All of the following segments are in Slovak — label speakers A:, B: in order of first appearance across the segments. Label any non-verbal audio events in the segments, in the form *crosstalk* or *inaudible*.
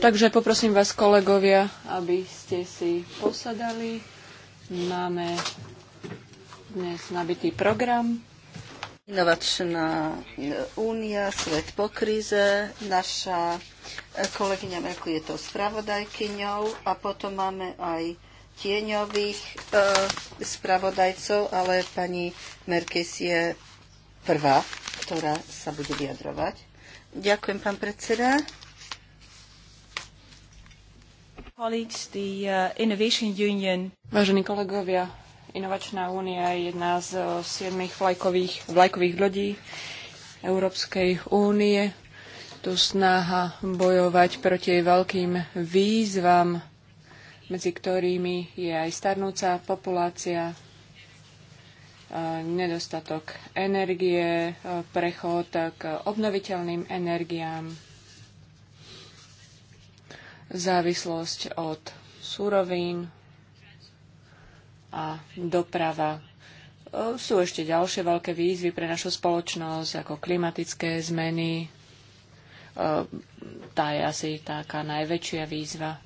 A: Takže poprosím vás, kolegovia, aby ste si posadali. Máme dnes
B: nabitý program. Inovačná e, únia, svet po kríze. Naša e, kolegyňa Merku je to spravodajkyňou a potom máme aj tieňových e, spravodajcov, ale pani Merkis je prvá ktorá sa bude vyjadrovať. Ďakujem, pán predseda.
A: Uh, Vážení kolegovia, Inovačná únia je jedna z uh, siedmých vlajkových, vlajkových ľudí Európskej únie. Tu snaha bojovať proti veľkým výzvam, medzi ktorými je aj starnúca populácia, nedostatok energie, prechod k obnoviteľným energiám, závislosť od súrovín a doprava. Sú ešte ďalšie veľké výzvy pre našu spoločnosť, ako klimatické zmeny. Tá je asi taká najväčšia výzva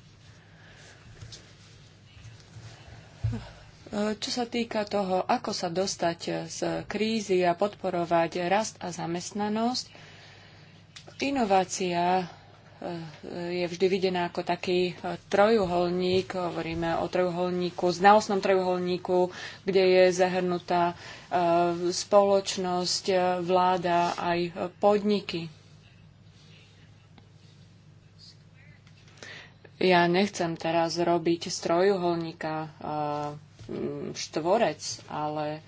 A: Čo sa týka toho, ako sa dostať eh, z krízy a podporovať rast a zamestnanosť, inovácia eh, je vždy videná ako taký eh, trojuholník, hovoríme o trojuholníku, znalostnom trojuholníku, kde je zahrnutá spoločnosť, vláda aj podniky. Ja nechcem teraz robiť z trojuholníka Mm, štvorec, ale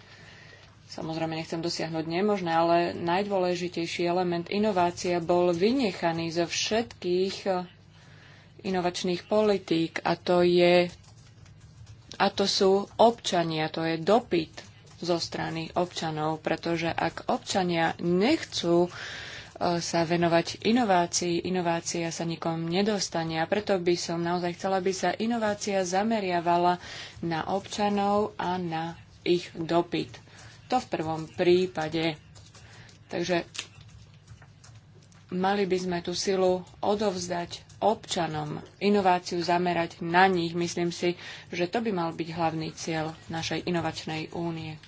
A: samozrejme nechcem dosiahnuť nemožné, ale najdôležitejší element inovácia bol vynechaný zo všetkých e, inovačných politík a to je a to sú občania, to je dopyt zo strany občanov, pretože ak občania nechcú uh, sa venovať inovácii. Inovácia sa nikom nedostane a preto by som naozaj chcela, aby sa inovácia zameriavala na občanov a na ich dopyt. To v prvom prípade. Takže mali by sme tú silu odovzdať občanom, inováciu zamerať na nich. Myslím si, že to by mal byť hlavný cieľ našej inovačnej únie.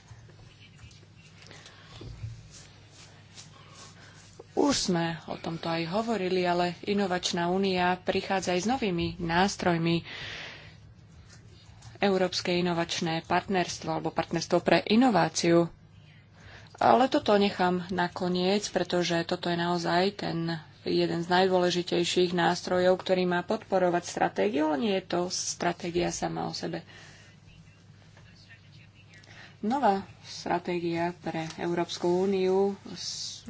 A: Už sme o tomto aj hovorili, ale Inovačná únia prichádza aj s novými nástrojmi. Európske inovačné partnerstvo alebo partnerstvo pre inováciu. Ale toto nechám nakoniec, pretože toto je naozaj ten jeden z najdôležitejších nástrojov, ktorý má podporovať stratégiu, ale nie je to stratégia sama o sebe. Nová stratégia pre Európsku úniu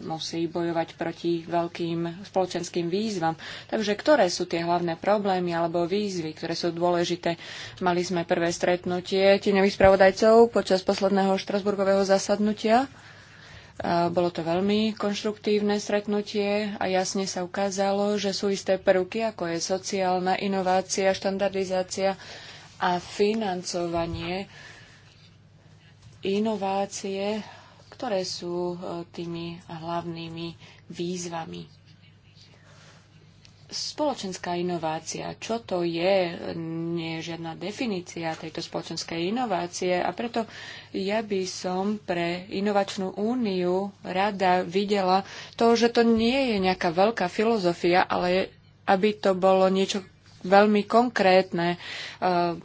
A: musí bojovať proti veľkým spoločenským výzvam. Takže ktoré sú tie hlavné problémy alebo výzvy, ktoré sú dôležité? Mali sme prvé stretnutie tieňových spravodajcov počas posledného štrasburgového zasadnutia. Bolo to veľmi konštruktívne stretnutie a jasne sa ukázalo, že sú isté prvky, ako je sociálna inovácia, štandardizácia a financovanie inovácie, ktoré sú e, tými hlavnými výzvami. Spoločenská inovácia. Čo to je? Nie je žiadna definícia tejto spoločenskej inovácie a preto ja by som pre Inovačnú úniu rada videla to, že to nie je nejaká veľká filozofia, ale aby to bolo niečo veľmi konkrétne, eh,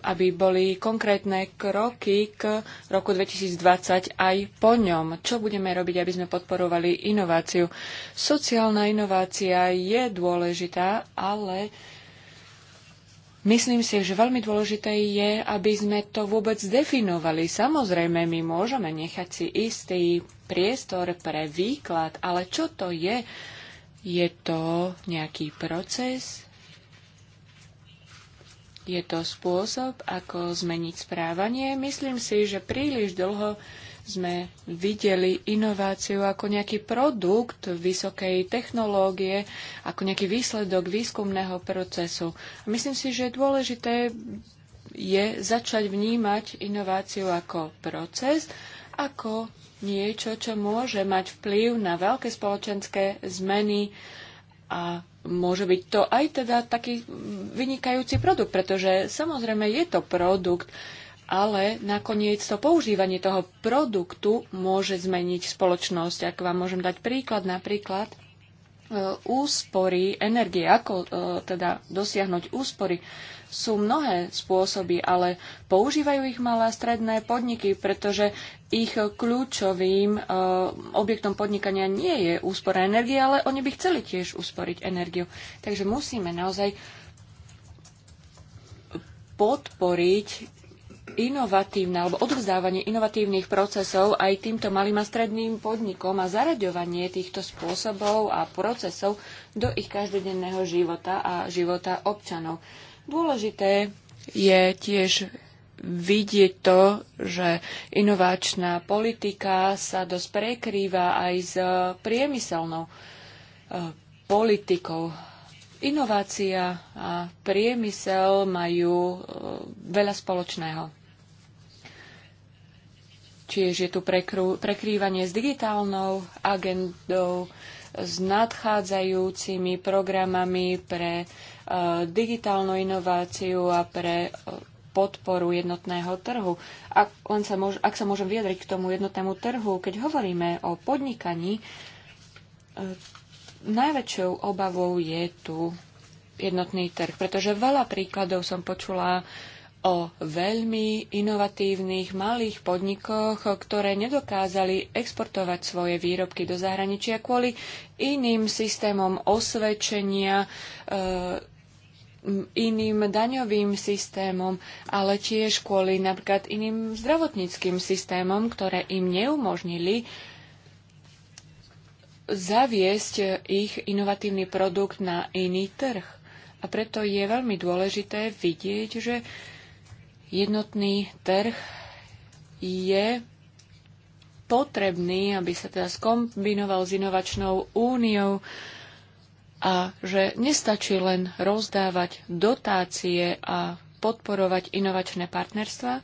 A: aby boli konkrétne kroky k roku 2020 aj po ňom. Čo budeme robiť, aby sme podporovali inováciu? Sociálna inovácia je dôležitá, ale Myslím si, že veľmi dôležité je, aby sme to vôbec definovali. Samozrejme, my môžeme nechať si istý priestor pre výklad, ale čo to je? Je to nejaký proces, je to spôsob, ako zmeniť správanie. Myslím si, že príliš dlho sme videli inováciu ako nejaký produkt vysokej technológie, ako nejaký výsledok výskumného procesu. myslím si, že dôležité je začať vnímať inováciu ako proces, ako niečo, čo môže mať vplyv na veľké spoločenské zmeny a môže byť to aj teda taký vynikajúci produkt, pretože samozrejme je to produkt, ale nakoniec to používanie toho produktu môže zmeniť spoločnosť. Ak vám môžem dať príklad, napríklad e, úspory energie, ako e, teda dosiahnuť úspory sú mnohé spôsoby, ale používajú ich malé a stredné podniky, pretože ich kľúčovým eh, objektom podnikania nie je úspora energie, ale oni by chceli tiež usporiť energiu. Takže musíme naozaj podporiť inovatívne alebo odvzdávanie inovatívnych procesov aj týmto malým a stredným podnikom a zaraďovanie týchto spôsobov a procesov do ich každodenného života a života občanov. Dôležité je tiež vidieť to, že inovačná politika sa dosť prekrýva aj s priemyselnou e, politikou. Inovácia a priemysel majú e, veľa spoločného. Čiže je tu prekrývanie s digitálnou agendou, s nadchádzajúcimi programami pre e, digitálnu inováciu a pre e, podporu jednotného trhu. Ak, len sa môž, ak sa môžem vyjadriť k tomu jednotnému trhu, keď hovoríme o podnikaní, e, najväčšou obavou je tu jednotný trh, pretože veľa príkladov som počula o veľmi inovatívnych malých podnikoch, ktoré nedokázali exportovať svoje výrobky do zahraničia kvôli iným systémom osvedčenia, eh, iným daňovým systémom, ale tiež kvôli napríklad iným zdravotníckým systémom, ktoré im neumožnili zaviesť ich inovatívny produkt na iný trh. A preto je veľmi dôležité vidieť, že uh, jednotný trh je potrebný, aby sa teda skombinoval s inovačnou úniou a že nestačí len rozdávať dotácie a podporovať inovačné partnerstva,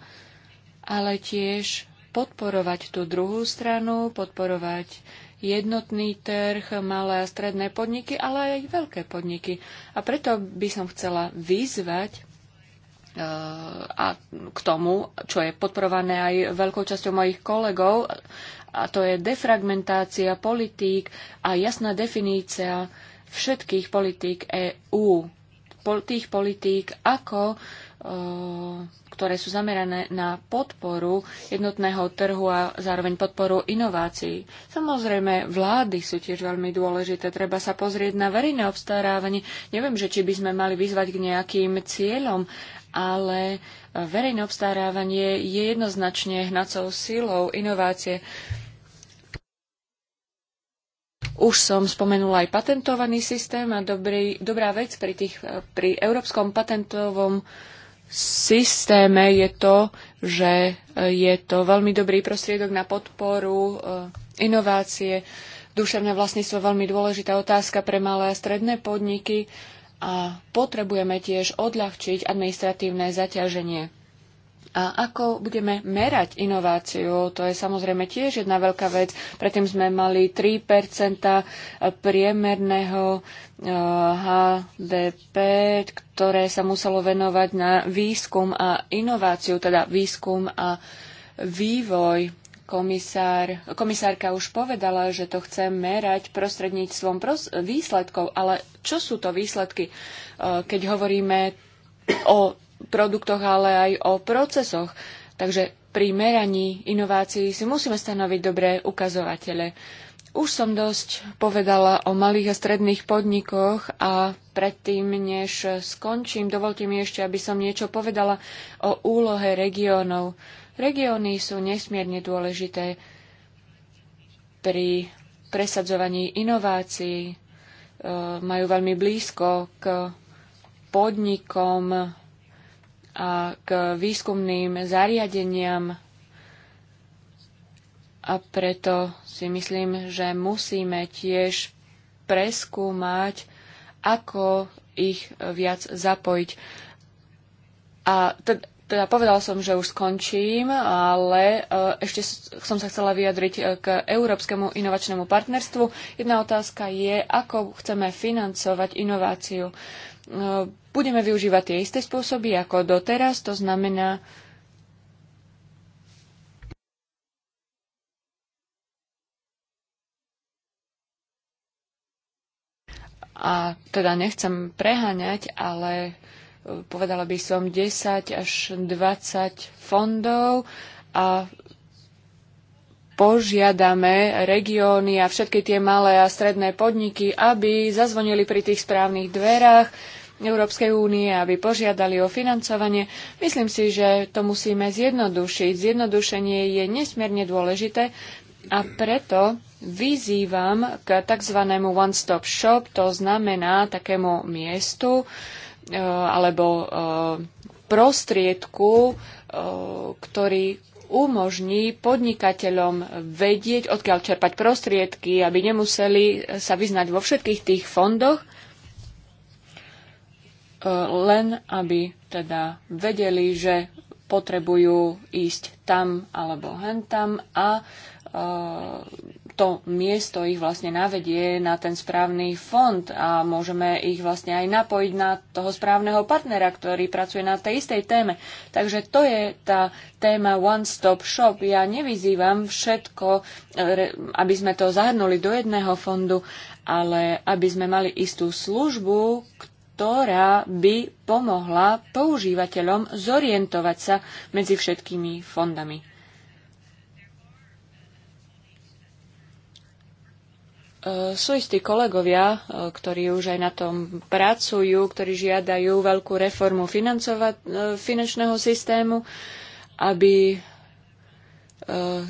A: ale tiež podporovať tú druhú stranu, podporovať jednotný trh, malé a stredné podniky, ale aj veľké podniky. A preto by som chcela vyzvať Eh, a k tomu, čo je podporované aj veľkou časťou mojich kolegov, a to je defragmentácia politík a jasná definícia všetkých politík EÚ. Tých politík, ako, eh, ktoré sú zamerané na podporu jednotného trhu a zároveň podporu inovácií. Samozrejme, vlády sú tiež veľmi dôležité. Treba sa pozrieť na verejné obstarávanie. Neviem, že či by sme mali vyzvať k nejakým cieľom, ale verejné obstarávanie je jednoznačne hnacou silou inovácie. Už som spomenula aj patentovaný systém a dobrý, dobrá vec pri, tých, pri európskom patentovom systéme je to, že je to veľmi dobrý prostriedok na podporu eh, inovácie. Duševné vlastníctvo je veľmi dôležitá otázka pre malé a stredné podniky a potrebujeme tiež odľahčiť administratívne zaťaženie. A ako budeme merať inováciu, to je samozrejme tiež jedna veľká vec. Predtým sme mali 3 priemerného e, HDP, ktoré sa muselo venovať na výskum a inováciu, teda výskum a vývoj Komisár, komisárka už povedala, že to chce merať prostredníctvom pros- výsledkov, ale čo sú to výsledky, e, keď hovoríme o produktoch, ale aj o procesoch? Takže pri meraní inovácií si musíme stanoviť dobré ukazovatele. Už som dosť povedala o malých a stredných podnikoch a predtým, než skončím, dovolte mi ešte, aby som niečo povedala o úlohe regiónov. Regióny sú nesmierne dôležité pri presadzovaní inovácií, e, majú veľmi blízko k podnikom a k výskumným zariadeniam a preto si myslím, že musíme tiež preskúmať, ako ich viac zapojiť. A teda povedal som, že už skončím, ale e, ešte som sa chcela vyjadriť e, k Európskemu inovačnému partnerstvu. Jedna otázka je, ako chceme financovať inováciu. E, budeme využívať tie isté spôsoby ako doteraz, to znamená, a teda nechcem preháňať, ale povedala by som, 10 až 20 fondov a požiadame regióny a všetky tie malé a stredné podniky, aby zazvonili pri tých správnych dverách Európskej únie, aby požiadali o financovanie. Myslím si, že to musíme zjednodušiť. Zjednodušenie je nesmierne dôležité a preto vyzývam k tzv. one-stop shop, to znamená takému miestu, Eh, alebo eh, prostriedku, eh, ktorý umožní podnikateľom vedieť, odkiaľ čerpať prostriedky, aby nemuseli sa vyznať vo všetkých tých fondoch, len aby teda vedeli, že potrebujú ísť tam alebo hentam tam a to miesto ich vlastne navedie na ten správny fond a môžeme ich vlastne aj napojiť na toho správneho partnera, ktorý pracuje na tej istej téme. Takže to je tá téma One Stop Shop. Ja nevyzývam všetko, e, aby sme to zahrnuli do jedného fondu, ale aby sme mali istú službu, ktorá by pomohla používateľom zorientovať sa medzi všetkými fondami. E, sú istí kolegovia, e, ktorí už aj na tom pracujú, ktorí žiadajú veľkú reformu e, finančného systému, aby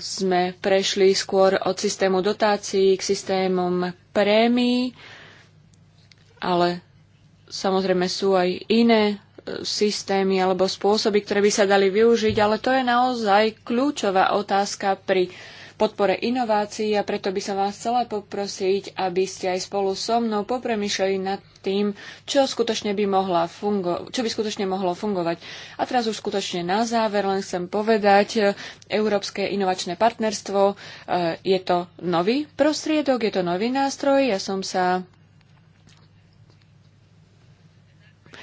A: sme prešli skôr od systému dotácií k systémom prémií, ale samozrejme sú aj iné systémy alebo spôsoby, ktoré by sa dali využiť, ale to je naozaj kľúčová otázka pri uh, podpore inovácií a preto by som vás chcela poprosiť, aby ste aj spolu so mnou popremýšľali nad tým, čo, skutočne by mohla fungo- čo by skutočne mohlo fungovať. A teraz už skutočne na záver len chcem povedať, e, Európske inovačné partnerstvo, e, je to nový prostriedok, je to nový nástroj. Ja som sa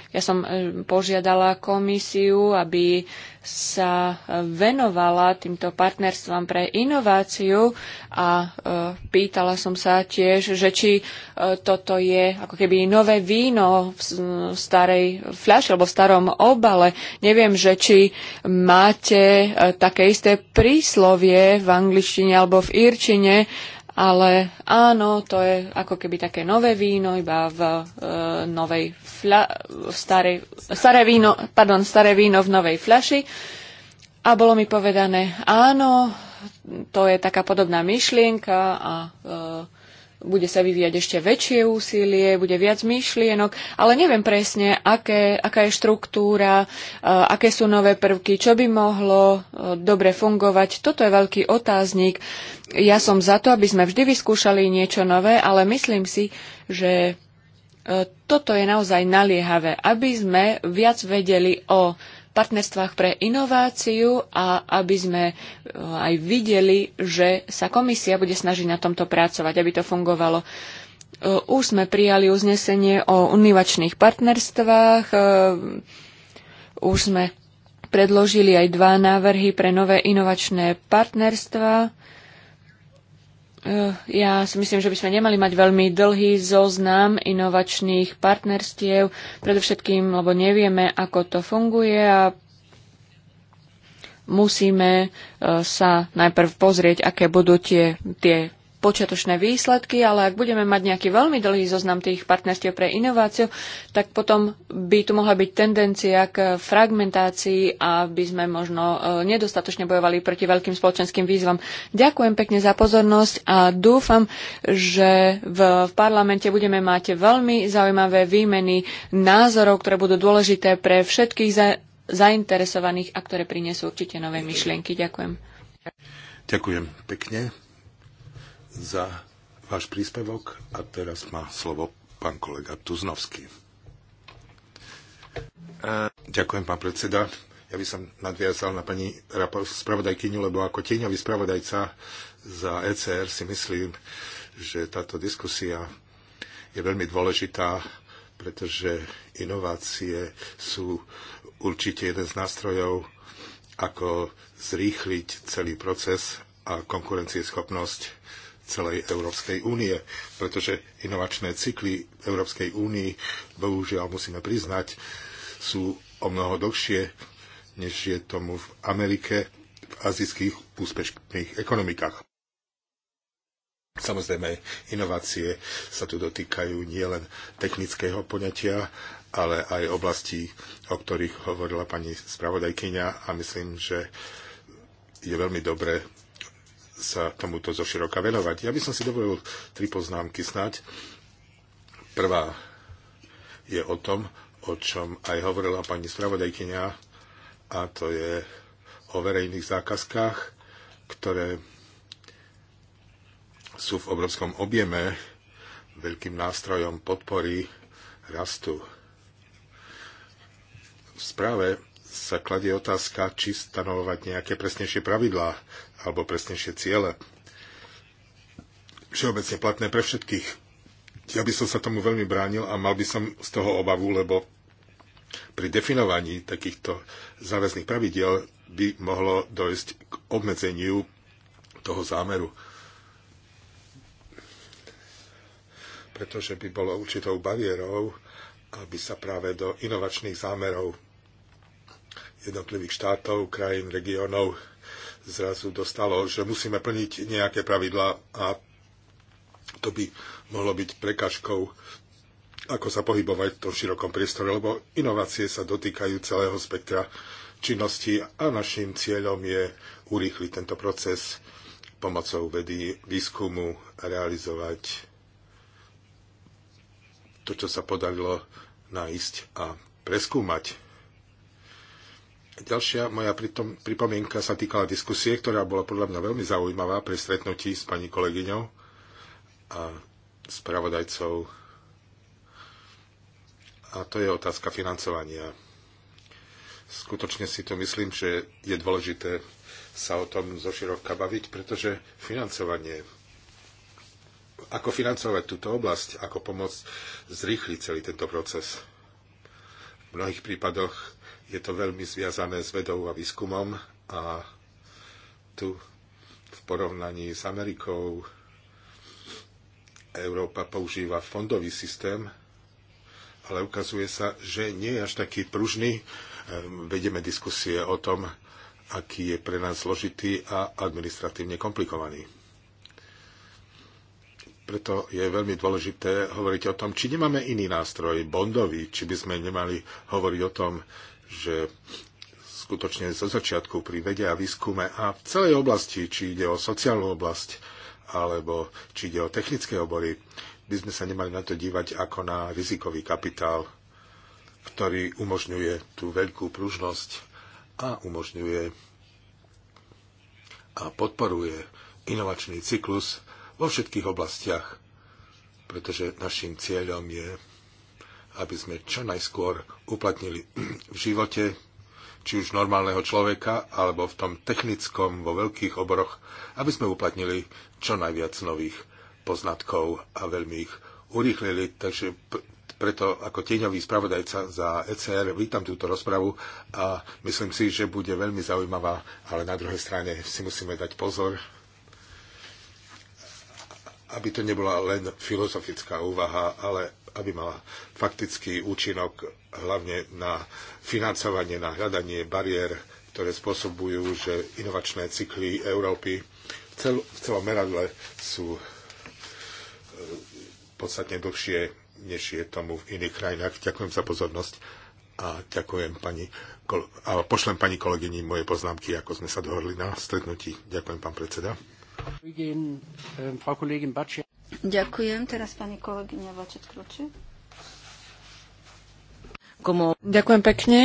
A: Ja som e, požiadala komisiu, aby sa e, venovala týmto partnerstvám pre inováciu a e, pýtala som sa tiež, že či toto je ako keby nové víno v starej fľaši alebo v starom obale. Neviem, že či máte také isté príslovie v angličtine alebo v írčine, ale áno, to je ako keby také nové víno, iba v uh, novej fľa v starej, staré, víno, pardon, staré víno v novej fľaši. A bolo mi povedané, áno, to je taká podobná myšlienka a uh, bude sa vyvíjať ešte väčšie úsilie, bude viac myšlienok, ale neviem presne, aké, aká je štruktúra, e, aké sú nové prvky, čo by mohlo e, dobre fungovať. Toto je veľký otáznik. Ja som za to, aby sme vždy vyskúšali niečo nové, ale myslím si, že e, toto je naozaj naliehavé, aby sme viac vedeli o partnerstvách pre inováciu a aby sme e, aj videli, že sa komisia bude snažiť na tomto pracovať, aby to fungovalo. E, už sme prijali uznesenie o univačných partnerstvách, e, už sme predložili aj dva návrhy pre nové inovačné partnerstva Eh, ja si myslím, že by sme nemali mať veľmi dlhý zoznam inovačných partnerstiev, predovšetkým, lebo nevieme, ako to funguje a musíme eh, sa najprv pozrieť, aké budú tie, tie počiatočné výsledky, ale ak budeme mať nejaký veľmi dlhý zoznam tých partnerstiev pre inováciu, tak potom by tu mohla byť tendencia k fragmentácii a by sme možno e, nedostatočne bojovali proti veľkým spoločenským výzvam. Ďakujem pekne za pozornosť a dúfam, že v, parlamente budeme mať veľmi zaujímavé výmeny názorov, ktoré budú dôležité pre všetkých zainteresovaných a ktoré prinesú určite nové myšlienky. Ďakujem.
C: Ďakujem pekne za váš príspevok a teraz má slovo pán kolega Tuznovský. Uh, Ďakujem, pán predseda. Ja by som nadviazal na pani spravodajkyňu, lebo ako tieňový spravodajca za ECR si myslím, že táto diskusia je veľmi dôležitá, pretože inovácie sú určite jeden z nástrojov, ako zrýchliť celý proces a konkurencieschopnosť celej Európskej únie, pretože inovačné cykly Európskej únii, bohužiaľ musíme priznať, sú o mnoho dlhšie, než je tomu v Amerike, v azijských úspešných ekonomikách. Samozrejme, inovácie sa tu dotýkajú nielen technického poňatia, ale aj oblastí, o ktorých hovorila pani spravodajkyňa a myslím, že je veľmi dobré sa tomuto zoširoka venovať. Ja by som si dovolil tri poznámky snať. Prvá je o tom, o čom aj hovorila pani spravodajkynia, a to je o verejných zákazkách, ktoré sú v obrovskom objeme veľkým nástrojom podpory rastu. V správe sa kladie otázka, či stanovovať nejaké presnejšie pravidlá alebo presnejšie ciele všeobecne platné pre všetkých. Ja by som sa tomu veľmi bránil a mal by som z toho obavu, lebo pri definovaní takýchto záväzných pravidiel by mohlo dojsť k obmedzeniu toho zámeru. Pretože by bolo určitou bariérou, aby sa práve do inovačných zámerov jednotlivých štátov, krajín, regiónov zrazu dostalo, že musíme plniť nejaké pravidlá a to by mohlo byť prekažkou, ako sa pohybovať v tom širokom priestore, lebo inovácie sa dotýkajú celého spektra činnosti a našim cieľom je urýchliť tento proces pomocou vedy, výskumu a realizovať to, čo sa podarilo nájsť a preskúmať Ďalšia moja pritom, pripomienka sa týkala diskusie, ktorá bola podľa mňa veľmi zaujímavá pri stretnutí s pani kolegyňou a spravodajcov. A to je otázka financovania. Skutočne si to myslím, že je dôležité sa o tom zoširoka baviť, pretože financovanie, ako financovať túto oblasť, ako pomôcť zrýchliť celý tento proces. V mnohých prípadoch je to veľmi zviazané s vedou a výskumom a tu v porovnaní s Amerikou Európa používa fondový systém, ale ukazuje sa, že nie je až taký pružný. Ehm, Vedeme diskusie o tom, aký je pre nás zložitý a administratívne komplikovaný. Preto je veľmi dôležité hovoriť o tom, či nemáme iný nástroj, bondový, či by sme nemali hovoriť o tom, že skutočne zo začiatku pri vede a výskume a v celej oblasti, či ide o sociálnu oblasť alebo či ide o technické obory, by sme sa nemali na to dívať ako na rizikový kapitál, ktorý umožňuje tú veľkú pružnosť a umožňuje a podporuje inovačný cyklus vo všetkých oblastiach, pretože našim cieľom je aby sme čo najskôr uplatnili v živote či už normálneho človeka, alebo v tom technickom vo veľkých oboroch, aby sme uplatnili čo najviac nových poznatkov a veľmi ich urýchlili. Takže preto ako tieňový spravodajca za ECR vítam túto rozpravu a myslím si, že bude veľmi zaujímavá, ale na druhej strane si musíme dať pozor, aby to nebola len filozofická úvaha, ale aby mala faktický účinok hlavne na financovanie, na hľadanie bariér, ktoré spôsobujú, že inovačné cykly Európy v, cel- v celom meradle sú e, podstatne dlhšie, než je tomu v iných krajinách. Ďakujem za pozornosť a ďakujem pani, a pošlem pani kolegyni moje poznámky, ako sme sa dohodli na stretnutí. Ďakujem, pán predseda.
B: E, Ďakujem. Teraz pani kolegyňa Vačet Kruči.
A: Komu... Ďakujem pekne.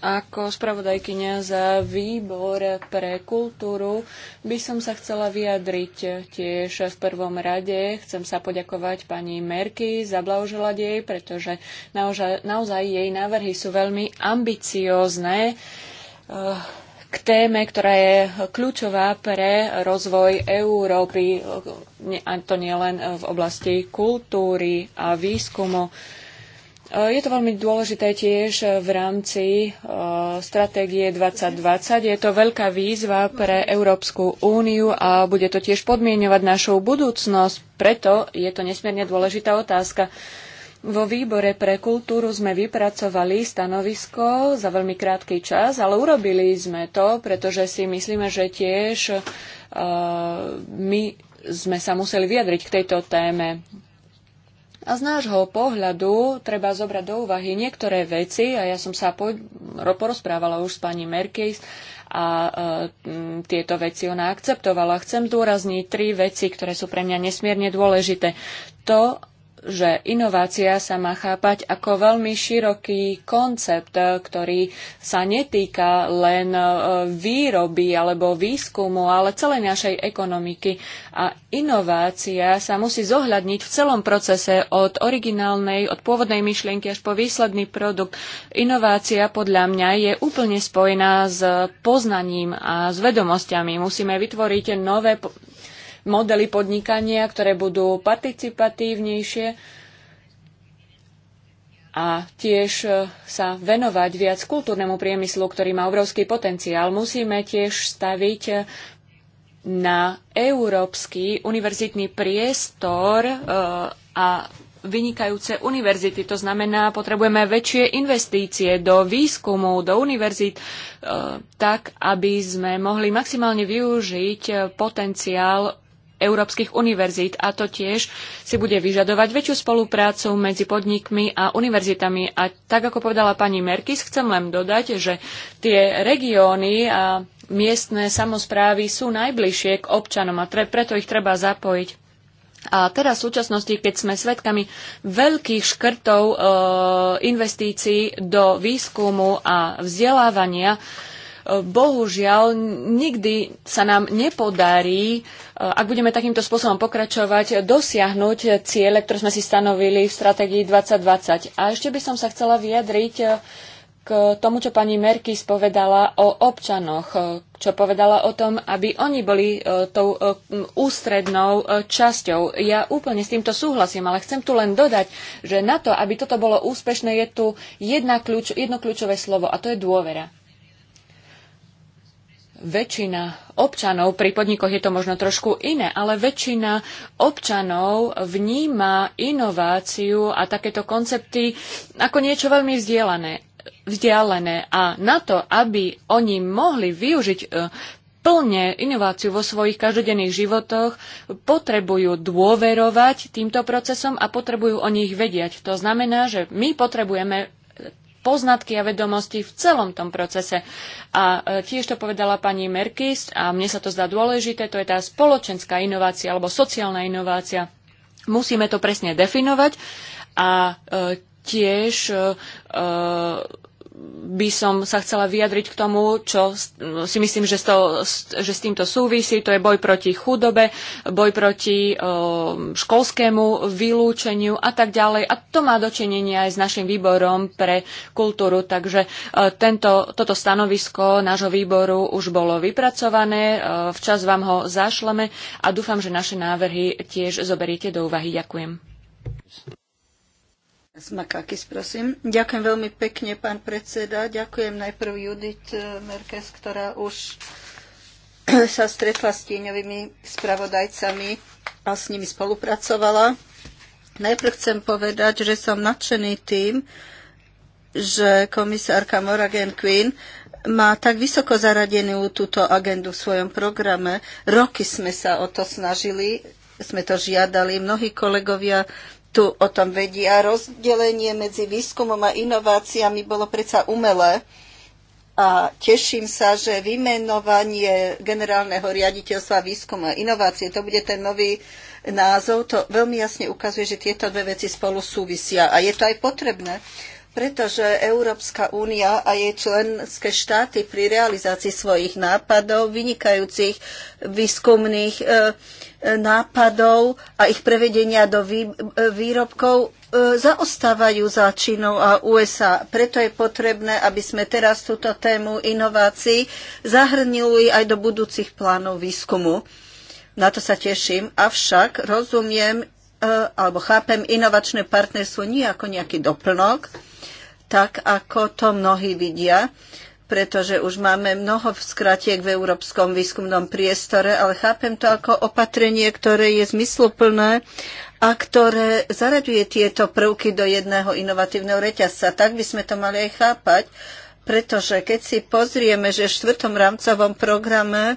A: Ako spravodajkynia za výbor pre kultúru by som sa chcela vyjadriť tiež v prvom rade. Chcem sa poďakovať pani Merky za blahoželať jej, pretože naozaj, naozaj jej návrhy sú veľmi ambiciózne. Uh, k téme, ktorá je kľúčová pre rozvoj Európy, a to nie len v oblasti kultúry a výskumu. E, je to veľmi dôležité tiež v rámci e, stratégie 2020. Je to veľká výzva pre Európsku úniu a bude to tiež podmienovať našu budúcnosť. Preto je to nesmierne dôležitá otázka. Vo výbore pre kultúru sme vypracovali stanovisko za veľmi krátky čas, ale urobili sme to, pretože si myslíme, že tiež uh, my sme sa museli vyjadriť k tejto téme. A z nášho pohľadu treba zobrať do úvahy niektoré veci, a ja som sa po, porozprávala už s pani Merkis a e, tieto veci ona akceptovala. Chcem zdôrazniť tri veci, ktoré sú pre mňa nesmierne dôležité. To, že inovácia sa má chápať ako veľmi široký koncept, eh, ktorý sa netýka len eh, výroby alebo výskumu, ale celej našej ekonomiky. A inovácia sa musí zohľadniť v celom procese od originálnej, od pôvodnej myšlienky až po výsledný produkt. Inovácia podľa mňa je úplne spojená s poznaním a s vedomosťami. Musíme vytvoriť nové modely podnikania, ktoré budú participatívnejšie a tiež e, sa venovať viac kultúrnemu priemyslu, ktorý má obrovský potenciál. Musíme tiež staviť e, na európsky univerzitný priestor e, a vynikajúce univerzity. To znamená, potrebujeme väčšie investície do výskumu, do univerzit, tak aby sme mohli maximálne využiť potenciál európskych univerzít a to tiež si bude vyžadovať väčšiu spoluprácu medzi podnikmi a univerzitami. A tak, ako povedala pani Merkis, chcem len dodať, že tie regióny a miestne samozprávy sú najbližšie k občanom a tre, preto ich treba zapojiť. A teraz v súčasnosti, keď sme svedkami veľkých škrtov e, investícií do výskumu a vzdelávania, e, bohužiaľ nikdy sa nám nepodarí, e, ak budeme takýmto spôsobom pokračovať, dosiahnuť ciele, ktoré sme si stanovili v stratégii 2020. A ešte by som sa chcela vyjadriť e, k tomu, čo pani Merkis povedala o občanoch, e, čo povedala o tom, aby oni boli tou ústrednou časťou. Ja úplne s týmto súhlasím, ale chcem tu len dodať, že na to, aby toto bolo úspešné, je tu jedna kľúč, jedno kľúčové slovo a to je dôvera väčšina občanov, pri podnikoch je to možno trošku iné, ale väčšina občanov vníma inováciu a takéto koncepty ako niečo veľmi vzdialené, vzdialené. A na to, aby oni mohli využiť e, plne inováciu vo svojich každodenných životoch, potrebujú dôverovať týmto procesom a potrebujú o nich vedieť. To znamená, že my potrebujeme poznatky a vedomosti v celom tom procese. A e, tiež to povedala pani Merkis a mne sa to zdá dôležité, to je tá spoločenská inovácia alebo sociálna inovácia. Musíme to presne definovať a e, tiež e, by som sa chcela vyjadriť k tomu, čo si myslím, že s, to, že s týmto súvisí. To je boj proti chudobe, boj proti školskému vylúčeniu a tak ďalej. A to má dočinenie aj s našim výborom pre kultúru. Takže e, tento, toto stanovisko nášho výboru už bolo vypracované. E, včas vám ho zašleme a dúfam, že naše návrhy tiež zoberiete do úvahy. Ďakujem. Smakakis, prosím.
B: Ďakujem veľmi pekne, pán predseda. Ďakujem najprv Judith eh, Merkes, ktorá už *clears throat* sa stretla s tieňovými spravodajcami a s nimi spolupracovala. Najprv chcem povedať, že som nadšený tým, že komisárka Moragen Quinn má tak vysoko zaradenú túto agendu v svojom programe. Roky sme sa o to snažili, sme to žiadali. Mnohí kolegovia tu o tom vedia. Rozdelenie medzi výskumom a inováciami bolo predsa umelé a teším sa, že vymenovanie generálneho riaditeľstva výskumu a inovácie, to bude ten nový názov, to veľmi jasne ukazuje, že tieto dve veci spolu súvisia. A je to aj potrebné, pretože Európska únia a jej členské štáty pri realizácii svojich nápadov, vynikajúcich výskumných e, E, nápadov a ich prevedenia do e, výrobkov e, zaostávajú za Čínou a USA. Preto je potrebné, aby sme teraz túto tému inovácií zahrnili aj do budúcich plánov výskumu. Na to sa teším, avšak rozumiem alebo chápem inovačné partnerstvo nie ako nejaký doplnok, tak ako to mnohí vidia pretože už máme mnoho skratiek v európskom výskumnom priestore, ale chápem to ako opatrenie, ktoré je zmysluplné a ktoré zaraduje tieto prvky do jedného inovatívneho reťazca. Tak by sme to mali aj chápať, pretože keď si pozrieme, že v štvrtom rámcovom programe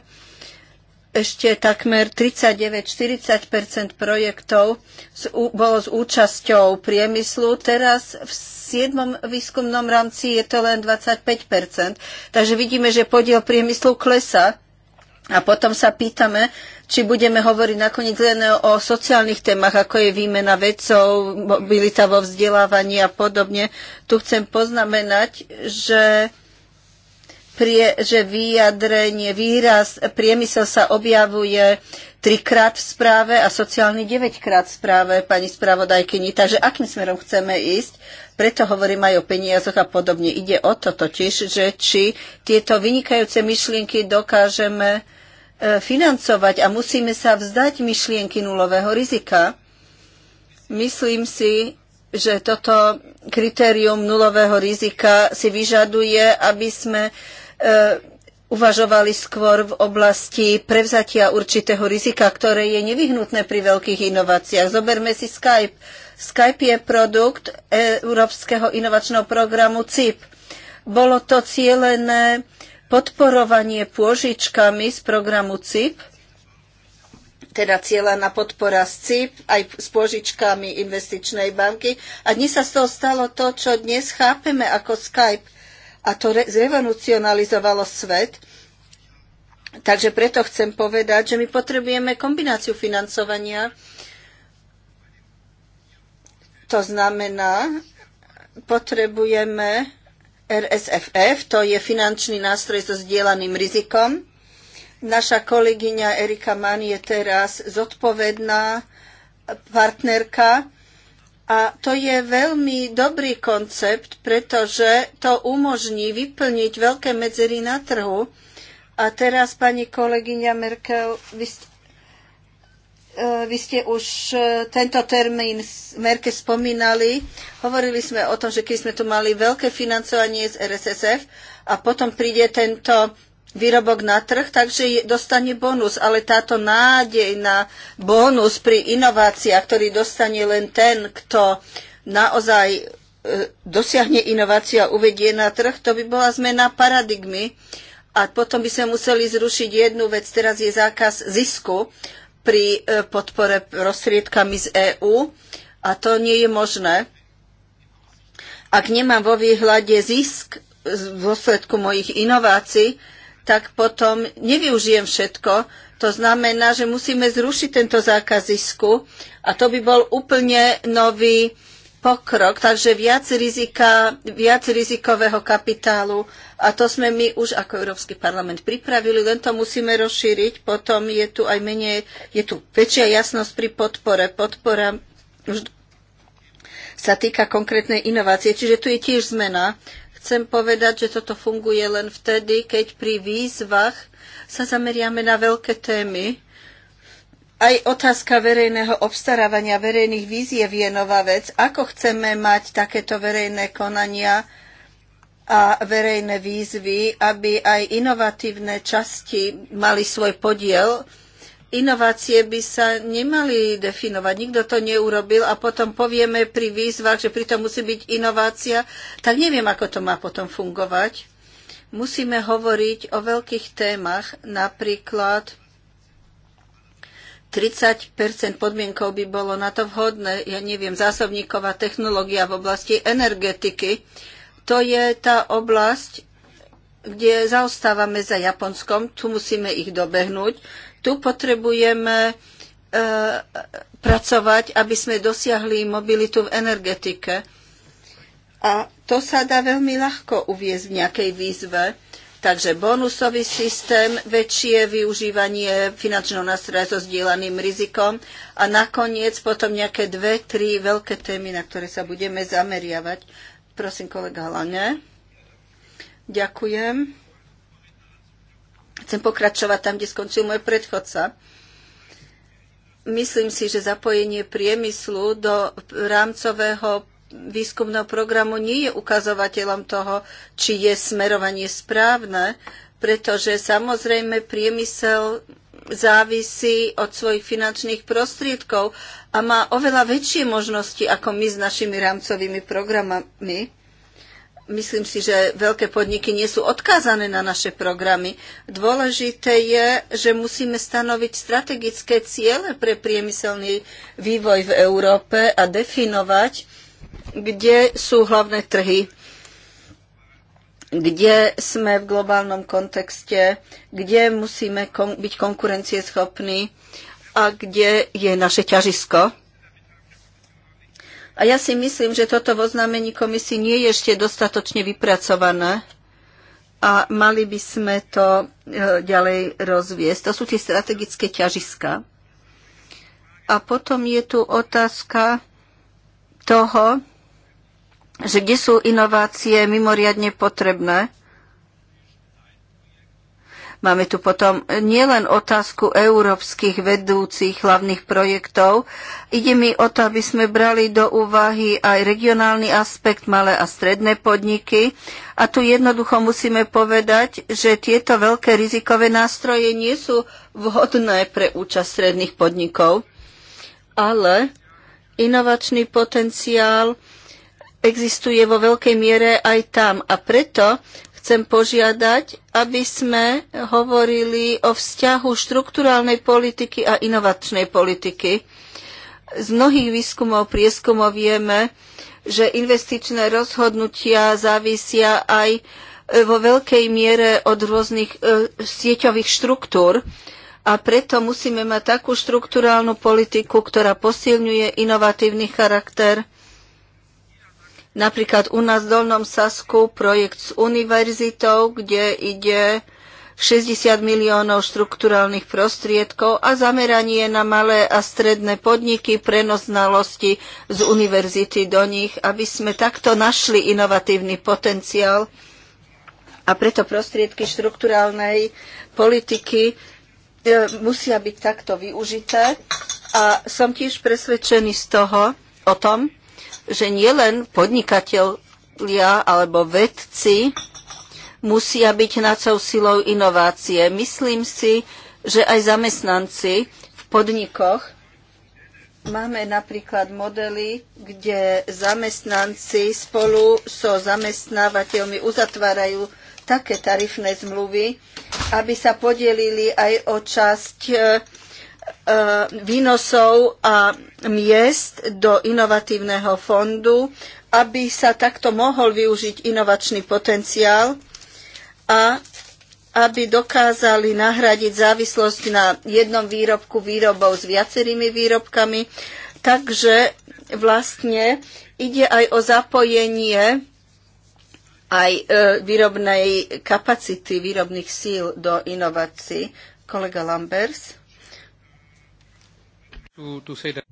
B: ešte takmer 39-40 projektov bolo s účasťou priemyslu. Teraz v siedmom výskumnom rámci je to len 25 Takže vidíme, že podiel priemyslu klesa. A potom sa pýtame, či budeme hovoriť nakoniec len o sociálnych témach, ako je výmena vedcov, mobilita vo vzdelávaní a podobne. Tu chcem poznamenať, že prie, že vyjadrenie výraz, priemysel sa objavuje trikrát v správe a sociálny 9 krát v správe pani spravodajkyni. Takže akým smerom chceme ísť? Preto hovorím aj o peniazoch a podobne. Ide o to totiž, že či tieto vynikajúce myšlienky dokážeme e, financovať a musíme sa vzdať myšlienky nulového rizika. Myslím si, že toto kritérium nulového rizika si vyžaduje, aby sme E, uvažovali skôr v oblasti prevzatia určitého rizika, ktoré je nevyhnutné pri veľkých inováciách. Zoberme si Skype. Skype je produkt Európskeho inovačného programu CIP. Bolo to cieľené podporovanie pôžičkami z programu CIP, teda cieľaná podpora z CIP aj s pôžičkami investičnej banky. A dnes sa z toho stalo to, čo dnes chápeme ako Skype a to zrevolucionalizovalo svet. Takže preto chcem povedať, že my potrebujeme kombináciu financovania. To znamená, potrebujeme RSFF, to je finančný nástroj so sdielaným rizikom. Naša kolegyňa Erika Mann je teraz zodpovedná partnerka a to je veľmi dobrý koncept, pretože to umožní vyplniť veľké medzery na trhu. A teraz, pani kolegyňa Merkel, vy ste, e, vy ste už e, tento termín Merke spomínali. Hovorili sme o tom, že keď sme tu mali veľké financovanie z RSSF a potom príde tento výrobok na trh, takže dostane bonus. Ale táto nádej na bonus pri inováciách, ktorý dostane len ten, kto naozaj e, dosiahne inovácia a uvedie na trh, to by bola zmena paradigmy. A potom by sme museli zrušiť jednu vec, teraz je zákaz zisku pri e, podpore prostriedkami z EÚ a to nie je možné. Ak nemám vo výhľade zisk v dôsledku mojich inovácií, tak potom nevyužijem všetko. To znamená, že musíme zrušiť tento zákaz zisku a to by bol úplne nový pokrok, takže viac, rizika, viac rizikového kapitálu a to sme my už ako Európsky parlament pripravili, len to musíme rozšíriť. Potom je tu aj menej, je tu väčšia jasnosť pri podpore. Podpora už sa týka konkrétnej inovácie, čiže tu je tiež zmena. Chcem povedať, že toto funguje len vtedy, keď pri výzvach sa zameriame na veľké témy. Aj otázka verejného obstarávania verejných výziev je nová vec. Ako chceme mať takéto verejné konania a verejné výzvy, aby aj inovatívne časti mali svoj podiel Inovácie by sa nemali definovať. Nikto to neurobil a potom povieme pri výzvach, že pritom musí byť inovácia, tak neviem, ako to má potom fungovať. Musíme hovoriť o veľkých témach, napríklad 30 podmienkov by bolo na to vhodné, ja neviem, zásobníková technológia v oblasti energetiky. To je tá oblasť, kde zaostávame za Japonskom, tu musíme ich dobehnúť. Tu potrebujeme e, pracovať, aby sme dosiahli mobilitu v energetike. A to sa dá veľmi ľahko uviezť v nejakej výzve. Takže bonusový systém, väčšie využívanie finančného nástroja so sdielaným rizikom a nakoniec potom nejaké dve, tri veľké témy, na ktoré sa budeme zameriavať. Prosím, kolega Lane. Ďakujem. Chcem pokračovať tam, kde skončil môj predchodca. Myslím si, že zapojenie priemyslu do rámcového výskumného programu nie je ukazovateľom toho, či je smerovanie správne, pretože samozrejme priemysel závisí od svojich finančných prostriedkov a má oveľa väčšie možnosti ako my s našimi rámcovými programami myslím si, že veľké podniky nie sú odkázané na naše programy. Dôležité je, že musíme stanoviť strategické ciele pre priemyselný vývoj v Európe a definovať, kde sú hlavné trhy, kde sme v globálnom kontexte, kde musíme kon- byť konkurencieschopní a kde je naše ťažisko. A ja si myslím, že toto v oznámení komisii nie je ešte dostatočne vypracované a mali by sme to e, ďalej rozviesť. To sú tie strategické ťažiska. A potom je tu otázka toho, že kde sú inovácie mimoriadne potrebné Máme tu potom nielen otázku európskych vedúcich hlavných projektov. Ide mi o to, aby sme brali do úvahy aj regionálny aspekt malé a stredné podniky. A tu jednoducho musíme povedať, že tieto veľké rizikové nástroje nie sú vhodné pre účasť stredných podnikov, ale inovačný potenciál existuje vo veľkej miere aj tam. A preto chcem požiadať, aby sme hovorili o vzťahu štruktúrálnej politiky a inovačnej politiky. Z mnohých výskumov, prieskumov vieme, že investičné rozhodnutia závisia aj e, vo veľkej miere od rôznych e, sieťových štruktúr a preto musíme mať takú štruktúrálnu politiku, ktorá posilňuje inovatívny charakter Napríklad u nás v Dolnom Sasku projekt s univerzitou, kde ide 60 miliónov štrukturálnych prostriedkov a zameranie na malé a stredné podniky, prenos znalosti z univerzity do nich, aby sme takto našli inovatívny potenciál. A preto prostriedky štrukturálnej politiky e, musia byť takto využité. A som tiež presvedčený z toho, o tom, že nielen podnikatelia alebo vedci musia byť hnacou silou inovácie. Myslím si, že aj zamestnanci v podnikoch Máme napríklad modely, kde zamestnanci spolu so zamestnávateľmi uzatvárajú také tarifné zmluvy, aby sa podelili aj o časť e, E, výnosov a miest do inovatívneho fondu, aby sa takto mohol využiť inovačný potenciál a aby dokázali nahradiť závislosť na jednom výrobku výrobov s viacerými výrobkami. Takže vlastne ide aj o zapojenie aj e, výrobnej kapacity, výrobných síl do inovácií. Kolega Lambers.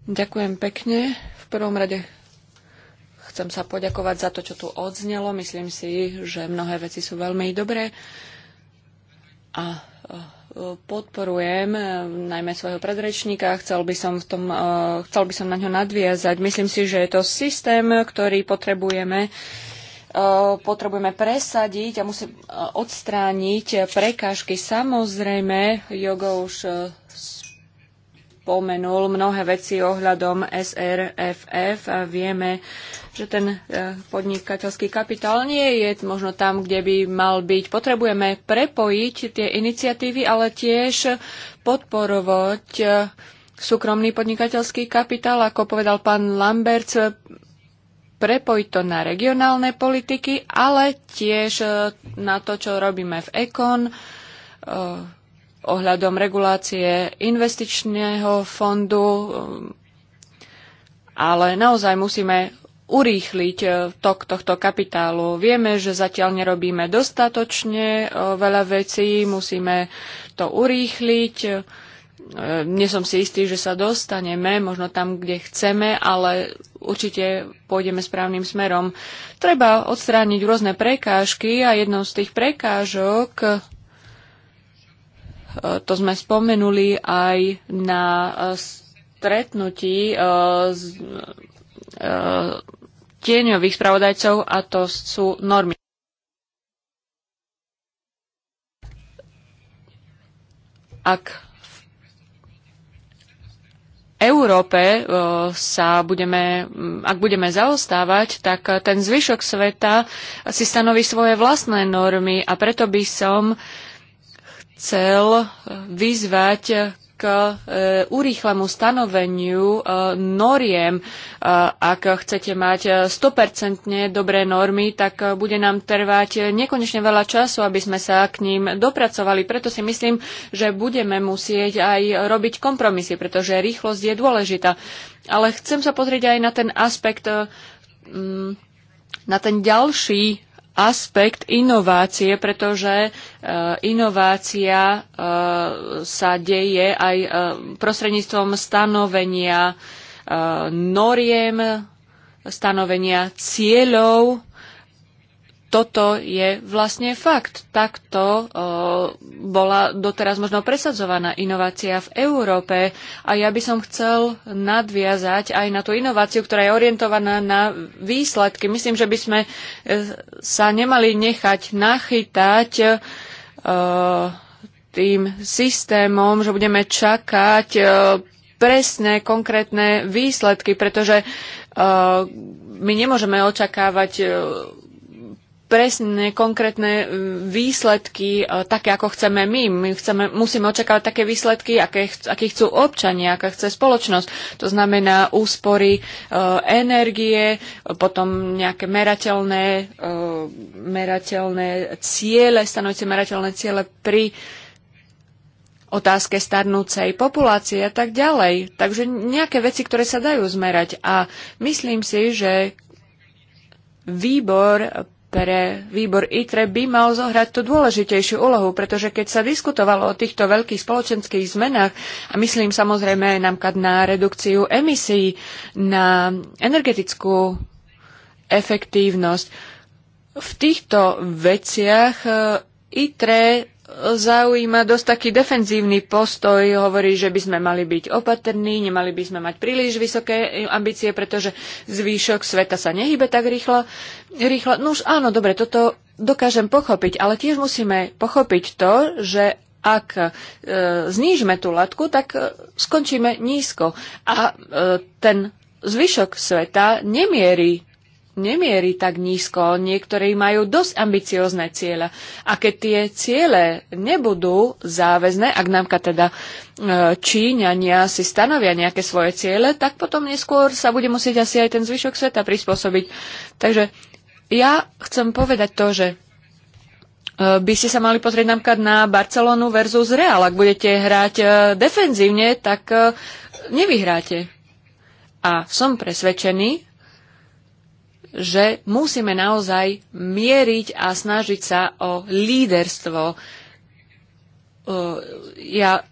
A: Ďakujem pekne. V prvom rade chcem sa poďakovať za to, čo tu odznelo. Myslím si, že mnohé veci sú veľmi dobré a e, podporujem e, najmä svojho predrečníka. Chcel by som, v tom, e, chcel by som na ňo nadviazať. Myslím si, že je to systém, ktorý potrebujeme potrebujeme presadiť a musím odstrániť prekážky. Samozrejme, Jogo už spomenul mnohé veci ohľadom SRFF a vieme, že ten e, podnikateľský kapitál nie je možno tam, kde by mal byť. Potrebujeme prepojiť tie iniciatívy, ale tiež podporovať e, súkromný podnikateľský kapitál, ako povedal pán Lambert, prepojiť to na regionálne politiky, ale tiež e, na to, čo robíme v Ekon, ohľadom regulácie investičného fondu, ale naozaj musíme urýchliť e, tok tohto kapitálu. Vieme, že zatiaľ nerobíme dostatočne e, veľa vecí, musíme to urýchliť. E, nie som si istý, že sa dostaneme, možno tam, kde chceme, ale určite pôjdeme správnym smerom. Treba odstrániť rôzne prekážky a jednou z tých prekážok Eh, to sme spomenuli aj na eh, stretnutí eh, tieňových spravodajcov a to sú normy. Ak v Európe sa budeme, mm, ak budeme zaostávať, tak ten zvyšok sveta si stanoví svoje vlastné normy a preto by som uh, chcel eh, vyzvať k eh, urýchlemu stanoveniu eh, noriem. Ak chcete mať 100% dobré normy, tak bude nám trvať nekonečne veľa času, aby sme sa k ním dopracovali. Preto si myslím, že budeme musieť aj robiť kompromisy, pretože rýchlosť je dôležitá. Ale chcem sa pozrieť aj na ten aspekt mm, na ten ďalší aspekt inovácie, pretože e, inovácia e, sa deje aj e, prostredníctvom stanovenia noriem, stanovenia cieľov toto je vlastne fakt. Takto o, bola doteraz možno presadzovaná inovácia v Európe a ja by som chcel nadviazať aj na tú inováciu, ktorá je orientovaná na výsledky. Myslím, že by sme e, sa nemali nechať nachytať o, e, tým systémom, že budeme čakať o, e, presné, konkrétne výsledky, pretože my nemôžeme očakávať presné, konkrétne e, výsledky, e, také ako chceme my. My chceme, musíme očakávať také výsledky, aké, aké chcú občania, aká chce spoločnosť. To znamená úspory e, energie, potom nejaké merateľné, e, merateľné ciele, stanovite merateľné ciele pri otázke starnúcej populácie a tak ďalej. Takže nejaké veci, ktoré sa dajú zmerať. A myslím si, že výbor pre výbor ITRE by mal zohrať tú dôležitejšiu úlohu, pretože keď sa diskutovalo o týchto veľkých spoločenských zmenách, a myslím samozrejme napríklad na redukciu emisí, na energetickú efektívnosť, v týchto veciach eh, ITRE zaujíma dosť taký defenzívny postoj. Hovorí, že by sme mali byť opatrní, nemali by sme mať príliš vysoké ambície, pretože zvýšok sveta sa nehybe tak rýchlo. rýchlo. No už áno, dobre, toto dokážem pochopiť, ale tiež musíme pochopiť to, že ak e, znížime tú latku, tak e, skončíme nízko. A e, ten zvyšok sveta nemierí nemierí tak nízko, niektorí majú dosť ambiciozne ciele. A keď tie ciele nebudú záväzné, ak nám teda e, Číňania si stanovia nejaké svoje ciele, tak potom neskôr sa bude musieť asi aj ten zvyšok sveta prispôsobiť. Takže ja chcem povedať to, že e, by ste sa mali pozrieť napríklad na Barcelonu versus Real. Ak budete hrať e, defenzívne, tak nevyhráte. A som presvedčený, že musíme naozaj mieriť a snažiť sa o líderstvo. E, ja e,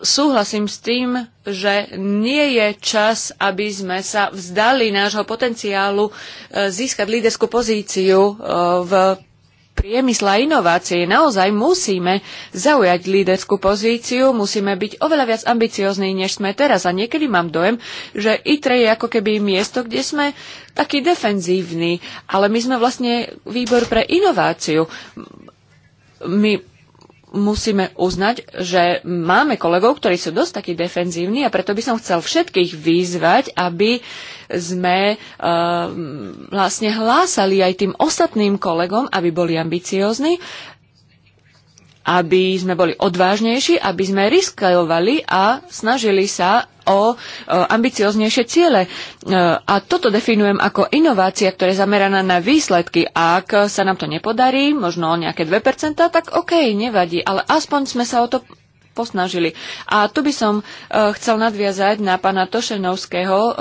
A: súhlasím s tým, že nie je čas, aby sme sa vzdali nášho potenciálu e, získať líderskú pozíciu v Priemysla a inovácie. Naozaj musíme zaujať líderskú pozíciu, musíme byť oveľa viac ambiciozní, než sme teraz. A niekedy mám dojem, že ITRE je ako keby miesto, kde sme taký defenzívny, ale my sme vlastne výbor pre inováciu. My musíme uznať, že máme kolegov, ktorí sú dosť takí defenzívni a preto by som chcel všetkých vyzvať, aby sme uh, vlastne hlásali aj tým ostatným kolegom, aby boli ambiciózni, aby sme boli odvážnejší, aby sme riskovali a snažili sa o ambicioznejšie ciele. E, a toto definujem ako inovácia, ktorá je zameraná na výsledky. A ak sa nám to nepodarí, možno o nejaké 2%, tak OK, nevadí, ale aspoň sme sa o to posnažili. A tu by som e, chcel nadviazať na pána Tošenovského, e,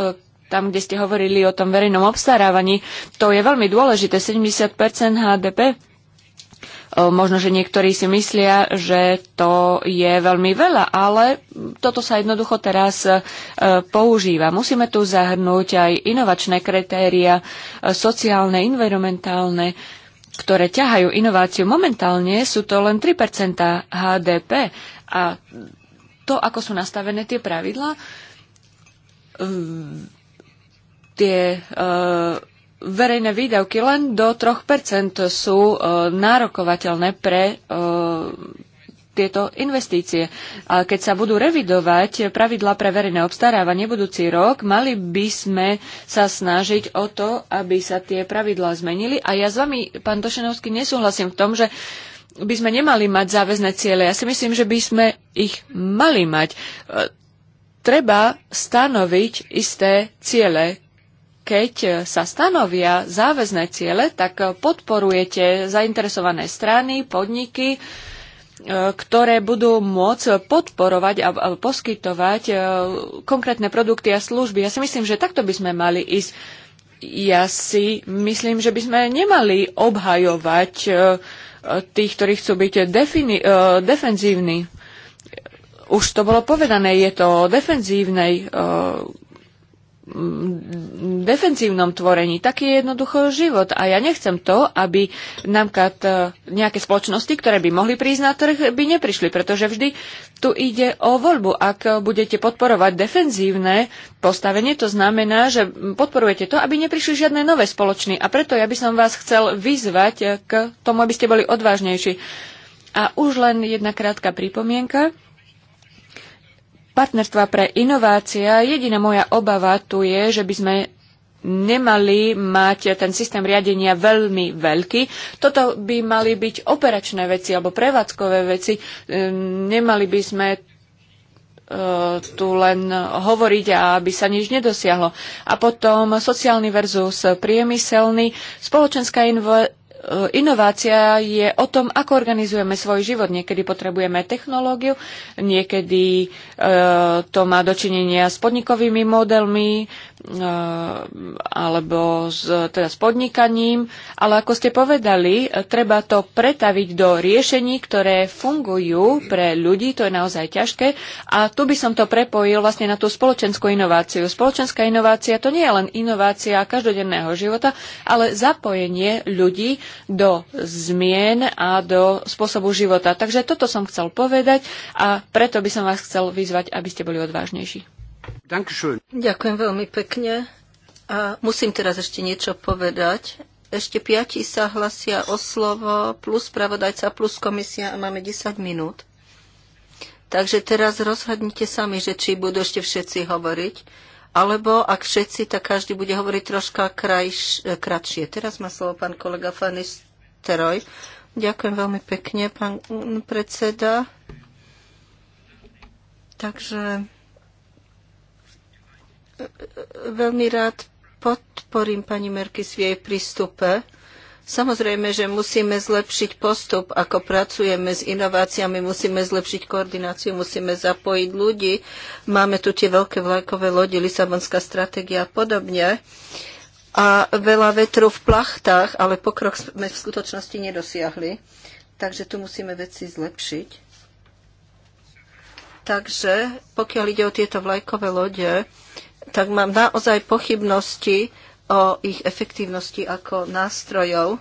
A: tam, kde ste hovorili o tom verejnom obstarávaní. To je veľmi dôležité, 70% HDP Možno, že niektorí si myslia, že to je veľmi veľa, ale toto sa jednoducho teraz e, používa. Musíme tu zahrnúť aj inovačné kritéria, e, sociálne, environmentálne, ktoré ťahajú inováciu. Momentálne sú to len 3 HDP a to, ako sú nastavené tie pravidlá, tie uh, verejné výdavky len do 3% sú e, nárokovateľné pre e, tieto investície. A keď sa budú revidovať pravidla pre verejné obstarávanie budúci rok, mali by sme sa snažiť o to, aby sa tie pravidlá zmenili. A ja s vami, pán Tošenovský, nesúhlasím v tom, že by sme nemali mať záväzné ciele. Ja si myslím, že by sme ich mali mať. E, treba stanoviť isté ciele, keď sa stanovia záväzné ciele, tak podporujete zainteresované strany, podniky, e, ktoré budú môcť podporovať a poskytovať e, konkrétne produkty a služby. Ja si myslím, že takto by sme mali ísť. Ja si myslím, že by sme nemali obhajovať e, tých, ktorí chcú byť defenzívni. Už to bolo povedané, je to o defenzívnej Mm, defenzívnom tvorení. Taký je jednoducho život. A ja nechcem to, aby napríklad e, nejaké spoločnosti, ktoré by mohli prísť na trh, by neprišli, pretože vždy tu ide o voľbu. Ak budete podporovať defenzívne postavenie, to znamená, že podporujete to, aby neprišli žiadne nové spoločný. A preto ja by som vás chcel vyzvať e, k tomu, aby ste boli odvážnejší. A už len jedna krátka pripomienka partnerstva pre inovácia. Jediná moja obava tu je, že by sme nemali mať ten systém riadenia veľmi veľký. Toto by mali byť operačné veci alebo prevádzkové veci. Ehm, nemali by sme e, tu len hovoriť a aby sa nič nedosiahlo. A potom sociálny versus priemyselný, spoločenská E, inovácia je o tom, ako organizujeme svoj život. Niekedy potrebujeme technológiu, niekedy e, to má dočinenia s podnikovými modelmi, Eh, alebo s, teda s podnikaním, ale ako ste povedali, treba to pretaviť do riešení, ktoré fungujú pre ľudí, to je naozaj ťažké a tu by som to prepojil vlastne na tú spoločenskú inováciu. Spoločenská inovácia to nie je len inovácia každodenného života, ale zapojenie ľudí do zmien a do spôsobu života. Takže toto som chcel povedať a preto by som vás chcel vyzvať, aby ste boli odvážnejší.
C: Ďakujem
A: veľmi pekne. A musím teraz ešte niečo povedať.
B: Ešte piati sa hlasia o slovo, plus pravodajca, plus komisia a máme 10 minút. Takže teraz rozhodnite sami, že či budú ešte všetci hovoriť, alebo ak všetci, tak každý bude hovoriť troška krajš, kratšie. Teraz má slovo pán kolega Fanisteroj. Ďakujem veľmi pekne, pán predseda. Takže veľmi rád podporím pani Merkis v jej prístupe. Samozrejme, že musíme zlepšiť postup, ako pracujeme s inováciami, musíme zlepšiť koordináciu, musíme zapojiť ľudí. Máme tu tie veľké vlajkové lodi, Lisabonská stratégia a podobne. A veľa vetru v plachtách, ale pokrok sme v skutočnosti nedosiahli. Takže tu musíme veci zlepšiť. Takže pokiaľ ide o tieto vlajkové lode, tak mám naozaj pochybnosti o ich efektívnosti ako nástrojov.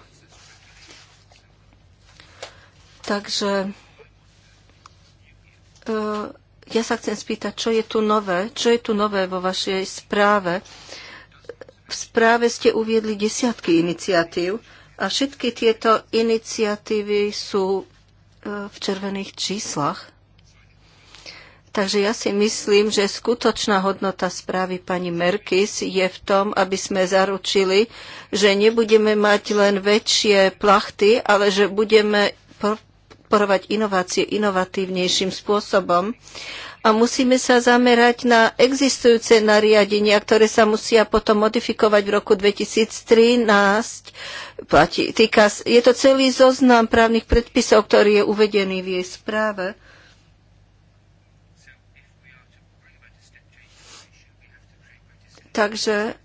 B: Takže e, ja sa chcem spýtať, čo je tu nové? Čo je tu nové vo vašej správe? V správe ste uviedli desiatky iniciatív a všetky tieto iniciatívy sú e, v červených číslach. Takže ja si myslím, že skutočná hodnota správy pani Merkis je v tom, aby sme zaručili, že nebudeme mať len väčšie plachty, ale že budeme podporovať inovácie inovatívnejším spôsobom. A musíme sa zamerať na existujúce nariadenia, ktoré sa musia potom modifikovať v roku 2013. Platí, týka, je to celý zoznam právnych predpisov, ktorý je uvedený v jej správe. Takže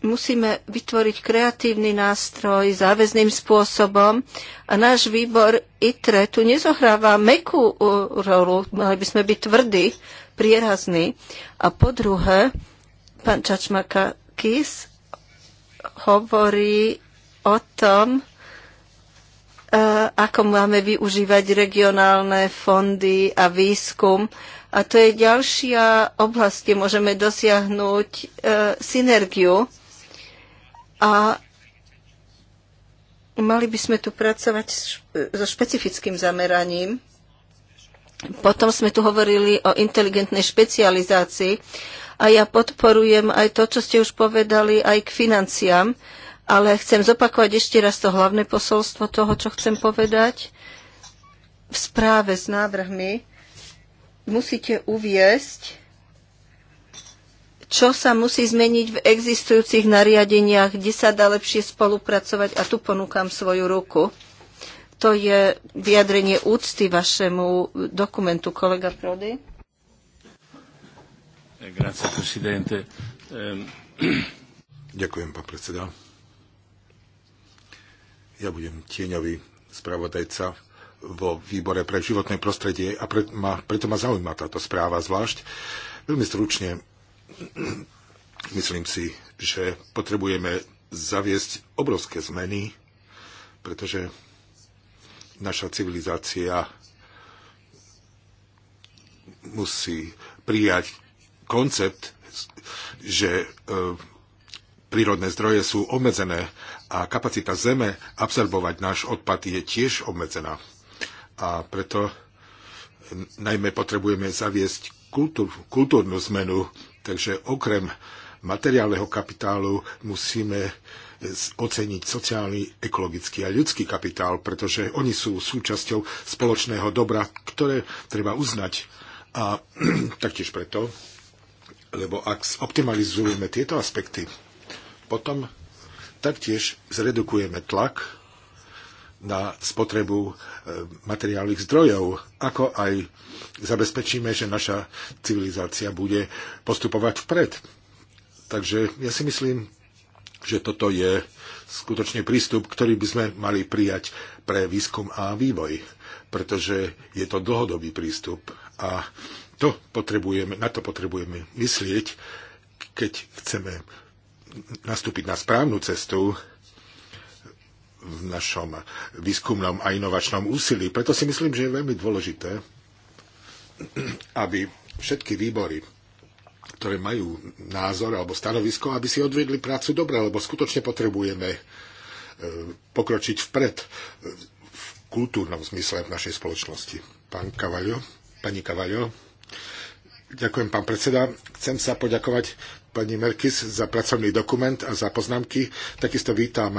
B: musíme vytvoriť kreatívny nástroj záväzným spôsobom a náš výbor ITRE tu nezohráva mekú uh, rolu, mali by sme byť tvrdí, prierazní. A po druhé, pán Čačmaka Kis hovorí o tom, ako máme využívať regionálne fondy a výskum. A to je ďalšia oblasť, kde môžeme dosiahnuť e, synergiu. A mali by sme tu pracovať so špecifickým zameraním. Potom sme tu hovorili o inteligentnej špecializácii a ja podporujem aj to, čo ste už povedali, aj k financiám ale chcem zopakovať ešte raz to hlavné posolstvo toho, čo chcem povedať. V správe s návrhmi musíte uviesť, čo sa musí zmeniť v existujúcich nariadeniach, kde sa dá lepšie spolupracovať a tu ponúkam svoju ruku. To je vyjadrenie úcty vašemu dokumentu, kolega Prody.
C: Grazie, ehm, *clears throat* Ďakujem, pán predseda. Ja budem tieňový spravodajca vo výbore pre životné prostredie a pre, ma, preto ma zaujíma táto správa zvlášť. Veľmi stručne *clears throat* myslím si, že potrebujeme zaviesť obrovské zmeny, pretože naša civilizácia musí prijať koncept, že e, prírodné zdroje sú obmedzené a kapacita Zeme absorbovať náš odpad je tiež obmedzená. A preto najmä potrebujeme zaviesť kultúr, kultúrnu zmenu, takže okrem materiálneho kapitálu musíme oceniť sociálny, ekologický a ľudský kapitál, pretože oni sú súčasťou spoločného dobra, ktoré treba uznať. A *clears throat* taktiež preto, lebo ak optimalizujeme tieto aspekty, potom Taktiež zredukujeme tlak na spotrebu e, materiálnych zdrojov, ako aj zabezpečíme, že naša civilizácia bude postupovať vpred. Takže ja si myslím, že toto je skutočne prístup, ktorý by sme mali prijať pre výskum a vývoj, pretože je to dlhodobý prístup a to potrebujeme, na to potrebujeme myslieť, keď chceme nastúpiť na správnu cestu v našom výskumnom a inovačnom úsilí. Preto si myslím, že je veľmi dôležité, aby všetky výbory, ktoré majú názor alebo stanovisko, aby si odvedli prácu dobre, lebo skutočne potrebujeme e, pokročiť vpred v kultúrnom zmysle v našej spoločnosti. Pán Kavaľo, pani Kavaľo, Ďakujem, pán predseda. Chcem sa poďakovať pani Merkis za pracovný dokument a za poznámky. Takisto vítam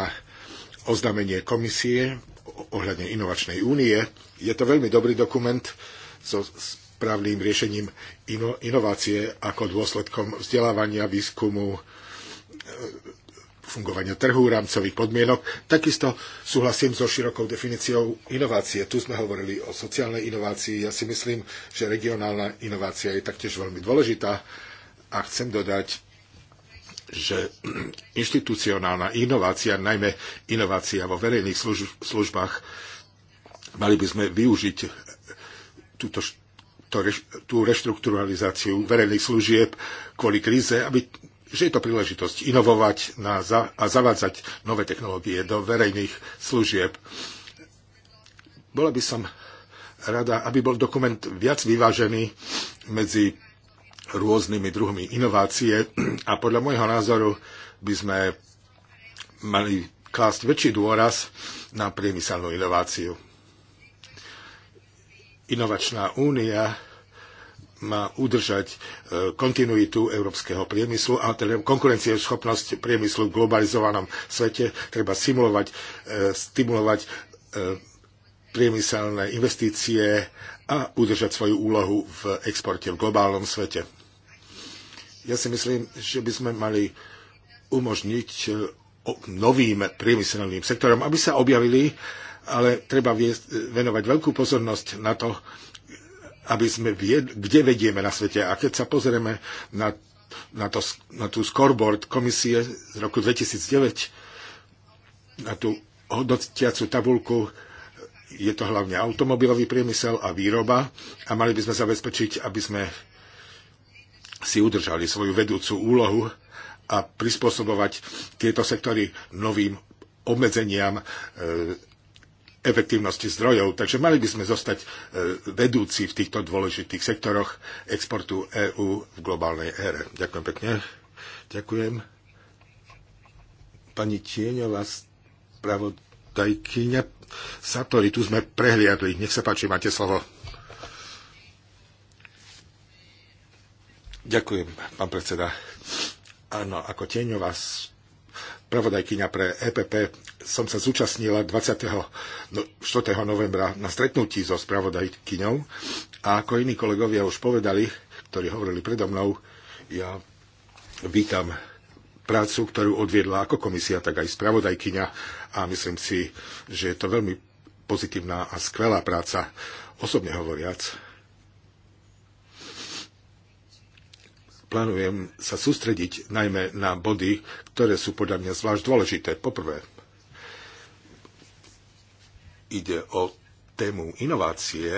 C: oznámenie komisie ohľadne inovačnej únie. Je to veľmi dobrý dokument so správnym riešením ino, inovácie ako dôsledkom vzdelávania, výskumu, e, fungovania trhu, rámcových podmienok. Takisto súhlasím so širokou definíciou inovácie. Tu sme hovorili o sociálnej inovácii. Ja si myslím, že regionálna inovácia je taktiež veľmi dôležitá. A chcem dodať, že *clears throat* inštitucionálna inovácia, najmä inovácia vo verejných službách, mali by sme využiť túto, to, tú reštrukturalizáciu verejných služieb kvôli kríze, aby že je to príležitosť inovovať na, a zavádzať nové technológie do verejných služieb. Bola by som rada, aby bol dokument viac vyvážený medzi rôznymi druhmi inovácie a podľa môjho názoru by sme mali klásť väčší dôraz na priemyselnú inováciu. Inovačná únia má udržať e, kontinuitu európskeho priemyslu a teda konkurencieschopnosť priemyslu v globalizovanom svete. Treba simulovať, e, stimulovať e, priemyselné investície a udržať svoju úlohu v exporte v globálnom svete. Ja si myslím, že by sme mali umožniť e, novým priemyselným sektorom, aby sa objavili, ale treba e, venovať veľkú pozornosť na to, aby sme vied, kde vedieme na svete. A keď sa pozrieme na, na, to, na tú scoreboard komisie z roku 2009, na tú hodnotiacu tabulku, je to hlavne automobilový priemysel a výroba a mali by sme zabezpečiť, aby sme si udržali svoju vedúcu úlohu a prispôsobovať tieto sektory novým obmedzeniam eh, efektívnosti zdrojov. Takže mali by sme zostať eh, vedúci v týchto dôležitých sektoroch exportu EÚ v globálnej ére. Ďakujem pekne. Ďakujem. Pani Tieňová, spravodajkyňa Satori, tu sme prehliadli. Nech sa páči, máte slovo. Ďakujem, pán predseda. Áno, ako tieňová spravodajkyňa pre EPP som sa zúčastnila 24. No, novembra na stretnutí so spravodajkyňou a ako iní kolegovia už povedali, ktorí hovorili predo mnou, ja vítam prácu, ktorú odviedla ako komisia, tak aj spravodajkyňa a myslím si, že je to veľmi pozitívna a skvelá práca. Osobne hovoriac, plánujem sa sústrediť najmä na body, ktoré sú podľa mňa zvlášť dôležité. Poprvé, ide o tému inovácie,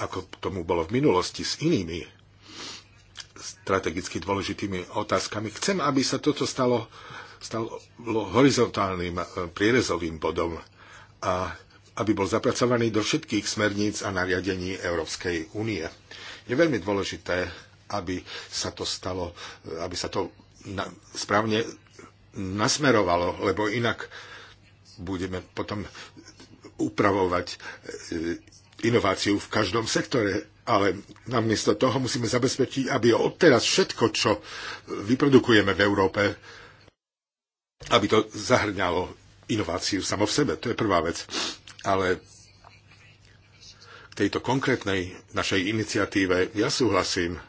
C: ako tomu bolo v minulosti s inými strategicky dôležitými otázkami. Chcem, aby sa toto stalo, stalo horizontálnym e, prierezovým bodom a aby bol zapracovaný do všetkých smerníc a nariadení Európskej únie. Je veľmi dôležité aby sa to stalo, aby sa to na, správne nasmerovalo, lebo inak budeme potom upravovať e, inováciu v každom sektore, ale namiesto toho musíme zabezpečiť, aby odteraz všetko, čo vyprodukujeme v Európe, aby to zahrňalo inováciu samo v sebe. To je prvá vec. Ale k tejto konkrétnej našej iniciatíve ja súhlasím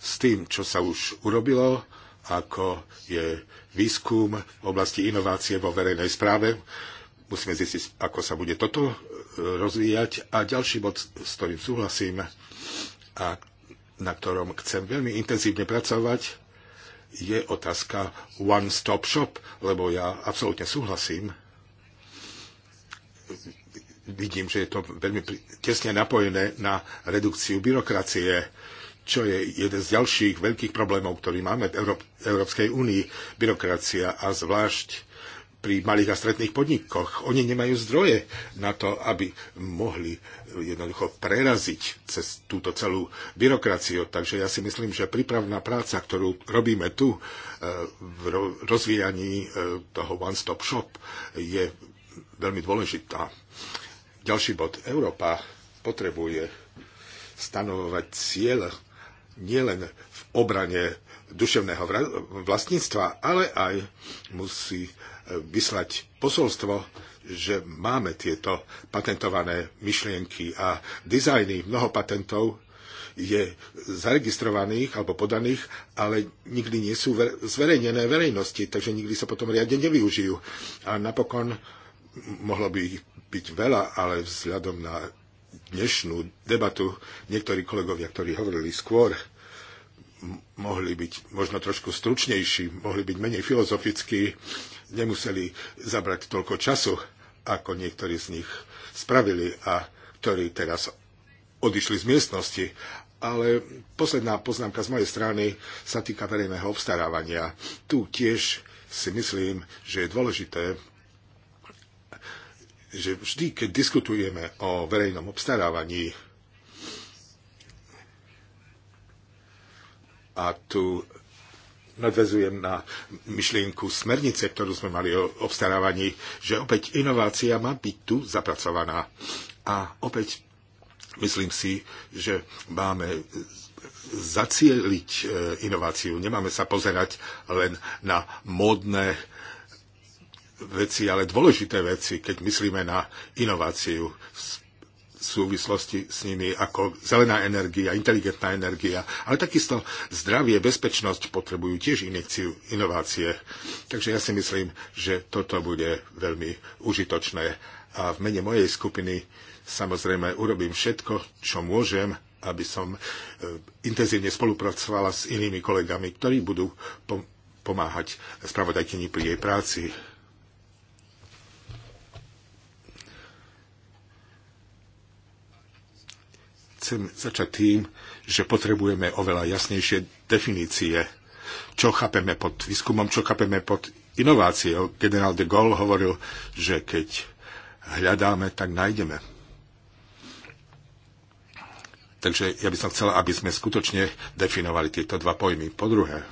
C: s tým, čo sa už urobilo, ako je výskum v oblasti inovácie vo verejnej správe. Musíme zistiť, ako sa bude toto e, rozvíjať. A ďalší bod, s ktorým súhlasím a na ktorom chcem veľmi intenzívne pracovať, je otázka one-stop shop, lebo ja absolútne súhlasím. Vidím, že je to veľmi tesne napojené na redukciu byrokracie čo je jeden z ďalších veľkých problémov, ktorý máme v Európskej únii, byrokracia a zvlášť pri malých a stredných podnikoch. Oni nemajú zdroje na to, aby mohli jednoducho preraziť cez túto celú byrokraciu. Takže ja si myslím, že prípravná práca, ktorú robíme tu e, v rozvíjaní e, toho one-stop shop, je veľmi dôležitá. Ďalší bod. Európa potrebuje stanovovať cieľ nielen v obrane duševného vlastníctva, ale aj musí e, vyslať posolstvo, že máme tieto patentované myšlienky a dizajny. Mnoho patentov je zaregistrovaných alebo podaných, ale nikdy nie sú zverejnené verejnosti, takže nikdy sa potom riadne nevyužijú. A napokon mohlo by ich byť veľa, ale vzhľadom na dnešnú debatu niektorí kolegovia, ktorí hovorili skôr, mohli byť možno trošku stručnejší, mohli byť menej filozofickí, nemuseli zabrať toľko času, ako niektorí z nich spravili a ktorí teraz odišli z miestnosti. Ale posledná poznámka z mojej strany sa týka verejného obstarávania. Tu tiež si myslím, že je dôležité že vždy, keď diskutujeme o verejnom obstarávaní, a tu nadvezujem na myšlienku smernice, ktorú sme mali o obstarávaní, že opäť inovácia má byť tu zapracovaná. A opäť myslím si, že máme zacieliť e, inováciu. Nemáme sa pozerať len na módne veci, ale dôležité veci, keď myslíme na inováciu v súvislosti s nimi ako zelená energia, inteligentná energia, ale takisto zdravie, bezpečnosť potrebujú tiež inekciu, inovácie. Takže ja si myslím, že toto bude veľmi užitočné a v mene mojej skupiny samozrejme urobím všetko, čo môžem, aby som e, intenzívne spolupracovala s inými kolegami, ktorí budú pomáhať spravodajkyni pri jej práci. Chcem začať tým, že potrebujeme oveľa jasnejšie definície, čo chápeme pod výskumom, čo chápeme pod inováciou. Generál de Gaulle hovoril, že keď hľadáme, tak nájdeme. Takže ja by som chcela, aby sme skutočne definovali tieto dva pojmy. Po druhé,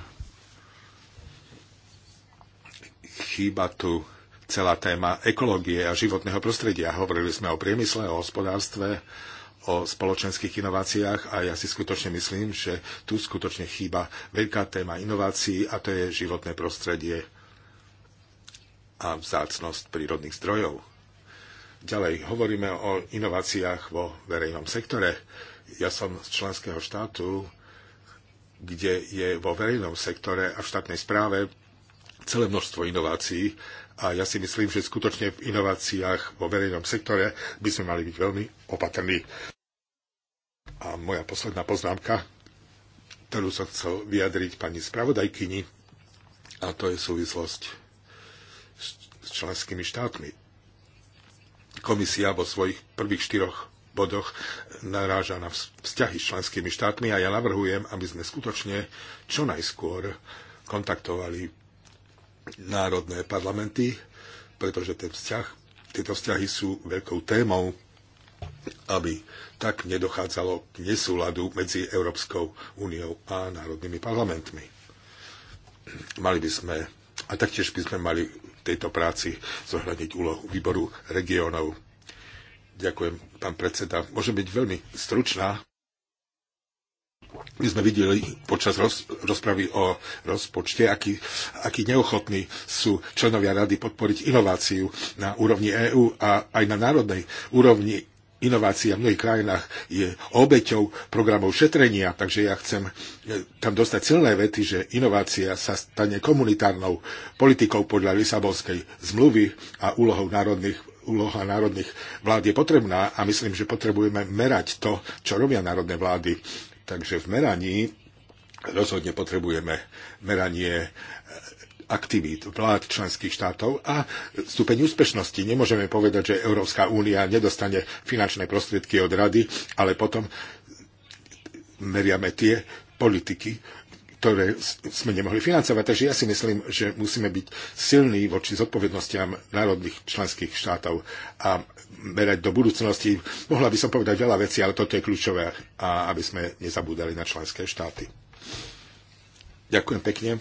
C: chýba tu celá téma ekológie a životného prostredia. Hovorili sme o priemysle, o hospodárstve, o spoločenských inováciách a ja si skutočne myslím, že tu skutočne chýba veľká téma inovácií a to je životné prostredie a vzácnosť prírodných zdrojov. Ďalej hovoríme o inováciách vo verejnom sektore. Ja som z členského štátu, kde je vo verejnom sektore a v štátnej správe celé množstvo inovácií a ja si myslím, že skutočne v inováciách vo verejnom sektore by sme mali byť veľmi opatrní. A moja posledná poznámka, ktorú som chcel vyjadriť pani spravodajkyni, a to je súvislosť s členskými štátmi. Komisia vo svojich prvých štyroch bodoch naráža na vzťahy s členskými štátmi a ja navrhujem, aby sme skutočne čo najskôr kontaktovali národné parlamenty, pretože ten vzťah, tieto vzťahy sú veľkou témou aby tak nedochádzalo k nesúladu medzi Európskou úniou a národnými parlamentmi. Mali by sme, a taktiež by sme mali v tejto práci zohľadniť úlohu výboru regiónov. Ďakujem, pán predseda. Môže byť veľmi stručná. My sme videli počas roz, rozpravy o rozpočte, aký aký neochotní sú členovia rady podporiť inováciu na úrovni EÚ a aj na národnej úrovni inovácia v mnohých krajinách je obeťou programov šetrenia, takže ja chcem e, tam dostať silné vety, že inovácia sa stane komunitárnou politikou podľa Lisabonskej zmluvy a úlohou národných úloha národných vlád je potrebná a myslím, že potrebujeme merať to, čo robia národné vlády. Takže v meraní rozhodne potrebujeme meranie aktivít vlád členských štátov a stupeň úspešnosti. Nemôžeme povedať, že Európska únia nedostane finančné prostriedky od rady, ale potom meriame tie politiky, ktoré sme nemohli financovať. Takže ja si myslím, že musíme byť silní voči zodpovednostiam národných členských štátov a merať do budúcnosti. Mohla by som povedať veľa vecí, ale toto je kľúčové, a aby sme nezabúdali na členské štáty. Ďakujem pekne.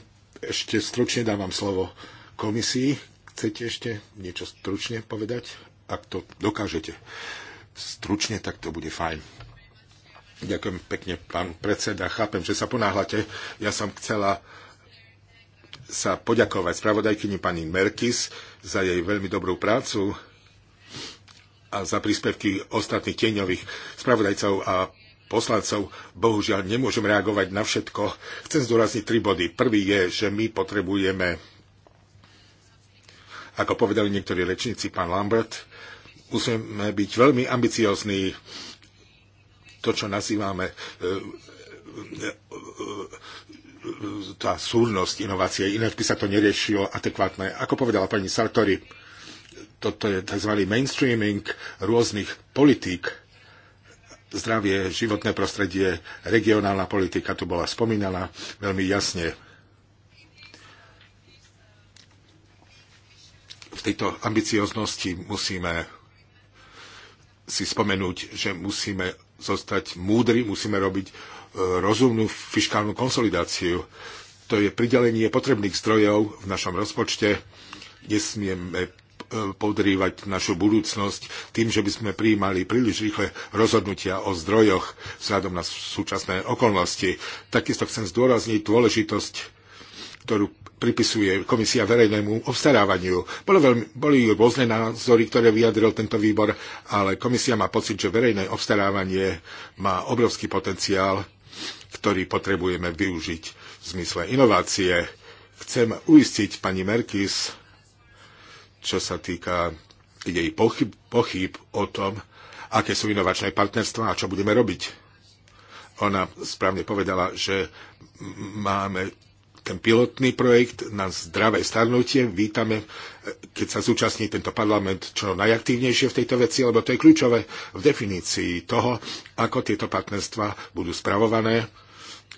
C: Ešte stručne dávam slovo komisii. Chcete ešte niečo stručne povedať? Ak to dokážete stručne, tak to bude fajn. Ďakujem pekne, pán predseda. Chápem, že sa ponáhľate. Ja som chcela sa poďakovať spravodajkyni pani Merkis za jej veľmi dobrú prácu a za príspevky ostatných tieňových spravodajcov a poslancov, bohužiaľ nemôžem reagovať na všetko. Chcem zdôrazniť tri body. Prvý je, že my potrebujeme, ako povedali niektorí rečníci, pán Lambert, musíme byť veľmi ambiciozní. To, čo nazývame e, e, e, tá súrnosť inovácie, inak by sa to neriešilo adekvátne. Ako povedala pani Sartori, toto je tzv. mainstreaming rôznych politík zdravie, životné prostredie, regionálna politika tu bola spomínaná veľmi jasne. V tejto ambicioznosti musíme si spomenúť, že musíme zostať múdri, musíme robiť e, rozumnú fiskálnu konsolidáciu. To je pridelenie potrebných zdrojov v našom rozpočte. Nesmieme Um, podrývať našu budúcnosť tým, že by sme prijímali príliš rýchle rozhodnutia o zdrojoch vzhľadom na súčasné okolnosti. Takisto chcem zdôrazniť dôležitosť, ktorú pripisuje Komisia verejnému obstarávaniu. Bolo veľmi, boli rôzne názory, ktoré vyjadril tento výbor, ale Komisia má pocit, že verejné obstarávanie má obrovský potenciál, ktorý potrebujeme využiť v zmysle inovácie. Chcem uistiť pani Merkis, čo sa týka jej pochyb, pochyb o tom, aké sú inovačné partnerstva a čo budeme robiť. Ona správne povedala, že máme ten pilotný projekt na zdravé starnutie. Vítame, keď sa zúčastní tento parlament čo najaktívnejšie v tejto veci, lebo to je kľúčové v definícii toho, ako tieto partnerstva budú spravované,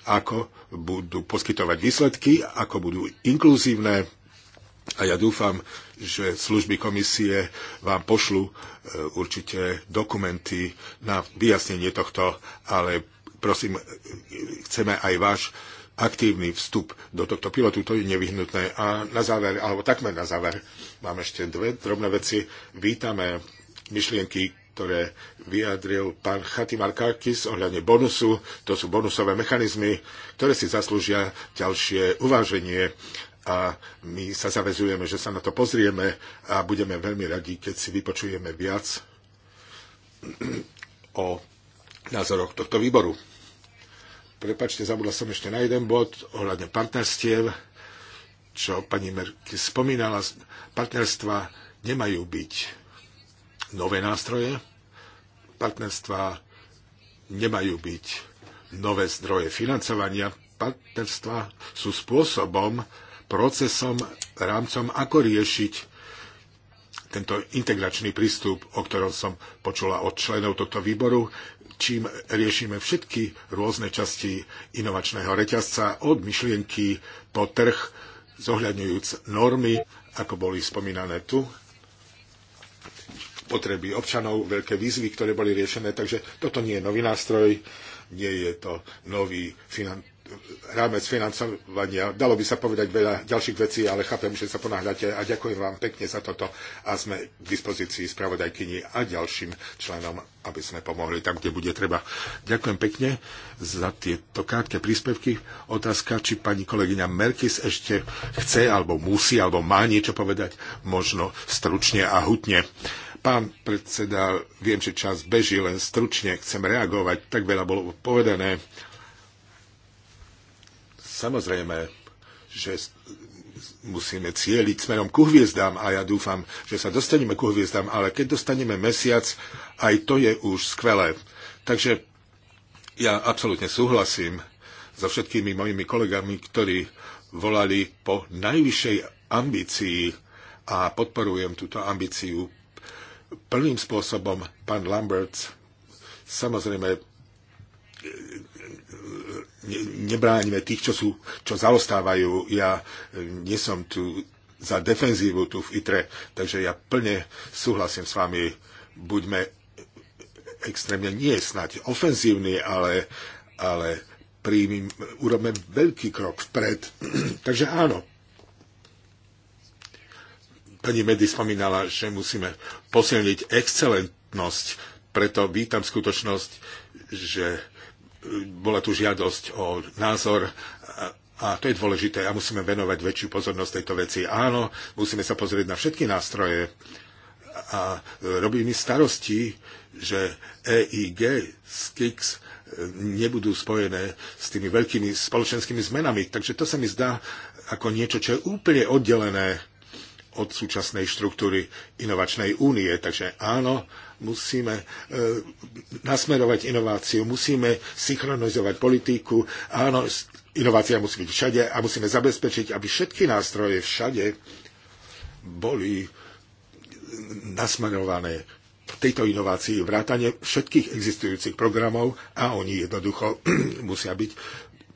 C: ako budú poskytovať výsledky, ako budú inkluzívne a ja dúfam, že služby komisie vám pošlu e, určite dokumenty na vyjasnenie tohto, ale prosím, e, chceme aj váš aktívny vstup do tohto pilotu, to je nevyhnutné. A na záver, alebo takmer na záver, mám ešte dve drobné veci. Vítame myšlienky, ktoré vyjadril pán Chatimar Karkis ohľadne bonusu. To sú bonusové mechanizmy, ktoré si zaslúžia ďalšie uváženie a my sa zavezujeme, že sa na to pozrieme a budeme veľmi radi, keď si vypočujeme viac o názoroch tohto výboru. Prepačte, zabudla som ešte na jeden bod ohľadne partnerstiev, čo pani Merky spomínala. Partnerstva nemajú byť nové nástroje, partnerstva nemajú byť nové zdroje financovania, partnerstva sú spôsobom, procesom, rámcom, ako riešiť tento integračný prístup, o ktorom som počula od členov tohto výboru, čím riešime všetky rôzne časti inovačného reťazca od myšlienky po trh, zohľadňujúc normy, ako boli spomínané tu, potreby občanov, veľké výzvy, ktoré boli riešené. Takže toto nie je nový nástroj, nie je to nový finančný rámec financovania. Dalo by sa povedať veľa ďalších vecí, ale chápem, že sa ponáhľate a ďakujem vám pekne za toto a sme k dispozícii spravodajkyni a ďalším členom, aby sme pomohli tam, kde bude treba. Ďakujem pekne za tieto krátke príspevky. Otázka, či pani kolegyňa Merkis ešte chce, alebo musí, alebo má niečo povedať, možno stručne a hutne. Pán predseda, viem, že čas beží, len stručne chcem reagovať. Tak veľa bolo povedané. Samozrejme, že musíme cieliť smerom ku hviezdám a ja dúfam, že sa dostaneme ku hviezdám, ale keď dostaneme mesiac, aj to je už skvelé. Takže ja absolútne súhlasím so všetkými mojimi kolegami, ktorí volali po najvyššej ambícii a podporujem túto ambíciu plným spôsobom. Pán Lamberts, samozrejme, nebránime tých, čo, sú, čo zaostávajú. Ja e, nie som tu za defenzívu tu v ITRE, takže ja plne súhlasím s vami. Buďme extrémne nie snáď ofenzívny, ale, ale príjmim, urobme veľký krok vpred. *clears throat* takže áno, pani Medy spomínala, že musíme posilniť excelentnosť, preto vítam skutočnosť, že bola tu žiadosť o názor a to je dôležité a musíme venovať väčšiu pozornosť tejto veci. Áno, musíme sa pozrieť na všetky nástroje a robí mi starosti, že EIG, SKIX nebudú spojené s tými veľkými spoločenskými zmenami. Takže to sa mi zdá ako niečo, čo je úplne oddelené od súčasnej štruktúry inovačnej únie. Takže áno, musíme e, nasmerovať inováciu, musíme synchronizovať politiku. Áno, inovácia musí byť všade a musíme zabezpečiť, aby všetky nástroje všade boli nasmerované v tejto inovácii vrátane všetkých existujúcich programov a oni jednoducho *clears throat* musia byť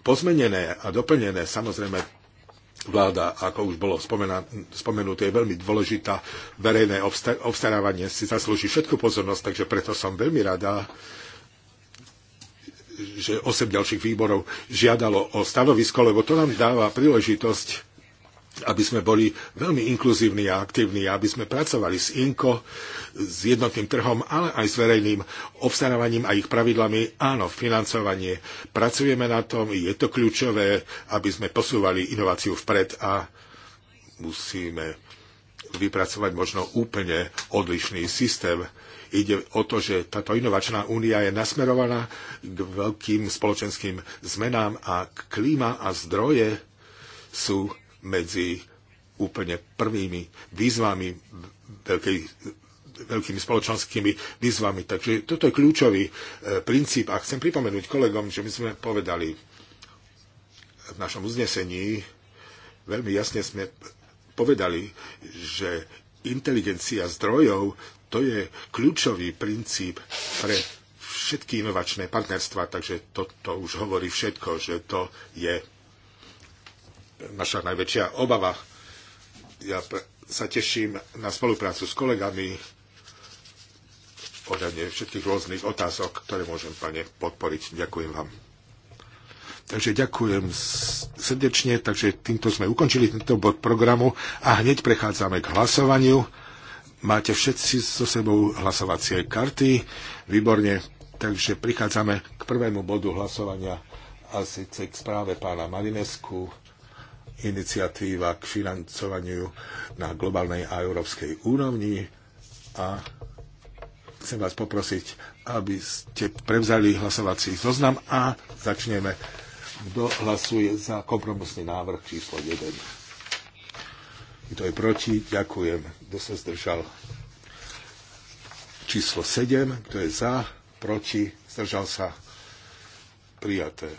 C: pozmenené a doplnené. Samozrejme, Vláda, ako už bolo spomenuté, je veľmi dôležitá. Verejné obstarávanie si zaslúži všetku pozornosť, takže preto som veľmi rada, že osem ďalších výborov žiadalo o stanovisko, lebo to nám dáva príležitosť aby sme boli veľmi inkluzívni a aktívni, aby sme pracovali s INKO, s jednotným trhom, ale aj s verejným obstarávaním a ich pravidlami. Áno, financovanie. Pracujeme na tom, je to kľúčové, aby sme posúvali inováciu vpred a musíme vypracovať možno úplne odlišný systém. Ide o to, že táto inovačná únia je nasmerovaná k veľkým spoločenským zmenám a klíma a zdroje sú medzi úplne prvými výzvami veľkej, veľkými spoločenskými výzvami. Takže toto je kľúčový e, princíp a chcem pripomenúť kolegom, že my sme povedali v našom uznesení, veľmi jasne sme povedali, že inteligencia zdrojov to je kľúčový princíp pre všetky inovačné partnerstva, takže toto to už hovorí všetko, že to je naša najväčšia obava. Ja sa teším na spoluprácu s kolegami ohľadne všetkých rôznych otázok, ktoré môžem, pane, podporiť. Ďakujem vám. Takže ďakujem srdečne, takže týmto sme ukončili tento bod programu a hneď prechádzame k hlasovaniu. Máte všetci so sebou hlasovacie karty. Výborne. Takže prichádzame k prvému bodu hlasovania a síce k správe pána Marinesku iniciatíva k financovaniu na globálnej a európskej úrovni a chcem vás poprosiť, aby ste prevzali hlasovací zoznam a začneme. Kto hlasuje za kompromisný návrh číslo 1? Kto je proti? Ďakujem. Kto sa zdržal? Číslo 7. Kto je za? Proti? Zdržal sa? Prijaté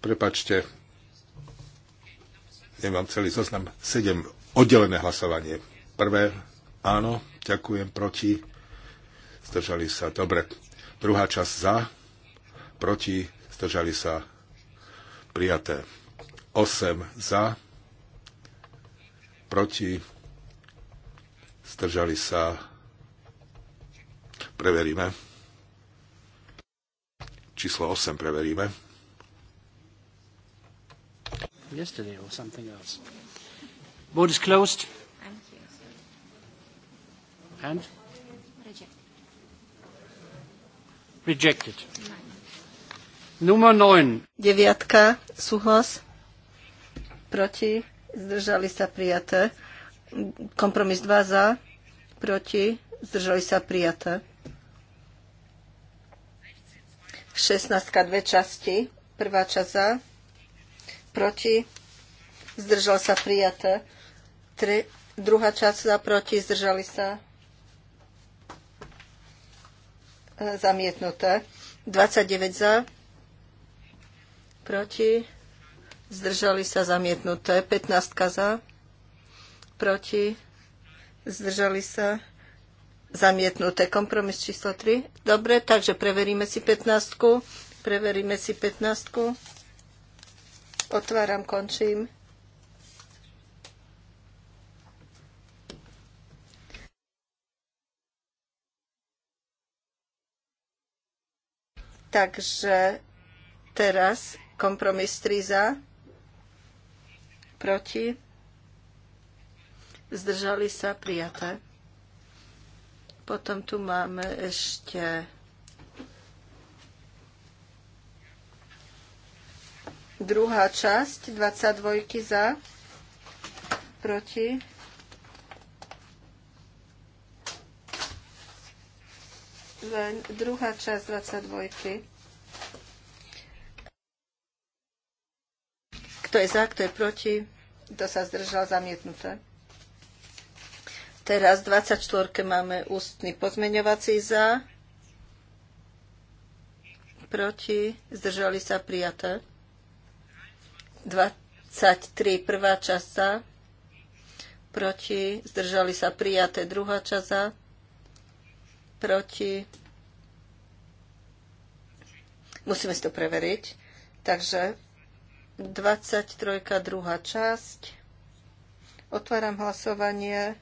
C: Prepačte, nemám celý zoznam. 7. Oddelené hlasovanie. Prvé, áno, ďakujem, proti. Zdržali sa, dobre. Druhá časť za, proti, zdržali sa, prijaté. 8 za, proti, zdržali sa, preveríme. Číslo 8 preveríme
B: yesterday or something else. Vote is closed. And?
A: Rejected. Number Nummer 9.
B: Deviatka, súhlas. Proti. Zdržali sa prijaté. Kompromis 2 za. Proti. Zdržali sa prijaté. 16 dve časti. Prvá časť za proti, zdržal sa prijaté. Tri, druhá časť za, proti, zdržali sa e, zamietnuté. 29 za, proti, zdržali sa zamietnuté. 15 za, proti, zdržali sa zamietnuté. Kompromis číslo 3. Dobre, takže preveríme si 15. Preveríme si 15. Otváram, končím. Takže teraz kompromis 3 za, proti, zdržali sa prijaté. Potom tu máme ešte Druhá časť 22 za, proti. Len druhá časť 22. Kto je za, kto je proti, kto sa zdržal, zamietnuté. Teraz 24 máme ústny pozmeňovací za, proti, zdržali sa prijaté. 23, prvá časa proti, zdržali sa prijaté, druhá časa. proti. Musíme si to preveriť. Takže 23, druhá časť. Otváram hlasovanie.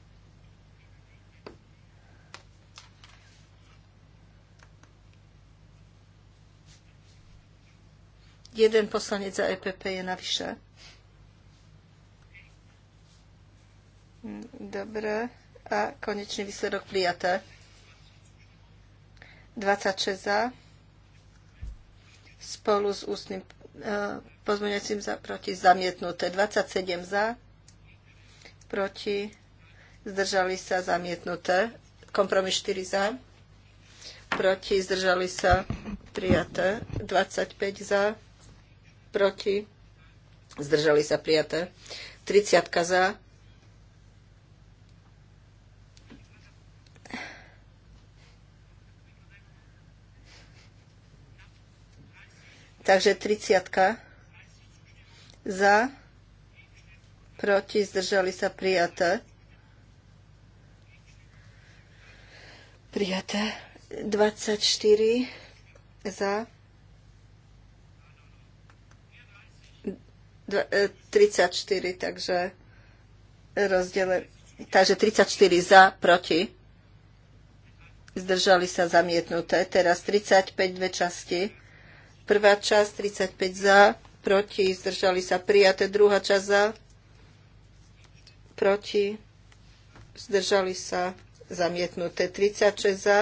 B: Jeden poslanec za EPP je navyše. Dobre. A konečný výsledok prijaté. 26 za. Spolu s ústnym e, pozmeňujúcim za proti zamietnuté. 27 za. Proti. Zdržali sa zamietnuté. Kompromis 4 za. Proti. Zdržali sa prijaté. 25 za proti, zdržali sa prijaté. 30 za, Takže 30 za, proti, zdržali sa prijaté. Prijaté. 24 za, 34, e, takže rozdelené. Takže 34 za, proti. Zdržali sa zamietnuté. Teraz 35 dve časti. Prvá časť 35 za, proti. Zdržali sa prijaté. Druhá časť za, proti. Zdržali sa zamietnuté. 36 za,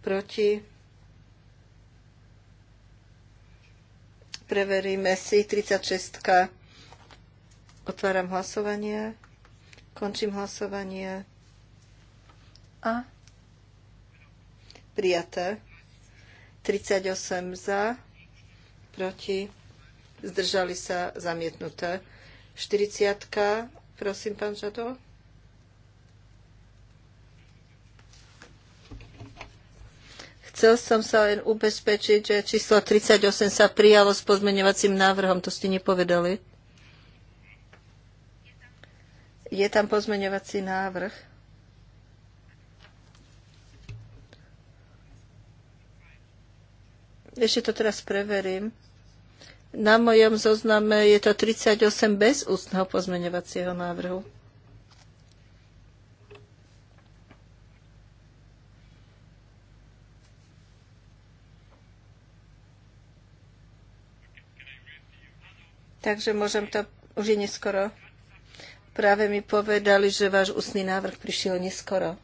B: proti Preveríme si 36. Otváram hlasovanie. Končím hlasovanie. A prijaté. 38 za, proti, zdržali sa zamietnuté. 40. Prosím, pán Žadov. Chcel som sa len ubezpečiť, že číslo 38 sa prijalo s pozmeňovacím návrhom, to ste nepovedali. Je tam pozmeňovací návrh. Ešte to teraz preverím. Na mojom zozname je to 38 bez ústneho pozmeňovacieho návrhu. takže môžem to už je neskoro. Práve mi povedali, že váš ústny návrh prišiel neskoro.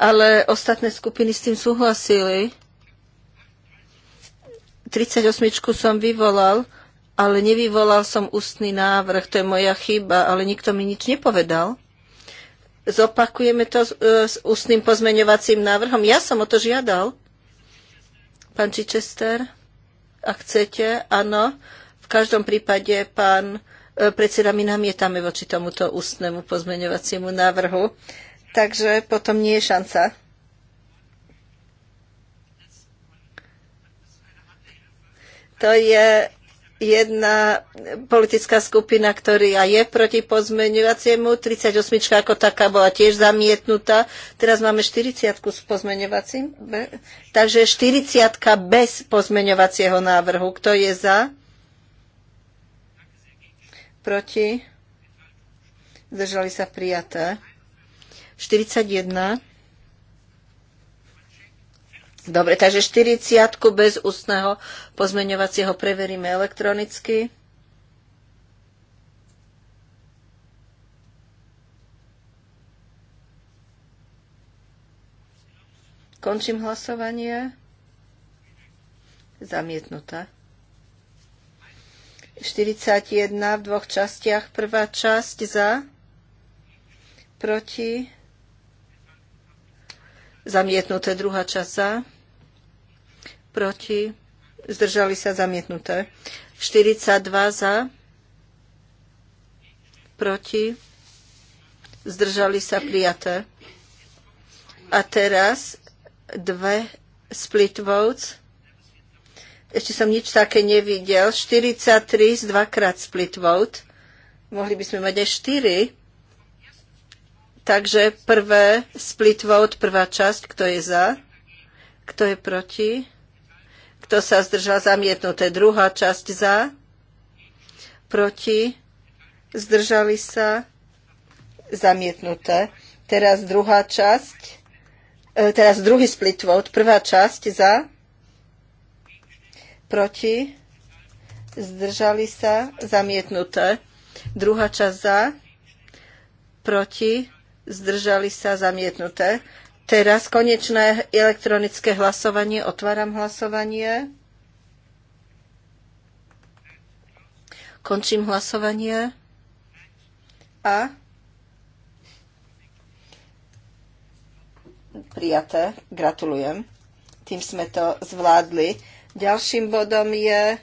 B: Ale ostatné skupiny s tým súhlasili. 38 som vyvolal, ale nevyvolal som ústny návrh, to je moja chyba, ale nikto mi nič nepovedal. Zopakujeme to s, e, s ústnym pozmeňovacím návrhom. Ja som o to žiadal. Pán Čičester, ak chcete, áno. V každom prípade pán e, predseda my namietame voči tomuto ústnemu pozmeňovaciemu návrhu. Takže potom nie je šanca. To je jedna politická skupina, ktorá je proti pozmeňovaciemu, 38 ako taká bola tiež zamietnutá. Teraz máme 40 s pozmeňovacím, takže 40 bez pozmeňovacieho návrhu. Kto je za? Proti? Zdržali sa prijaté. 41 Dobre, takže 40 bez ústneho pozmeňovacieho preveríme elektronicky. Končím hlasovanie. Zamietnutá. 41 v dvoch častiach. Prvá časť za, proti, zamietnuté druhá časť za, proti, zdržali sa zamietnuté. 42 za, proti, zdržali sa prijaté. A teraz dve split votes. Ešte som nič také nevidel. 43 z dvakrát split vote. Mohli by sme mať aj 4. Takže prvé split vote, prvá časť, kto je za, kto je proti kto sa zdržal zamietnuté? Druhá časť za. Proti. Zdržali sa zamietnuté. Teraz druhá časť. E, teraz druhý split vote. Prvá časť za. Proti. Zdržali sa zamietnuté. Druhá časť za. Proti. Zdržali sa zamietnuté. Teraz konečné elektronické hlasovanie. Otváram hlasovanie. Končím hlasovanie. A prijaté. Gratulujem. Tým sme to zvládli. Ďalším bodom je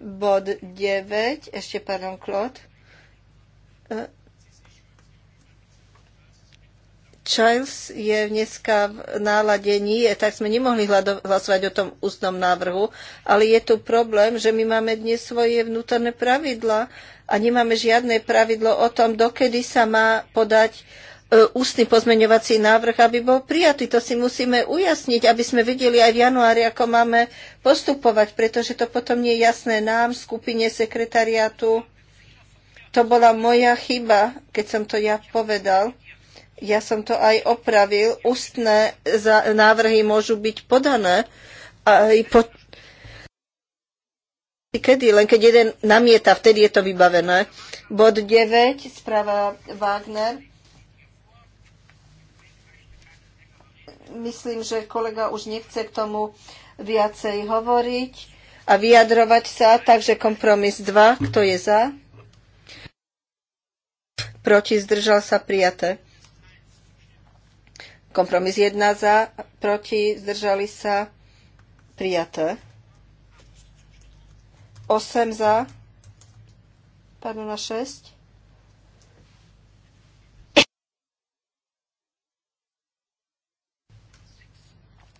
B: bod 9, ešte pardon, Klod. Charles je dneska v nálade nie, tak sme nemohli hlasovať o tom ústnom návrhu, ale je tu problém, že my máme dnes svoje vnútorné pravidla a nemáme žiadne pravidlo o tom, dokedy sa má podať e, ústny pozmeňovací návrh, aby bol prijatý. To si musíme ujasniť, aby sme videli aj v januári, ako máme postupovať, pretože to potom nie je jasné nám, skupine sekretariátu. To bola moja chyba, keď som to ja povedal ja som to aj opravil, ústne návrhy môžu byť podané aj po... Kedy? Len keď jeden namieta, vtedy je to vybavené. Bod 9, správa Wagner. Myslím, že kolega už nechce k tomu viacej hovoriť a vyjadrovať sa, takže kompromis 2, kto je za? Proti zdržal sa prijaté. Kompromis 1 za, proti, zdržali sa, prijaté. 8 za, pardon, na 6.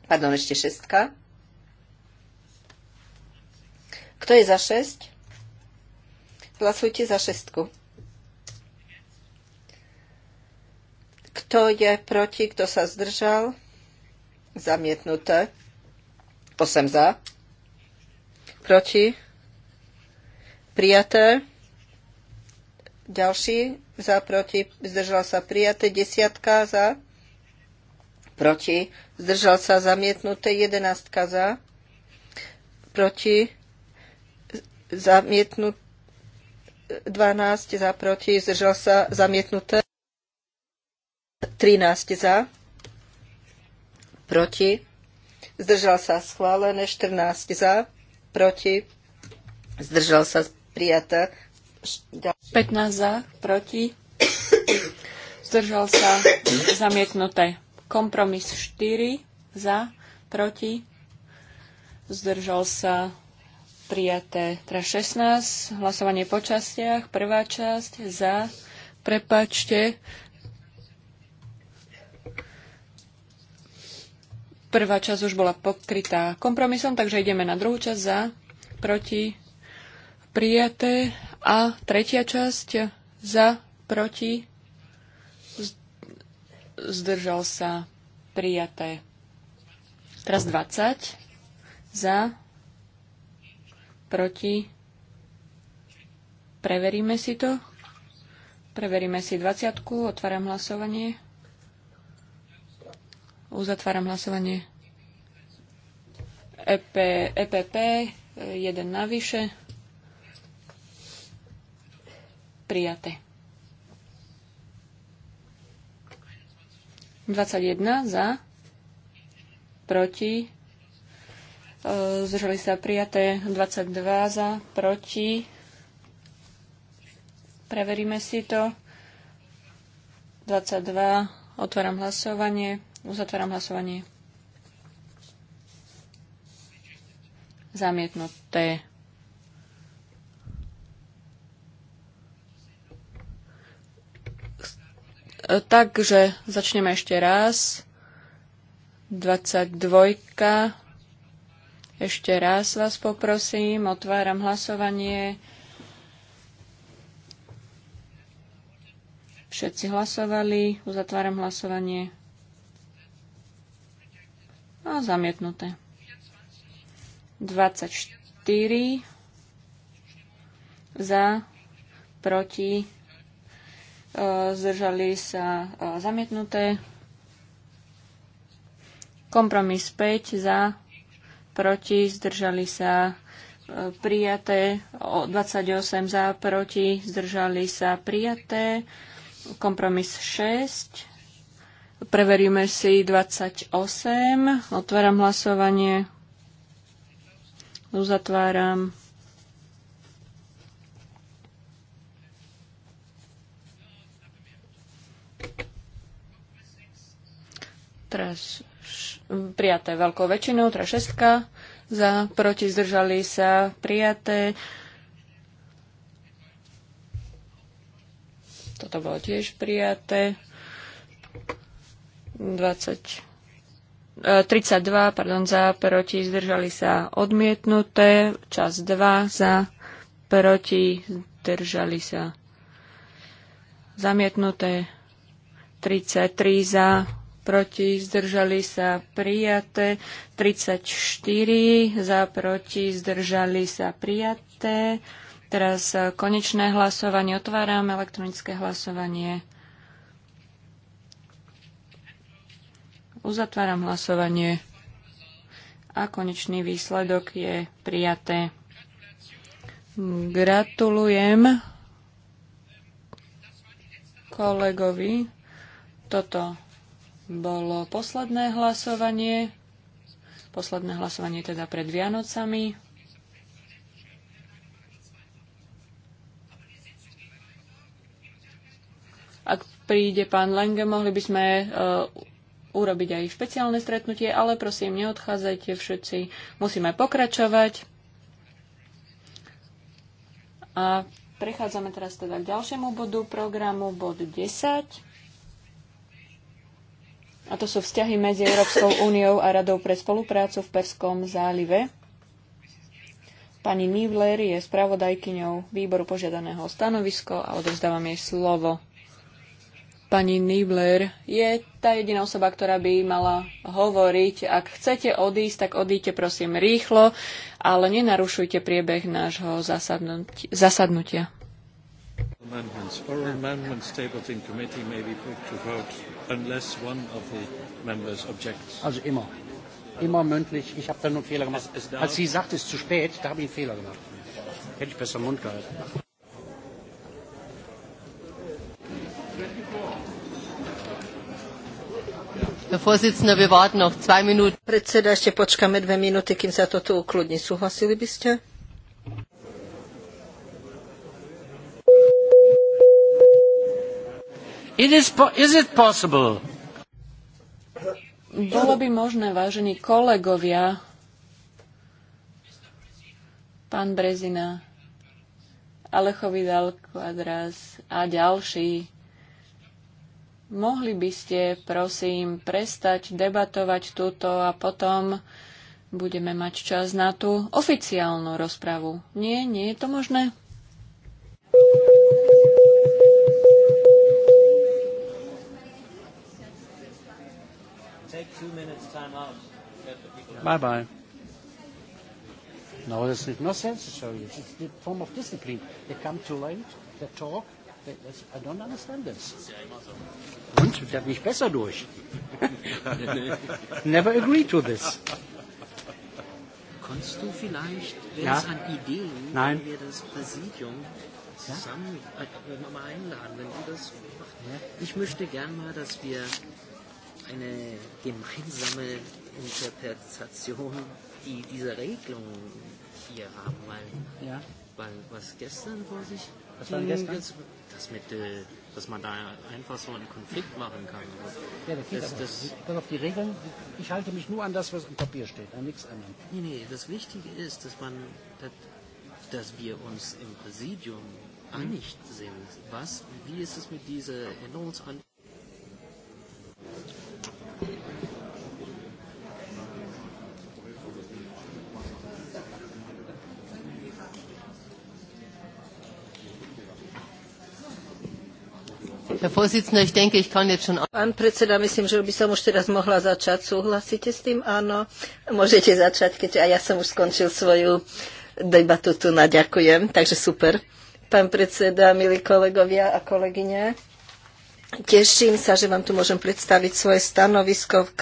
B: Pardon, ešte šestka. Kto je za 6? Hlasujte za šestku. Kto je proti? Kto sa zdržal? Zamietnuté. 8 za. Proti? Prijaté. Ďalší za, proti, zdržal sa prijaté. Desiatka za. Proti. Zdržal sa zamietnuté. jedenáctka za. Proti. Zamietnuté. 12 za proti, zdržal sa zamietnuté. 13 za, proti, zdržal sa schválené, 14 za, proti, zdržal sa
A: prijaté, 15 za, proti, zdržal sa zamietnuté. Kompromis 4 za, proti, zdržal sa prijaté. Teraz 16, hlasovanie po častiach, prvá časť za, prepačte, Prvá časť už bola pokrytá kompromisom, takže ideme na druhú časť za, proti, prijaté. A tretia časť za, proti, zdržal sa, prijaté. Teraz 20 za, proti, preveríme si to. Preveríme si 20. Otváram hlasovanie. Uzatváram hlasovanie. EP, EPP, jeden navyše. Prijaté. 21 za, proti, e, zdržali sa prijaté 22 za, proti. Preveríme si to. 22. Otváram hlasovanie. Uzatváram hlasovanie. Zamietnuté. Takže začneme ešte raz. 22. Ešte raz vás poprosím, otváram hlasovanie. Všetci hlasovali, uzatváram hlasovanie. A zamietnuté. 24 e, e, za, proti, zdržali sa zamietnuté. Kompromis 5 za, proti, zdržali sa prijaté. 28 za, proti, zdržali sa prijaté. Kompromis 6 Preveríme si 28. Otváram hlasovanie. Uzatváram. Teraz prijaté veľkou väčšinou, teraz šestka za, proti zdržali sa prijaté. Toto bolo tiež prijaté. 20. 32, e, pardon, za, proti, zdržali sa odmietnuté, čas 2 za, proti, zdržali sa zamietnuté, 33 za, proti, zdržali sa prijaté, 34 za, proti, zdržali sa prijaté. Teraz konečné hlasovanie, otváram elektronické hlasovanie. Uzatváram hlasovanie a konečný výsledok je prijaté. Gratulujem kolegovi. Toto bolo posledné hlasovanie. Posledné hlasovanie teda pred Vianocami. Ak príde pán Lenge, mohli by sme uh, urobiť aj špeciálne stretnutie, ale prosím, neodchádzajte všetci. Musíme pokračovať. A prechádzame teraz teda k ďalšiemu bodu programu, bod 10. A to sú vzťahy medzi Európskou úniou a Radou pre spoluprácu v Perskom zálive. Pani Nivler je spravodajkyňou výboru požiadaného stanovisko a odovzdávam jej slovo pani Nibler je tá jediná osoba, ktorá by mala hovoriť. Ak chcete odísť, tak odíte prosím rýchlo, ale nenarušujte priebeh nášho zasadnutia.
C: Amendments. amendments tabled in committee may be put to vote unless one of the members objects. Also immer.
B: Immer mündlich. Ich habe da nur einen Fehler gemacht. Als sie sagt, es ist zu spät, da habe ich einen Fehler gemacht. Hätte ich besser Mund gehalten. Predseda, ešte počkáme dve minúty, kým sa toto ukludní. Súhlasili by ste? It is, is it possible?
A: Bolo by možné, vážení kolegovia, pán Brezina, Alechovi dal a ďalší Mohli by ste, prosím, prestať debatovať túto a potom budeme mať čas na tú oficiálnu rozpravu. Nie, nie je to možné?
C: Bye bye. No, there's no sense to show you. It's the form of discipline. They come too late, they talk, i don't understand this. Und? Der mich besser durch. Never agree to this. Konntest du vielleicht, wenn ja? es an Ideen, Nein. wenn wir das Präsidium zusammen ja? äh, äh mal einladen, wenn du das machst. Ja? Ich möchte gern mal, dass wir eine gemeinsame Interpretation die, dieser Regelung hier haben, weil, ja? weil was gestern vor sich das ging, war gestern? Jetzt, das mit, äh, dass man da einfach so einen Konflikt machen kann. Also, ja, das geht das, aber. Das, Pass auf die Regeln. Ich halte mich nur an das, was im Papier steht, an nichts anderem. Nee, nee, das Wichtige ist, dass man, dass, dass wir uns im Präsidium mhm. einig sind. Was, wie ist es mit dieser Änderungsanträgen?
B: Pán predseda, myslím, že by som už teraz mohla začať. Súhlasíte s tým? Áno. Môžete začať, keďže aj ja som už skončil svoju debatu tu na ďakujem. Takže super. Pán predseda, milí kolegovia a kolegyne, teším sa, že vám tu môžem predstaviť svoje stanovisko k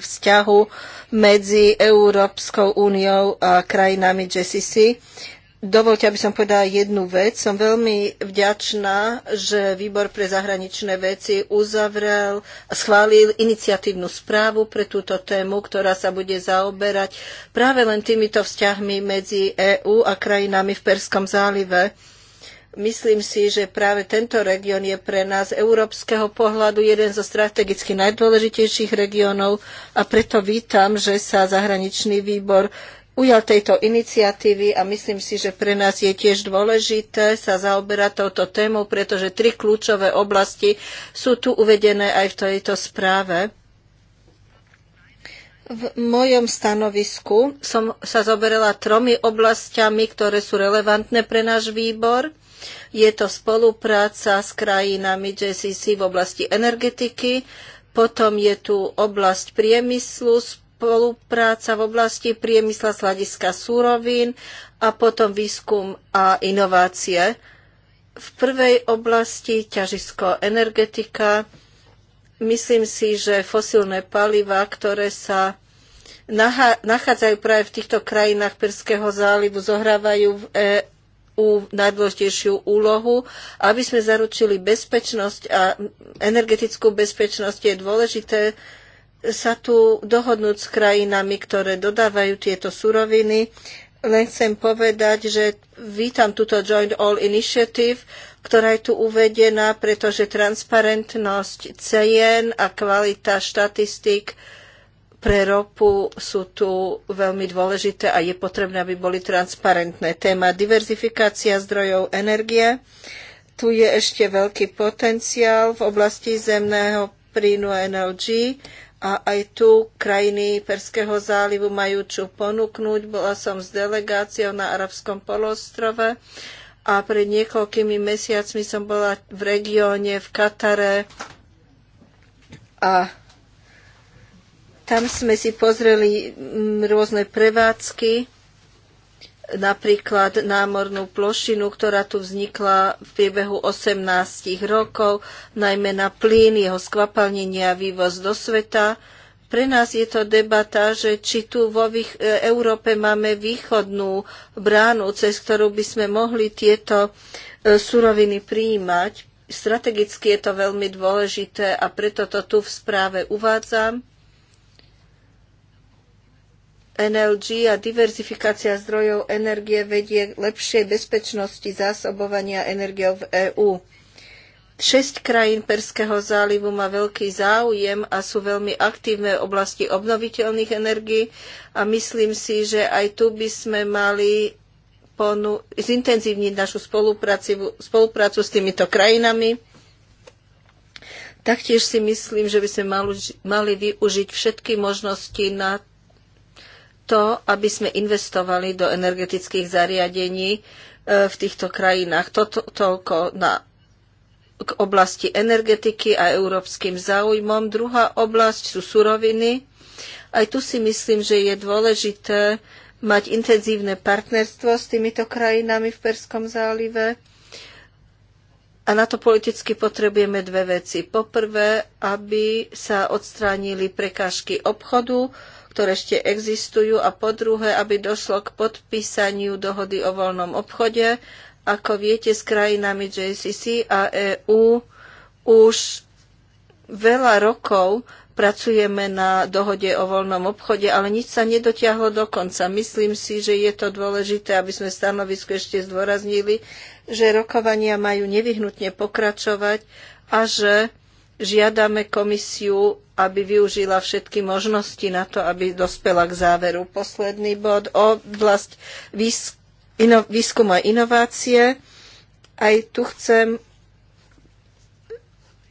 B: vzťahu medzi Európskou úniou a krajinami GCC. Dovolte, aby som povedala jednu vec. Som veľmi vďačná, že Výbor pre zahraničné veci uzavrel a schválil iniciatívnu správu pre túto tému, ktorá sa bude zaoberať práve len týmito vzťahmi medzi EÚ a krajinami v Perskom zálive. Myslím si, že práve tento región je pre nás európskeho pohľadu jeden zo strategicky najdôležitejších regiónov a preto vítam, že sa zahraničný výbor ujal tejto iniciatívy a myslím si, že pre nás je tiež dôležité sa zaoberať touto témou, pretože tri kľúčové oblasti sú tu uvedené aj v tejto správe. V mojom stanovisku som sa zoberela tromi oblastiami, ktoré sú relevantné pre náš výbor. Je to spolupráca s krajinami JCC v oblasti energetiky, potom je tu oblasť priemyslu, spolupráca v oblasti priemysla z hľadiska súrovín a potom výskum a inovácie. V prvej oblasti ťažisko energetika. Myslím si, že fosílne paliva, ktoré sa nachádzajú práve v týchto krajinách Perského zálivu, zohrávajú v EÚ najdôležitejšiu úlohu. Aby sme zaručili bezpečnosť a energetickú bezpečnosť, je dôležité sa tu dohodnúť s krajinami, ktoré dodávajú tieto suroviny. Len chcem povedať, že vítam túto Joint All Initiative, ktorá je tu uvedená, pretože transparentnosť cien a kvalita štatistík pre ropu sú tu veľmi dôležité a je potrebné, aby boli transparentné. Téma diverzifikácia zdrojov energie. Tu je ešte veľký potenciál v oblasti zemného prínu NLG a aj tu krajiny Perského zálivu majú čo ponúknuť. Bola som s delegáciou na Arabskom polostrove a pred niekoľkými mesiacmi som bola v regióne v Katare a tam sme si pozreli mm, rôzne prevádzky napríklad námornú plošinu, ktorá tu vznikla v priebehu 18 rokov, najmä na plyn, jeho skvapalnenie a vývoz do sveta. Pre nás je to debata, že či tu vo e, Európe máme východnú bránu, cez ktorú by sme mohli tieto e, suroviny prijímať. Strategicky je to veľmi dôležité a preto to tu v správe uvádzam. NLG a diverzifikácia zdrojov energie vedie k lepšej bezpečnosti zásobovania energiou v EÚ. Šesť krajín Perského zálivu má veľký záujem a sú veľmi aktívne v oblasti obnoviteľných energií a myslím si, že aj tu by sme mali ponu- zintenzívniť našu spoluprácu, s týmito krajinami. Taktiež si myslím, že by sme mali, mali využiť všetky možnosti na to, aby sme investovali do energetických zariadení e, v týchto krajinách. Toto toľko na, k oblasti energetiky a európskym záujmom. Druhá oblasť sú suroviny. Aj tu si myslím, že je dôležité mať intenzívne partnerstvo s týmito krajinami v Perskom zálive. A na to politicky potrebujeme dve veci. Poprvé, aby sa odstránili prekážky obchodu ktoré ešte existujú a po druhé, aby došlo k podpísaniu dohody o voľnom obchode. Ako viete, s krajinami JCC a EU už veľa rokov pracujeme na dohode o voľnom obchode, ale nič sa nedotiahlo do konca. Myslím si, že je to dôležité, aby sme stanovisko ešte zdôraznili, že rokovania majú nevyhnutne pokračovať a že žiadame komisiu aby využila všetky možnosti na to, aby dospela k záveru. Posledný bod, oblasť výskumu a inovácie. Aj tu chcem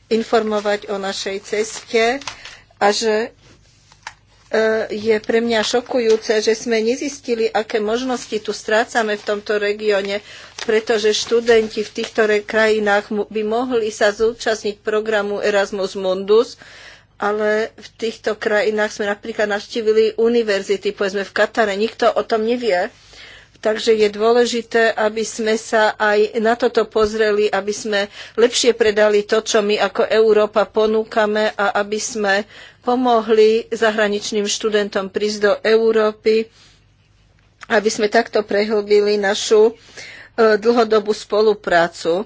B: informovať o našej ceste a že e, je pre mňa šokujúce, že sme nezistili, aké možnosti tu strácame v tomto regióne, pretože študenti v týchto krajinách by mohli sa zúčastniť programu Erasmus Mundus, ale v týchto krajinách sme napríklad navštívili univerzity, povedzme v Katare, nikto o tom nevie. Takže je dôležité, aby sme sa aj na toto pozreli, aby sme lepšie predali to, čo my ako Európa ponúkame a aby sme pomohli zahraničným študentom prísť do Európy, aby sme takto prehlbili našu e, dlhodobú spoluprácu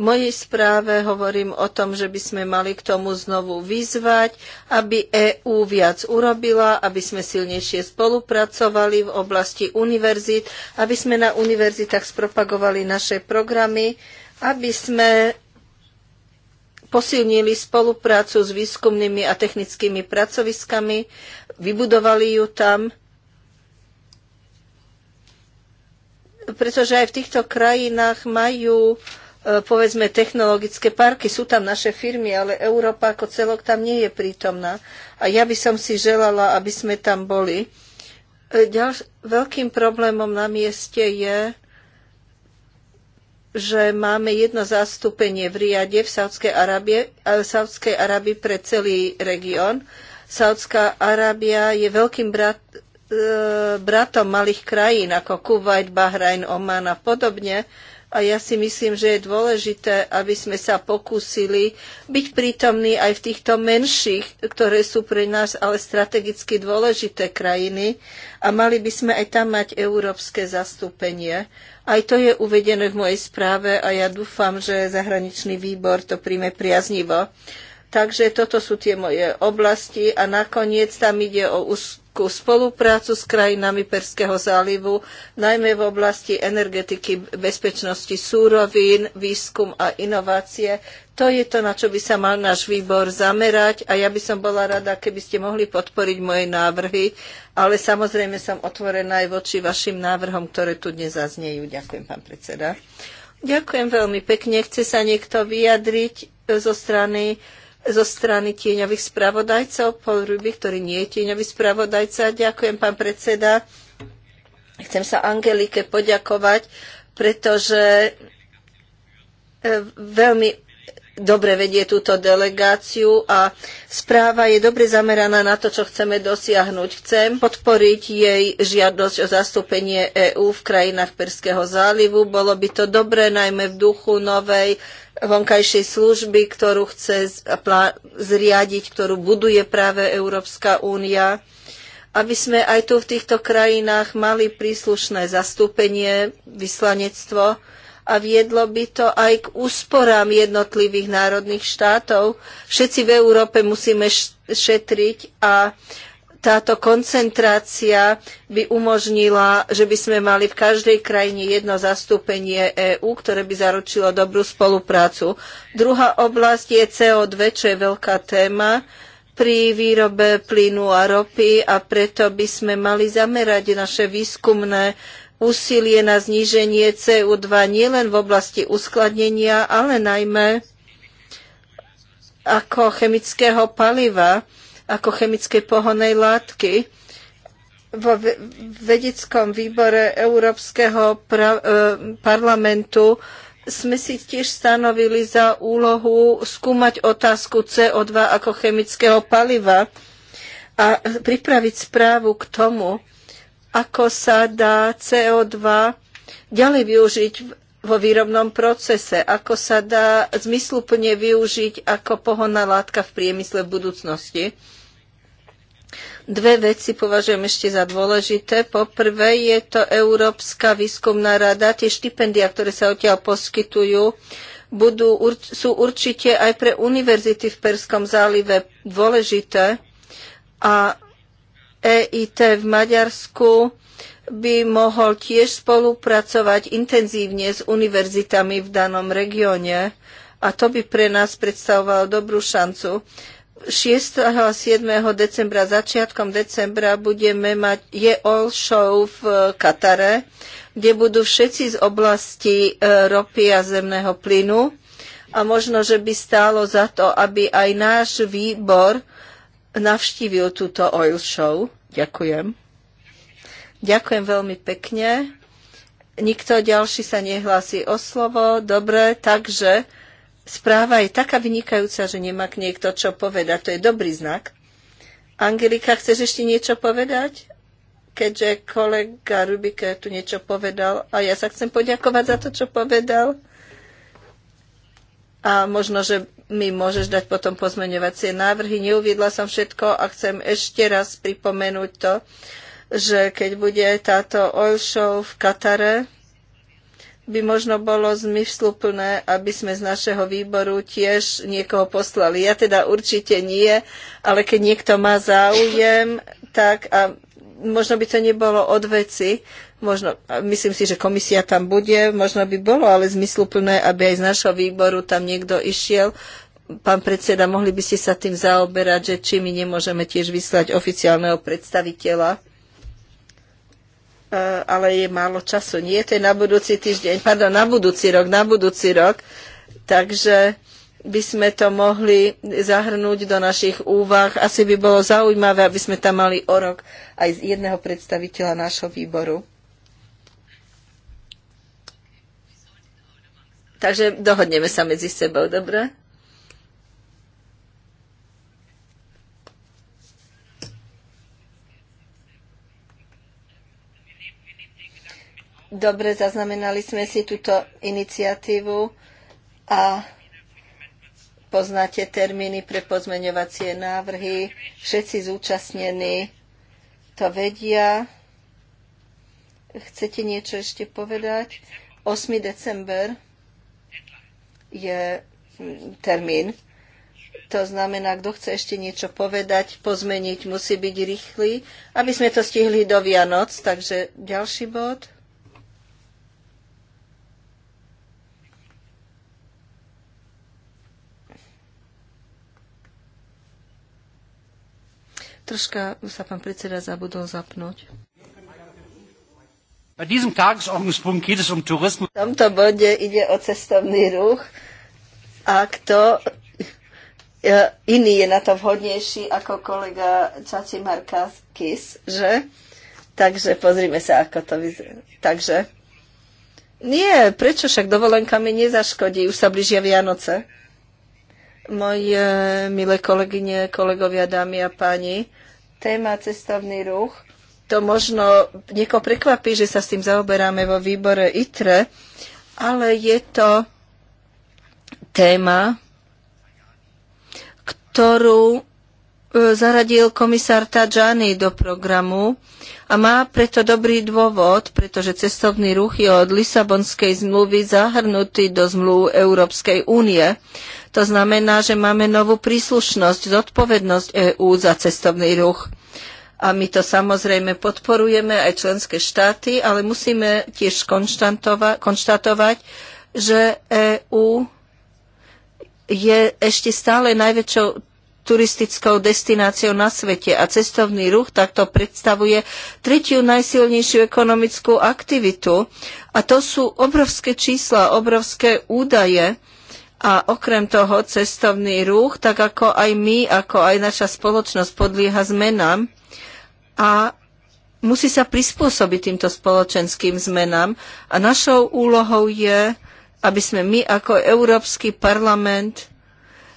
B: mojej správe hovorím o tom, že by sme mali k tomu znovu vyzvať, aby EÚ viac urobila, aby sme silnejšie spolupracovali v oblasti univerzít, aby sme na univerzitách spropagovali naše programy, aby sme posilnili spoluprácu s výskumnými a technickými pracoviskami, vybudovali ju tam, pretože aj v týchto krajinách majú E, povedzme technologické parky, sú tam naše firmy, ale Európa ako celok tam nie je prítomná. A ja by som si želala, aby sme tam boli. E, Ďalš- veľkým problémom na mieste je, že máme jedno zastúpenie v Riade v Saudskej Arábie, e, Saudskej Arábii pre celý región. Saudská Arábia je veľkým brat, bratom malých krajín ako Kuwait, Bahrajn, Oman a podobne. A ja si myslím, že je dôležité, aby sme sa pokúsili byť prítomní aj v týchto menších, ktoré sú pre nás ale strategicky dôležité krajiny a mali by sme aj tam mať európske zastúpenie. Aj to je uvedené v mojej správe a ja dúfam, že zahraničný výbor to príjme priaznivo. Takže toto sú tie moje oblasti a nakoniec tam ide o ku spoluprácu s krajinami Perského zálivu, najmä v oblasti energetiky, bezpečnosti súrovín, výskum a inovácie. To je to, na čo by sa mal náš výbor zamerať a ja by som bola rada, keby ste mohli podporiť moje návrhy, ale samozrejme som otvorená aj voči vašim návrhom, ktoré tu dnes zaznejú. Ďakujem, pán predseda. Ďakujem veľmi pekne. Chce sa niekto vyjadriť e, zo strany zo strany tieňových spravodajcov. Paul Ruby, ktorý nie je tieňový spravodajca. Ďakujem, pán predseda. Chcem sa Angelike poďakovať, pretože e, veľmi dobre vedie túto delegáciu a správa je dobre zameraná na to, čo chceme dosiahnuť. Chcem podporiť jej žiadosť o zastúpenie EÚ v krajinách Perského zálivu. Bolo by to dobré najmä v duchu novej vonkajšej služby, ktorú chce zriadiť, ktorú buduje práve Európska únia, aby sme aj tu v týchto krajinách mali príslušné zastúpenie, vyslanectvo a viedlo by to aj k úsporám jednotlivých národných štátov. Všetci v Európe musíme šetriť a táto koncentrácia by umožnila, že by sme mali v každej krajine jedno zastúpenie EÚ, ktoré by zaručilo dobrú spoluprácu. Druhá oblasť je CO2, čo je veľká téma pri výrobe plynu a ropy a preto by sme mali zamerať naše výskumné úsilie na zníženie CO2 nielen v oblasti uskladnenia, ale najmä ako chemického paliva ako chemické pohonej látky. Vo vedeckom výbore Európskeho e, parlamentu sme si tiež stanovili za úlohu skúmať otázku CO2 ako chemického paliva a pripraviť správu k tomu, ako sa dá CO2 ďalej využiť vo výrobnom procese, ako sa dá zmysluplne využiť ako pohonná látka v priemysle v budúcnosti. Dve veci považujem ešte za dôležité. Po prvé je to Európska výskumná rada. Tie štipendia, ktoré sa odtiaľ poskytujú, budú, sú určite aj pre univerzity v Perskom zálive dôležité. A EIT v Maďarsku by mohol tiež spolupracovať intenzívne s univerzitami v danom regióne a to by pre nás predstavovalo dobrú šancu. 6. a 7. decembra, začiatkom decembra budeme mať je all show v Katare, kde budú všetci z oblasti e, ropy a zemného plynu. A možno, že by stálo za to, aby aj náš výbor navštívil túto oil show. Ďakujem. Ďakujem veľmi pekne. Nikto ďalší sa nehlási o slovo. Dobre, takže správa je taká vynikajúca, že nemá k niekto čo povedať. To je dobrý znak. Angelika, chceš ešte niečo povedať? Keďže kolega Rubike tu niečo povedal a ja sa chcem poďakovať za to, čo povedal. A možno, že mi môžeš dať potom pozmeňovacie návrhy. Neuviedla som všetko a chcem ešte raz pripomenúť to, že keď bude táto oil show v Katare, by možno bolo zmysluplné, aby sme z našeho výboru tiež niekoho poslali. Ja teda určite nie, ale keď niekto má záujem, tak a možno by to nebolo od veci. Možno, myslím si, že komisia tam bude, možno by bolo, ale zmysluplné, aby aj z našho výboru tam niekto išiel. Pán predseda, mohli by ste sa tým zaoberať, že či my nemôžeme tiež vyslať oficiálneho predstaviteľa Eh, ale je málo času. Nie, je to na budúci týždeň, pardon, na budúci rok, na budúci rok. Takže by sme to mohli zahrnúť do našich úvah. Asi by bolo zaujímavé, aby sme tam mali o rok aj z jedného predstaviteľa nášho výboru. Takže dohodneme sa medzi sebou, dobre? Dobre, zaznamenali sme si túto iniciatívu a poznáte termíny pre pozmeňovacie návrhy. Všetci zúčastnení to vedia. Chcete niečo ešte povedať? 8. december je mm, termín. To znamená, kto chce ešte niečo povedať, pozmeniť, musí byť rýchly, aby sme to stihli do Vianoc. Takže ďalší bod. Troška sa pán predseda zabudol zapnúť. Bei diesem Tagesordnungspunkt geht es um Tourismus. V tomto bode ide o cestovný ruch a kto e, iný je na to vhodnejší ako kolega Čači Markaskis, že? Takže pozrime sa, ako to vyzerá. Takže. Nie, prečo však dovolenka mi nezaškodí, už sa blížia Vianoce. Moje milé kolegyne, kolegovia, dámy a páni, Téma cestovný ruch. To možno nieko prekvapí, že sa s tým zaoberáme vo výbore ITRE, ale je to téma, ktorú e, zaradil komisár Tajani do programu a má preto dobrý dôvod, pretože cestovný ruch je od Lisabonskej zmluvy zahrnutý do zmluv Európskej únie. To znamená, že máme novú príslušnosť, zodpovednosť EÚ za cestovný ruch. A my to samozrejme podporujeme aj členské štáty, ale musíme tiež konštatovať, že EÚ je ešte stále najväčšou turistickou destináciou na svete a cestovný ruch takto predstavuje tretiu najsilnejšiu ekonomickú aktivitu. A to sú obrovské čísla, obrovské údaje, a okrem toho cestovný ruch, tak ako aj my, ako aj naša spoločnosť podlieha zmenám a musí sa prispôsobiť týmto spoločenským zmenám. A našou úlohou je, aby sme my ako Európsky parlament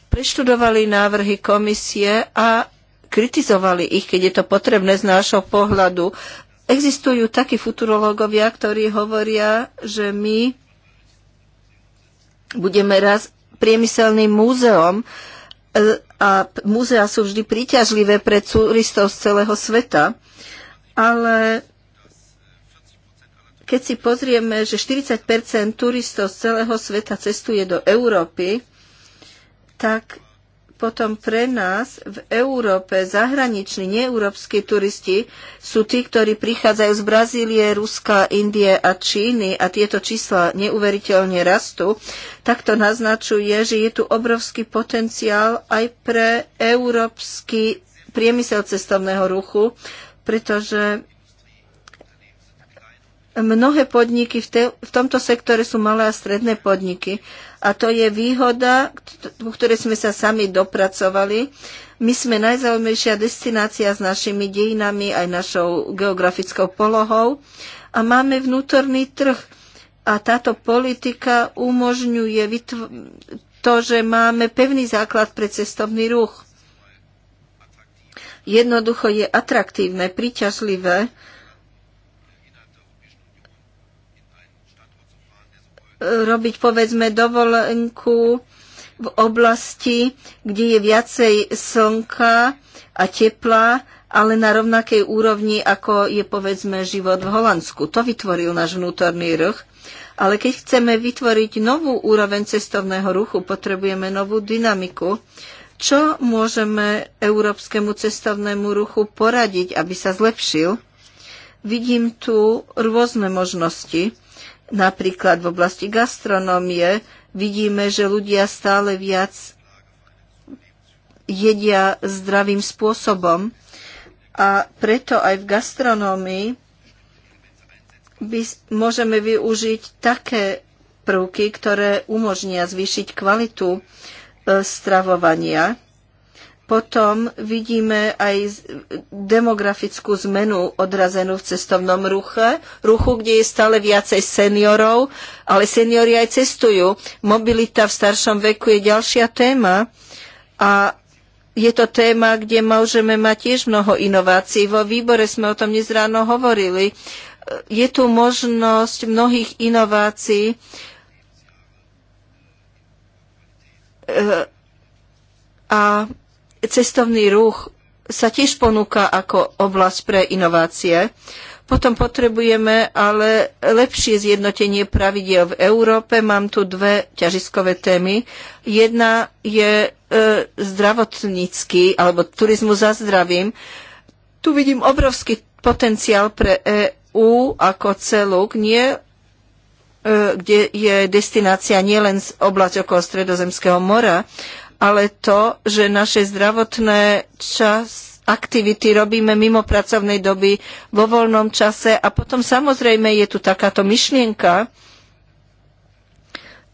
B: preštudovali návrhy komisie a kritizovali ich, keď je to potrebné z nášho pohľadu. Existujú takí futurologovia, ktorí hovoria, že my budeme raz priemyselným múzeom e, a múzea sú vždy príťažlivé pre turistov z celého sveta, ale keď si pozrieme, že 40 turistov z celého sveta cestuje do Európy, tak potom pre nás v Európe zahraniční, neeurópsky turisti sú tí, ktorí prichádzajú z Brazílie, Ruska, Indie a Číny a tieto čísla neuveriteľne rastú, tak to naznačuje, že je tu obrovský potenciál aj pre európsky priemysel cestovného ruchu, pretože Mnohé podniky v, te, v tomto sektore sú malé a stredné podniky a to je výhoda, ku ktorej sme sa sami dopracovali. My sme najzaujímavejšia destinácia s našimi dejinami aj našou geografickou polohou a máme vnútorný trh a táto politika umožňuje to, že máme pevný základ pre cestovný ruch. Jednoducho je atraktívne, príťažlivé robiť povedzme dovolenku v oblasti, kde je viacej slnka a tepla, ale na rovnakej úrovni, ako je povedzme život v Holandsku. To vytvoril náš vnútorný ruch. Ale keď chceme vytvoriť novú úroveň cestovného ruchu, potrebujeme novú dynamiku. Čo môžeme európskemu cestovnému ruchu poradiť, aby sa zlepšil? Vidím tu rôzne možnosti. Napríklad v oblasti gastronomie vidíme, že ľudia stále viac jedia zdravým spôsobom a preto aj v gastronómii by, môžeme využiť také prvky, ktoré umožnia zvýšiť kvalitu e, stravovania. Potom vidíme aj demografickú zmenu odrazenú v cestovnom ruche, ruchu, kde je stále viacej seniorov, ale seniori aj cestujú. Mobilita v staršom veku je ďalšia téma a je to téma, kde môžeme mať tiež mnoho inovácií. Vo výbore sme o tom dnes ráno hovorili. Je tu možnosť mnohých inovácií, e, a cestovný ruch sa tiež ponúka ako oblasť pre inovácie. Potom potrebujeme ale lepšie zjednotenie pravidiel v Európe. Mám tu dve ťažiskové témy. Jedna je e, zdravotnícky alebo turizmu za zdravím. Tu vidím obrovský potenciál pre EÚ ako celok, nie, e, kde je destinácia nielen z oblasť okolo Stredozemského mora, ale to, že naše zdravotné čas, aktivity robíme mimo pracovnej doby vo voľnom čase a potom samozrejme je tu takáto myšlienka,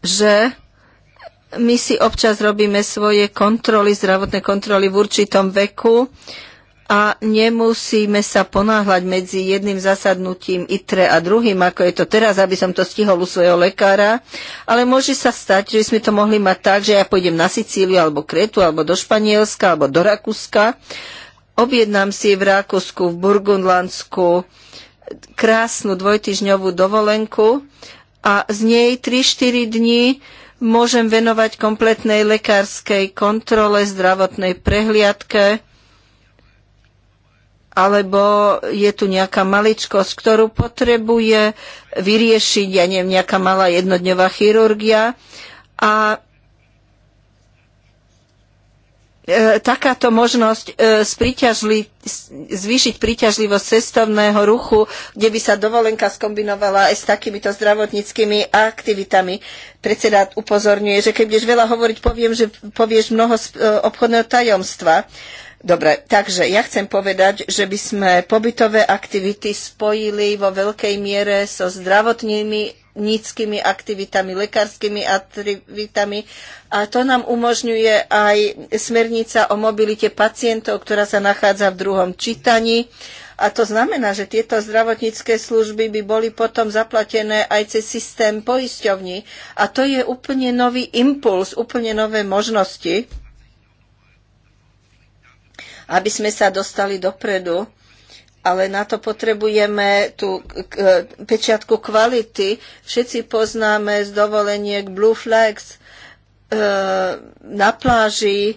B: že my si občas robíme svoje kontroly, zdravotné kontroly v určitom veku a nemusíme sa ponáhľať medzi jedným zasadnutím ITRE a druhým, ako je to teraz, aby som to stihol u svojho lekára, ale môže sa stať, že sme to mohli mať tak, že ja pôjdem na Sicíliu alebo Kretu alebo do Španielska alebo do Rakúska, objednám si v Rakúsku, v Burgundlandsku krásnu dvojtyžňovú dovolenku a z nej 3-4 dní môžem venovať kompletnej lekárskej kontrole, zdravotnej prehliadke, alebo je tu nejaká maličkosť, ktorú potrebuje vyriešiť, ja neviem, nejaká malá jednodňová chirurgia. A e, takáto možnosť e, spriťažli, zvýšiť príťažlivosť cestovného ruchu, kde by sa dovolenka skombinovala aj s takýmito zdravotníckými aktivitami. Predseda upozorňuje, že keď budeš veľa hovoriť, poviem, že povieš mnoho e, obchodného tajomstva. Dobre, takže ja chcem povedať, že by sme pobytové aktivity spojili vo veľkej miere so zdravotnými níckými aktivitami, lekárskymi aktivitami a to nám umožňuje aj smernica o mobilite pacientov, ktorá sa nachádza v druhom čítaní. A to znamená, že tieto zdravotnícke služby by boli potom zaplatené aj cez systém poisťovní. A to je úplne nový impuls, úplne nové možnosti aby sme sa dostali dopredu. Ale na to potrebujeme tú pečiatku kvality. Všetci poznáme z dovoleniek Blue Flags e, na pláži e,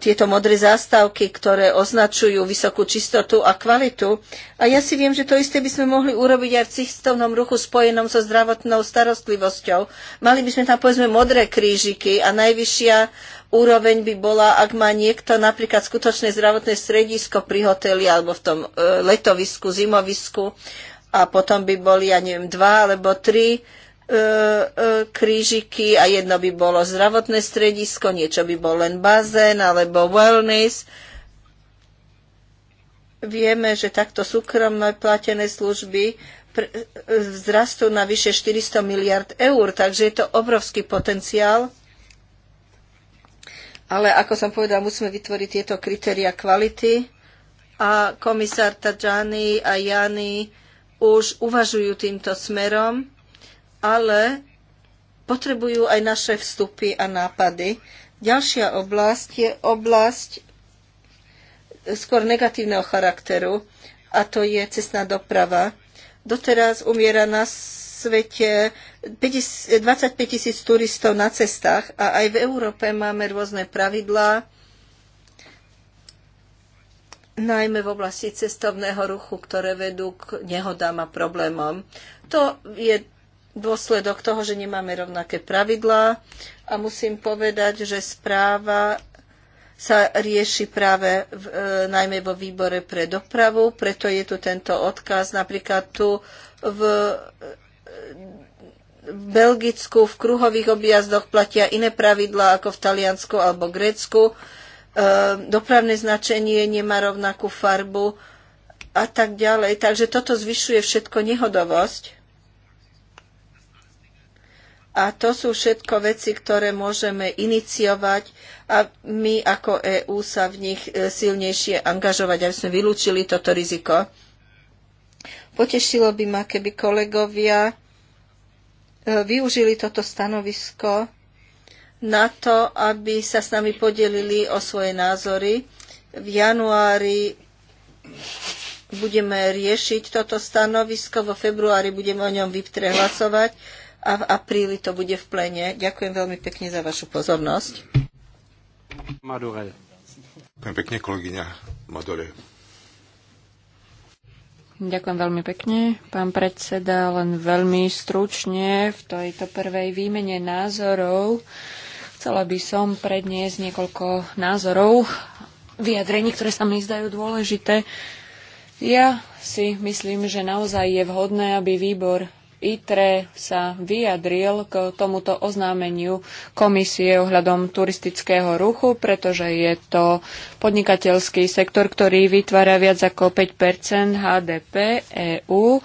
B: tieto modré zástavky, ktoré označujú vysokú čistotu a kvalitu. A ja si viem, že to isté by sme mohli urobiť aj v cestovnom ruchu spojenom so zdravotnou starostlivosťou. Mali by sme tam povedzme modré krížiky a najvyššia úroveň by bola, ak má niekto napríklad skutočné zdravotné stredisko pri hoteli alebo v tom e, letovisku, zimovisku a potom by boli, ja neviem, dva alebo tri e, e, krížiky a jedno by bolo zdravotné stredisko, niečo by bol len bazén alebo wellness. Vieme, že takto súkromné platené služby vzrastú na vyše 400 miliard eur, takže je to obrovský potenciál ale ako som povedal, musíme vytvoriť tieto kritéria kvality a komisár Tajani a Jani už uvažujú týmto smerom, ale potrebujú aj naše vstupy a nápady. Ďalšia oblasť je oblasť skôr negatívneho charakteru a to je cestná doprava. Doteraz umiera na svete 25 tisíc turistov na cestách a aj v Európe máme rôzne pravidlá, najmä v oblasti cestovného ruchu, ktoré vedú k nehodám a problémom. To je dôsledok toho, že nemáme rovnaké pravidlá a musím povedať, že správa sa rieši práve v, e, najmä vo výbore pre dopravu, preto je tu tento odkaz. Napríklad tu v v Belgicku v kruhových objazdoch platia iné pravidlá ako v Taliansku alebo Grécku. E, dopravné značenie nemá rovnakú farbu a tak ďalej. Takže toto zvyšuje všetko nehodovosť. A to sú všetko veci, ktoré môžeme iniciovať a my ako EÚ sa v nich e, silnejšie angažovať, aby sme vylúčili toto riziko. Potešilo by ma, keby kolegovia E, využili toto stanovisko na to, aby sa s nami podelili o svoje názory. V januári budeme riešiť toto stanovisko, vo februári budeme o ňom vyptrehlasovať a v apríli to bude v plene. Ďakujem veľmi pekne za vašu pozornosť.
C: Madurel. Pekne kolegyňa Madurel.
A: Ďakujem veľmi pekne. Pán predseda, len veľmi stručne v tejto prvej výmene názorov chcela by som predniesť niekoľko názorov, vyjadrení, ktoré sa mi zdajú dôležité. Ja si myslím, že naozaj je vhodné, aby výbor ITRE sa vyjadril k tomuto oznámeniu komisie ohľadom turistického ruchu, pretože je to podnikateľský sektor, ktorý vytvára viac ako 5 HDP EÚ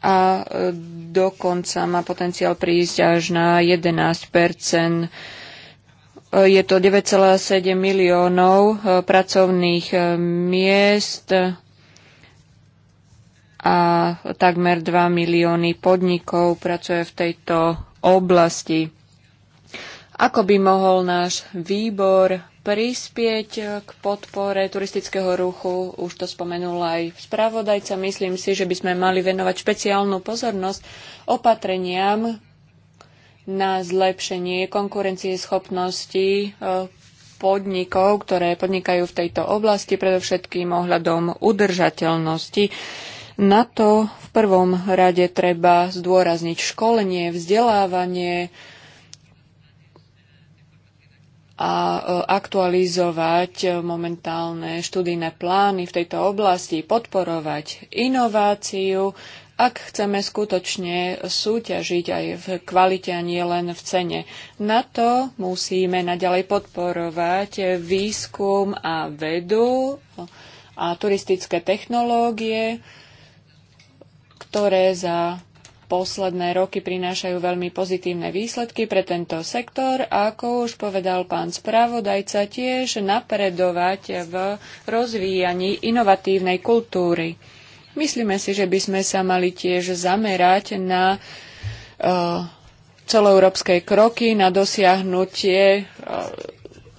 A: a e, dokonca má potenciál prísť až na 11 e, je to 9,7 miliónov e, pracovných miest, a takmer 2 milióny podnikov pracuje v tejto oblasti. Ako by mohol náš výbor prispieť k podpore turistického ruchu? Už to spomenul aj spravodajca. Myslím si, že by sme mali venovať špeciálnu pozornosť opatreniam na zlepšenie konkurencie schopnosti e, podnikov, ktoré podnikajú v tejto oblasti, predovšetkým ohľadom udržateľnosti. Na to v prvom rade treba zdôrazniť školenie, vzdelávanie a e, aktualizovať e, momentálne študijné plány v tejto oblasti, podporovať inováciu, ak chceme skutočne súťažiť aj v kvalite a nie len v cene. Na to musíme naďalej podporovať výskum a vedu a turistické technológie ktoré za posledné roky prinášajú veľmi pozitívne výsledky pre tento sektor a ako už povedal pán spravodajca, tiež napredovať v rozvíjaní inovatívnej kultúry. Myslíme si, že by sme sa mali tiež zamerať na uh, celoeurópske kroky, na dosiahnutie uh,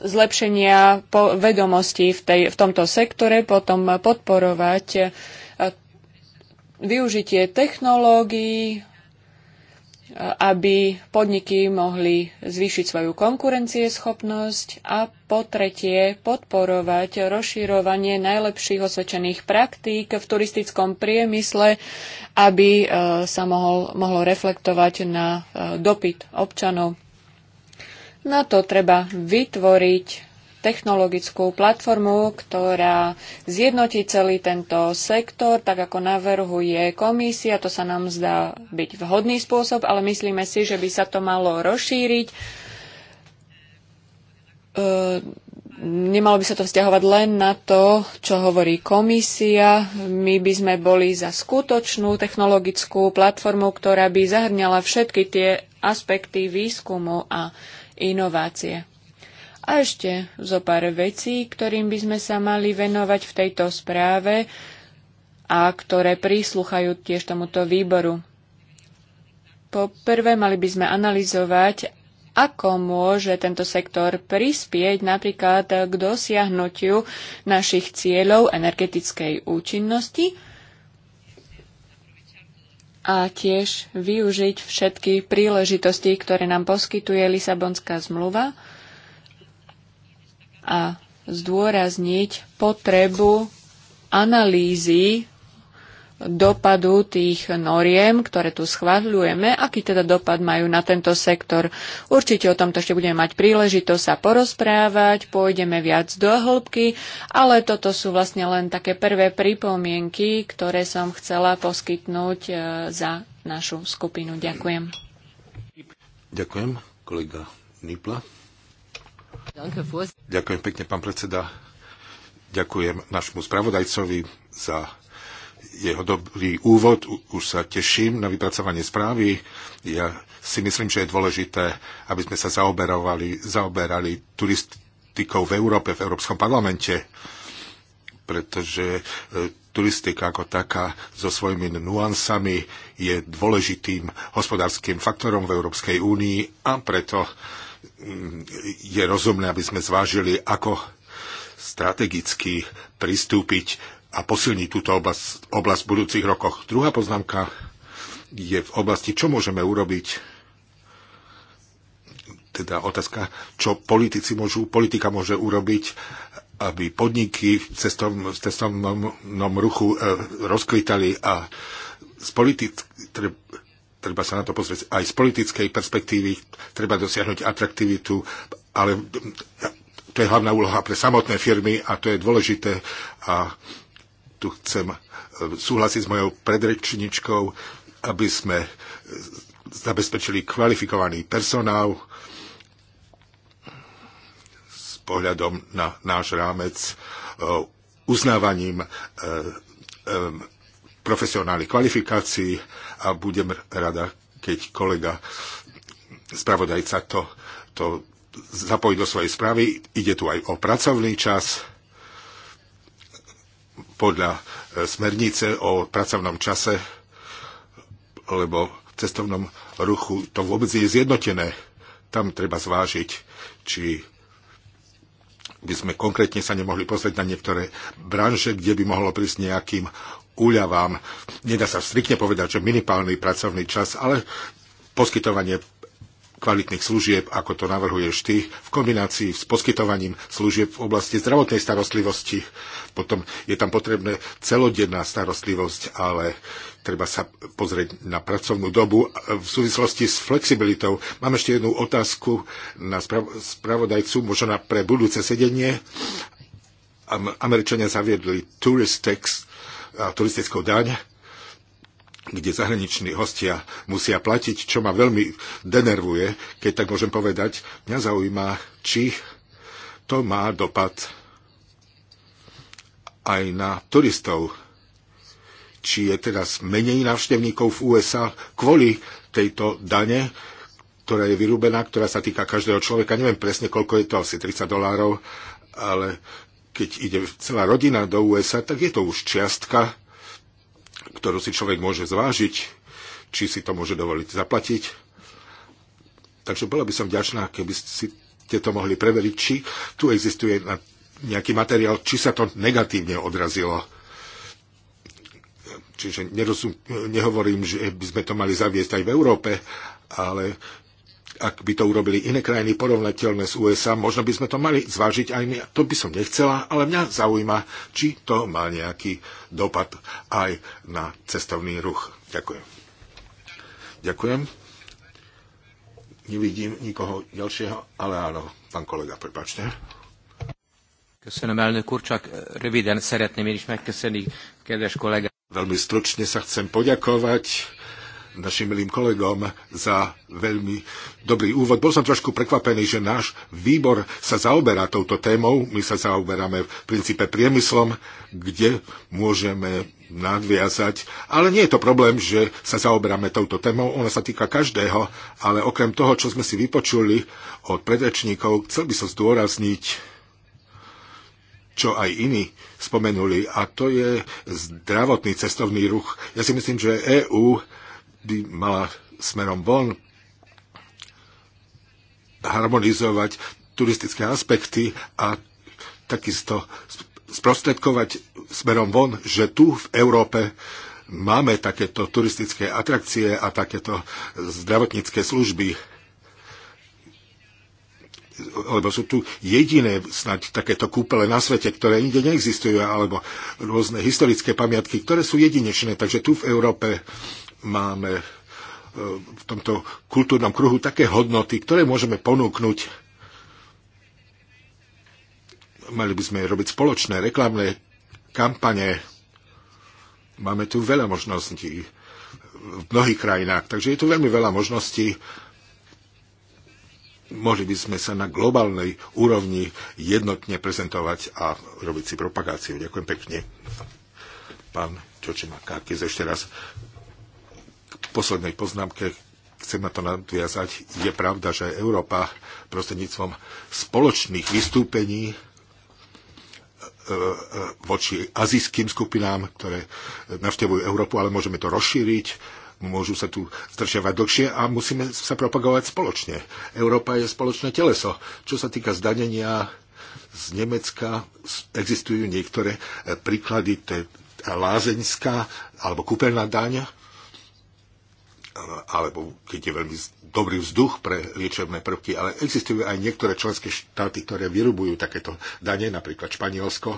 A: zlepšenia vedomostí v, tej, v tomto sektore, potom podporovať uh, využitie technológií, aby podniky mohli zvýšiť svoju konkurencieschopnosť a po tretie podporovať rozširovanie najlepších osvedčených praktík v turistickom priemysle, aby e, sa mohol, mohlo reflektovať na e, dopyt občanov. Na to treba vytvoriť technologickú platformu, ktorá zjednotí celý tento sektor, tak ako navrhuje komisia. To sa nám zdá byť vhodný spôsob, ale myslíme si, že by sa to malo rozšíriť. E, nemalo by sa to vzťahovať len na to, čo hovorí komisia. My by sme boli za skutočnú technologickú platformu, ktorá by zahrňala všetky tie aspekty výskumu a inovácie. A ešte zo pár vecí, ktorým by sme sa mali venovať v tejto správe a ktoré prísluchajú tiež tomuto výboru. Po prvé, mali by sme analyzovať, ako môže tento sektor prispieť napríklad k dosiahnutiu našich cieľov energetickej účinnosti a tiež využiť všetky príležitosti, ktoré nám poskytuje Lisabonská zmluva a zdôrazniť potrebu analýzy dopadu tých noriem, ktoré tu schváľujeme, aký teda dopad majú na tento sektor. Určite o tomto ešte budeme mať príležitosť sa porozprávať, pôjdeme viac do hĺbky, ale toto sú vlastne len také prvé pripomienky, ktoré som chcela poskytnúť e, za našu skupinu. Ďakujem.
C: Ďakujem, kolega Nipla.
A: Ďakujem
C: pekne, pán predseda. Ďakujem našmu spravodajcovi za jeho dobrý úvod. Už sa teším na vypracovanie správy. Ja si myslím, že je dôležité, aby sme sa zaoberovali, zaoberali turistikou v Európe, v Európskom parlamente, pretože e, turistika ako taká so svojimi nuansami je dôležitým hospodárskym faktorom v Európskej únii a preto je rozumné, aby sme zvážili, ako strategicky pristúpiť a posilniť túto oblasť, oblasť v budúcich rokoch. Druhá poznámka je v oblasti, čo môžeme urobiť teda otázka, čo politici môžu, politika môže urobiť, aby podniky v, cestovnom, cestovnom ruchu e, rozkvitali a z politik, treba sa na to pozrieť aj z politickej perspektívy, treba dosiahnuť atraktivitu, ale to je hlavná úloha pre samotné firmy a to je dôležité a tu chcem eh, súhlasiť s mojou predrečničkou, aby sme zabezpečili kvalifikovaný personál s pohľadom na náš rámec eh, uznávaním eh, profesionálnych kvalifikácií a budem rada, keď kolega spravodajca to, to zapojí do svojej správy. Ide tu aj o pracovný čas podľa e, smernice o pracovnom čase, lebo v cestovnom ruchu to vôbec je zjednotené. Tam treba zvážiť, či by sme konkrétne sa nemohli pozrieť na niektoré branže, kde by mohlo prísť nejakým úľavám. Nedá sa striktne povedať, že minimálny pracovný čas, ale poskytovanie kvalitných služieb, ako to navrhuješ ty, v kombinácii s poskytovaním služieb v oblasti zdravotnej starostlivosti. Potom je tam potrebné celodenná starostlivosť, ale treba sa pozrieť na pracovnú dobu v súvislosti s flexibilitou. Mám ešte jednu otázku na spravodajcu, možno pre budúce sedenie. Američania zaviedli tourist text a turistickou daň, kde zahraniční hostia musia platiť, čo ma veľmi denervuje, keď tak môžem povedať. Mňa zaujíma, či to má dopad aj na turistov. Či je teraz menej návštevníkov v USA kvôli tejto dane, ktorá je vyrúbená, ktorá sa týka každého človeka. Neviem presne, koľko je to, asi 30 dolárov, ale keď ide celá rodina do USA, tak je to už čiastka, ktorú si človek môže zvážiť, či si to môže dovoliť zaplatiť. Takže bola by som vďačná, keby ste to mohli preveriť, či tu existuje nejaký materiál, či sa to negatívne odrazilo. Čiže nerozum, nehovorím, že by sme to mali zaviesť aj v Európe, ale ak by to urobili iné krajiny porovnateľné s USA, možno by sme to mali zvážiť aj my. To by som nechcela, ale mňa zaujíma, či to má nejaký dopad aj na cestovný ruch. Ďakujem. Ďakujem. Nevidím nikoho ďalšieho, ale áno, pán kolega, prepáčte. Köszönöm, elnök úr, csak röviden szeretném én is megköszönni, kedves kollégám. Veľmi stručne sa chcem poďakovať našim milým kolegom za veľmi dobrý úvod. Bol som trošku prekvapený, že náš výbor sa zaoberá touto témou. My sa zaoberáme v princípe priemyslom, kde môžeme nadviazať. Ale nie je to problém, že sa zaoberáme touto témou. Ona sa týka každého, ale okrem toho, čo sme si vypočuli od predrečníkov, chcel by som zdôrazniť čo aj iní spomenuli, a to je zdravotný cestovný ruch. Ja si myslím, že EÚ by mala smerom von harmonizovať turistické aspekty a takisto sprostredkovať smerom von, že tu v Európe máme takéto turistické atrakcie a takéto zdravotnícke služby lebo sú tu jediné snáď takéto kúpele na svete, ktoré nikde neexistujú, alebo rôzne historické pamiatky, ktoré sú jedinečné. Takže tu v Európe máme e, v tomto kultúrnom kruhu také hodnoty, ktoré môžeme ponúknuť. Mali by sme robiť spoločné reklamné kampane. Máme tu veľa možností v mnohých krajinách, takže je tu veľmi veľa možností. Mohli by sme sa na globálnej úrovni jednotne prezentovať a robiť si propagáciu. Ďakujem pekne. Pán Čočina Kákis ešte raz. V poslednej poznámke chcem na to nadviazať. Je pravda, že Európa prostredníctvom spoločných vystúpení e, e, voči azijským skupinám, ktoré navštevujú Európu, ale môžeme to rozšíriť, môžu sa tu strčiavať dlhšie a musíme sa propagovať spoločne. Európa je spoločné teleso. Čo sa týka zdanenia z Nemecka, existujú niektoré e, príklady, to je lázeňská alebo kúpeľná daň, alebo keď je veľmi dobrý vzduch pre liečebné prvky, ale existujú aj niektoré členské štáty, ktoré vyrubujú takéto dane, napríklad Španielsko.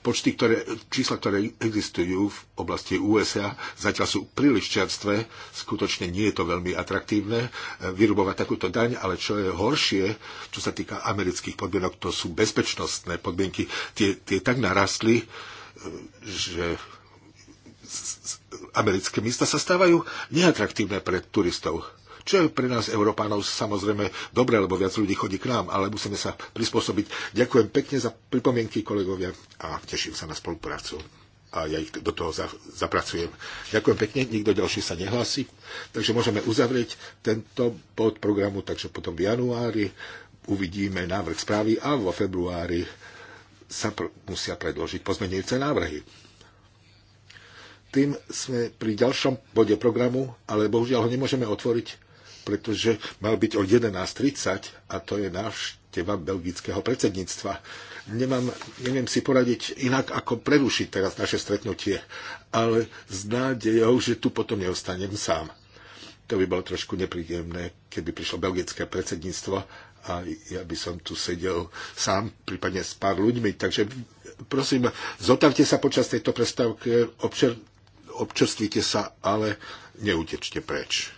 C: Počty, ktoré, čísla, ktoré existujú v oblasti USA, zatiaľ sú príliš čerstvé, skutočne nie je to veľmi atraktívne e, vyrubovať takúto daň, ale čo je horšie, čo sa týka amerických podmienok, to sú bezpečnostné podmienky. Tie, tie tak narastli, e, že americké miesta sa stávajú neatraktívne pre turistov. Čo je pre nás, Európánov, samozrejme dobre, lebo viac ľudí chodí k nám, ale musíme sa prispôsobiť. Ďakujem pekne za pripomienky, kolegovia, a teším sa na spoluprácu. A ja ich do toho zapracujem. Ďakujem pekne, nikto ďalší sa nehlási. Takže môžeme uzavrieť tento bod programu, takže potom v januári uvidíme návrh správy a vo februári sa pr- musia predložiť pozmenujúce návrhy tým sme pri ďalšom bode programu, ale bohužiaľ ho nemôžeme otvoriť, pretože mal byť o 11.30 a to je návšteva belgického predsedníctva. Nemám, neviem si poradiť inak, ako prerušiť teraz naše stretnutie, ale s nádejou, že tu potom neostanem sám. To by bolo trošku nepríjemné, keby prišlo belgické predsedníctvo a ja by som tu sedel sám, prípadne s pár ľuďmi. Takže prosím, zotavte sa počas tejto prestávky, občer, občerstvite sa, ale neutečte preč.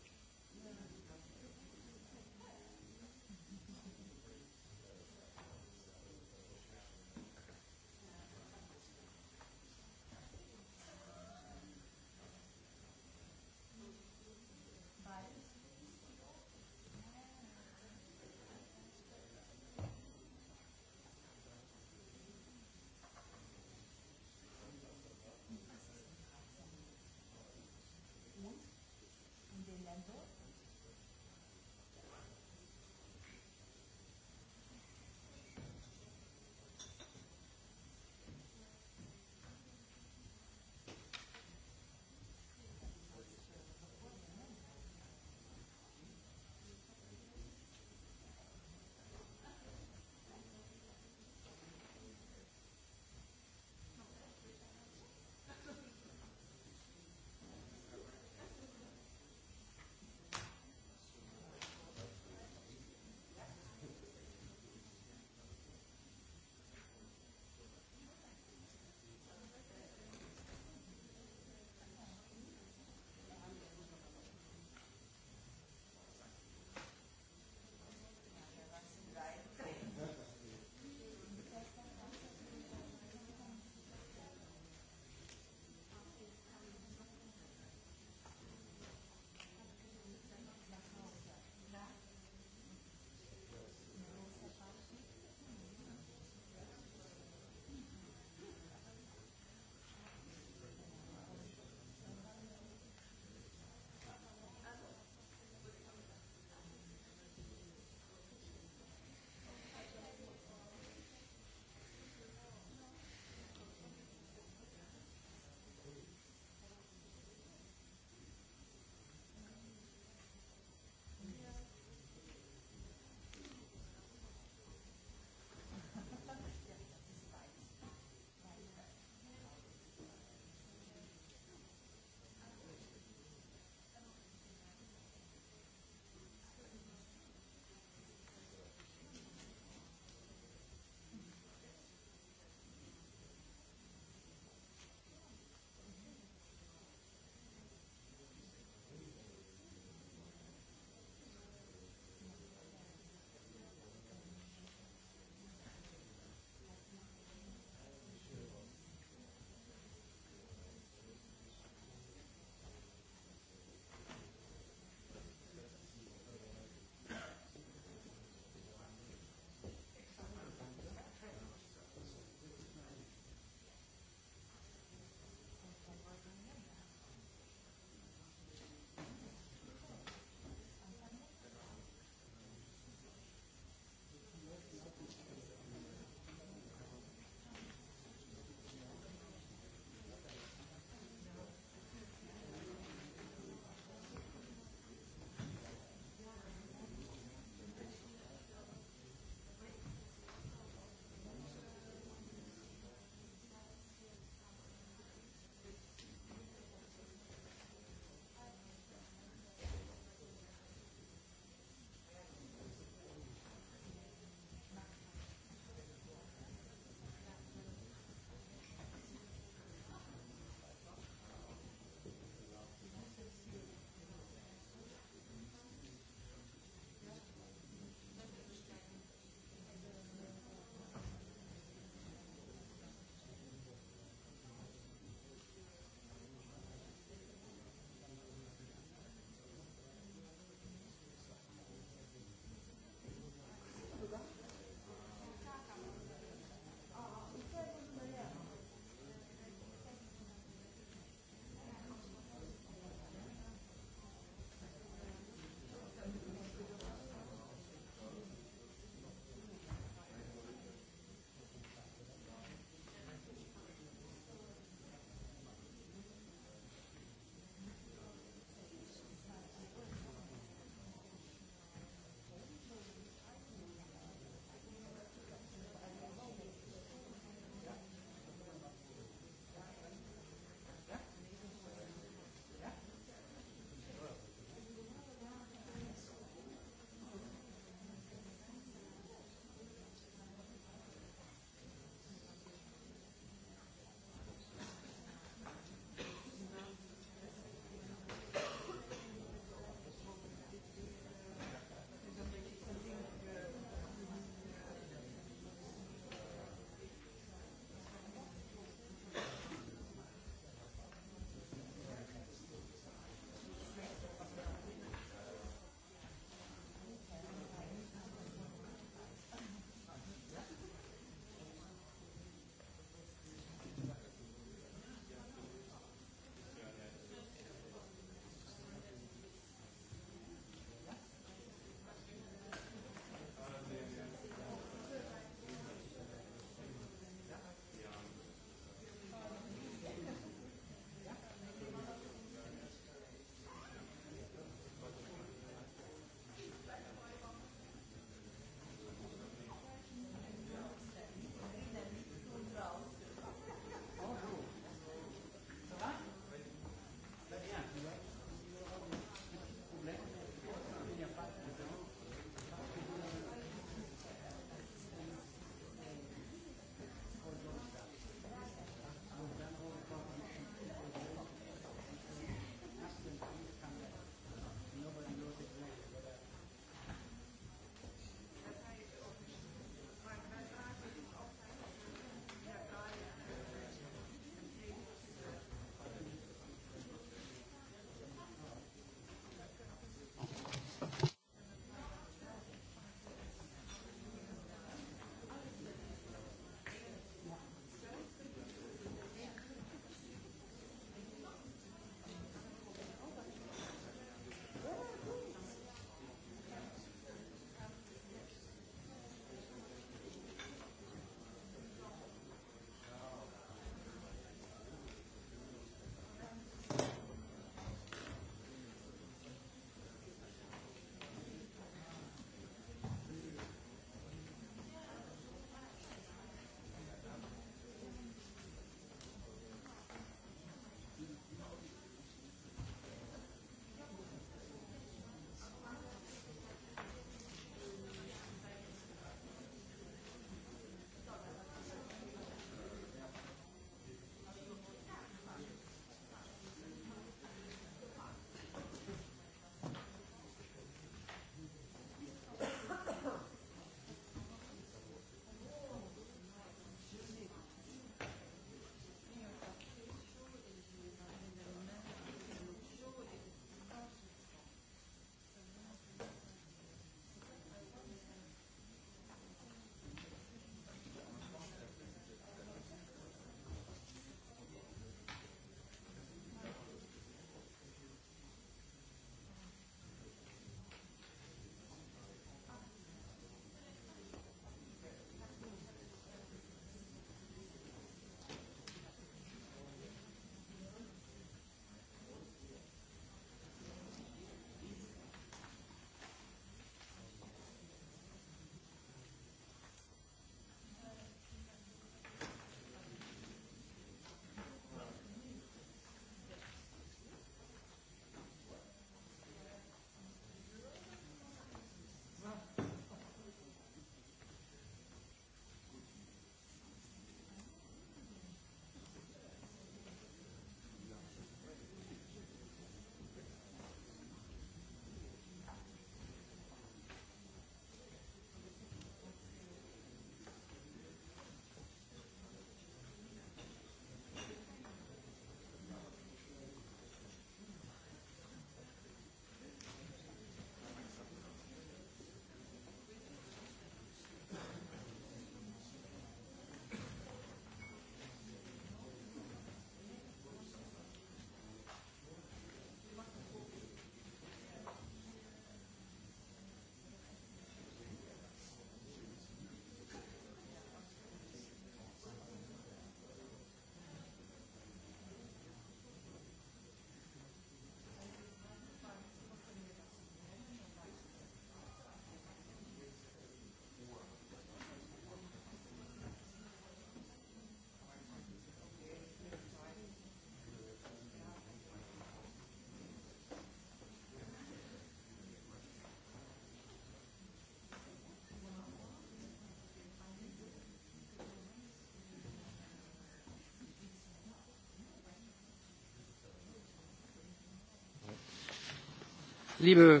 C: Milé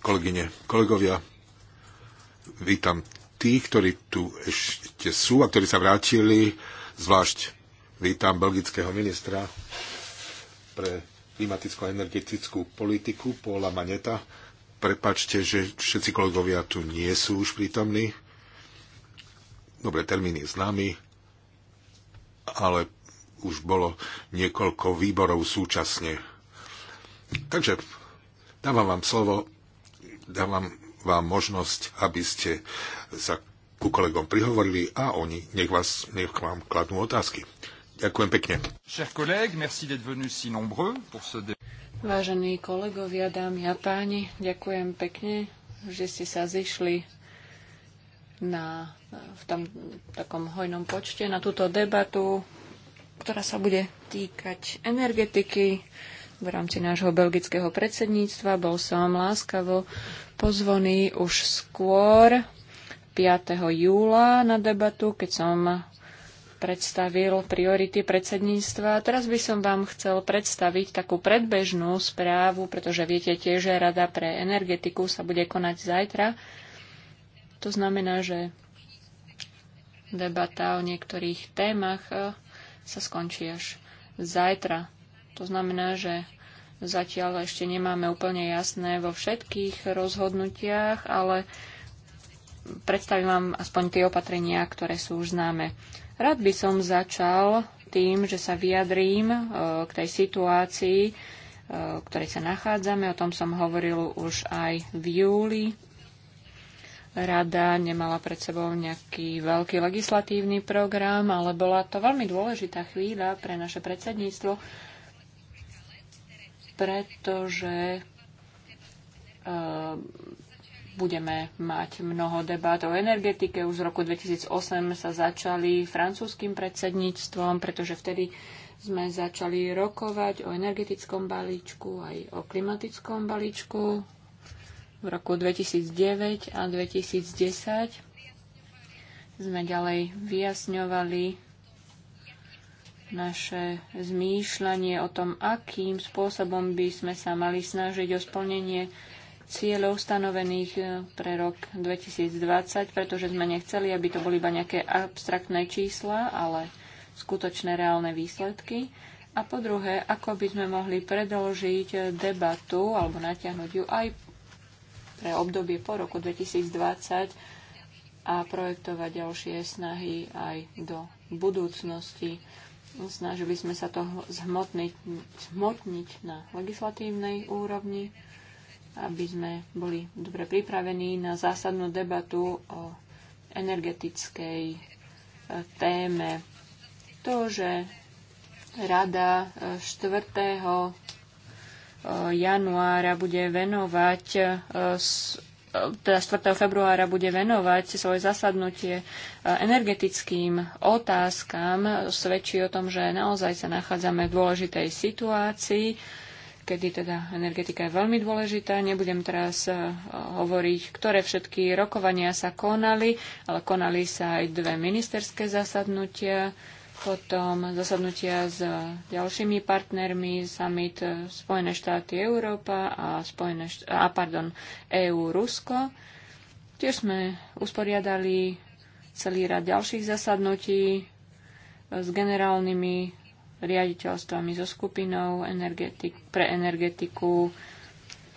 C: kolegyne, kolegovia, vítam tých, ktorí tu ešte sú a ktorí sa vrátili, zvlášť vítam belgického ministra pre klimatickú a energetickú politiku Paula Maneta. Prepačte, že všetci kolegovia tu nie sú už prítomní. Dobre, termín je známy, ale už bolo niekoľko výborov súčasne Takže dávam vám slovo, dávam vám možnosť, aby ste sa ku kolegom prihovorili a oni nech, vás, nech vám kladnú otázky. Ďakujem pekne.
A: Vážení kolegovia, dámy a páni, ďakujem pekne, že ste sa zišli na, v tam, takom hojnom počte na túto debatu, ktorá sa bude týkať energetiky v rámci nášho belgického predsedníctva. Bol som láskavo pozvaný už skôr 5. júla na debatu, keď som predstavil priority predsedníctva. Teraz by som vám chcel predstaviť takú predbežnú správu, pretože viete tiež, že Rada pre energetiku sa bude konať zajtra. To znamená, že debata o niektorých témach eh, sa skončí až zajtra. To znamená, že zatiaľ ešte nemáme úplne jasné vo všetkých rozhodnutiach, ale predstavím vám aspoň tie opatrenia, ktoré sú už známe. Rád by som začal tým, že sa vyjadrím e, k tej situácii, e, v ktorej sa nachádzame. O tom som hovoril už aj v júli. Rada nemala pred sebou nejaký veľký legislatívny program, ale bola to veľmi dôležitá chvíľa pre naše predsedníctvo, pretože eh, budeme mať mnoho debát o energetike. Už z roku 2008 sa začali francúzským predsedníctvom, pretože vtedy sme začali rokovať o energetickom balíčku aj o klimatickom balíčku v roku 2009 a 2010 sme ďalej vyjasňovali naše zmýšľanie o tom, akým spôsobom by sme sa mali snažiť o splnenie cieľov stanovených e, pre rok 2020, pretože sme nechceli, aby to boli iba nejaké abstraktné čísla, ale skutočné reálne výsledky. A po druhé, ako by sme mohli predložiť e, debatu alebo natiahnuť ju aj pre obdobie po roku 2020 a projektovať ďalšie snahy aj do budúcnosti. Snažili sme sa to zhmotniť, zhmotniť na legislatívnej úrovni, aby sme boli dobre pripravení na zásadnú debatu o energetickej e, téme. To, že rada 4. E, e, januára bude venovať teda 4. februára bude venovať svoje zasadnutie energetickým otázkam, svedčí o tom, že naozaj sa nachádzame v dôležitej situácii, kedy teda energetika je veľmi dôležitá. Nebudem teraz e, hovoriť, ktoré všetky rokovania sa konali, ale konali sa aj dve ministerské zasadnutia potom zasadnutia s ďalšími partnermi, summit Spojené štáty Európa a, Spojené št- a pardon, EU Rusko. Tiež sme usporiadali celý rad ďalších zasadnutí s generálnymi riaditeľstvami, so skupinou energetik- pre energetiku.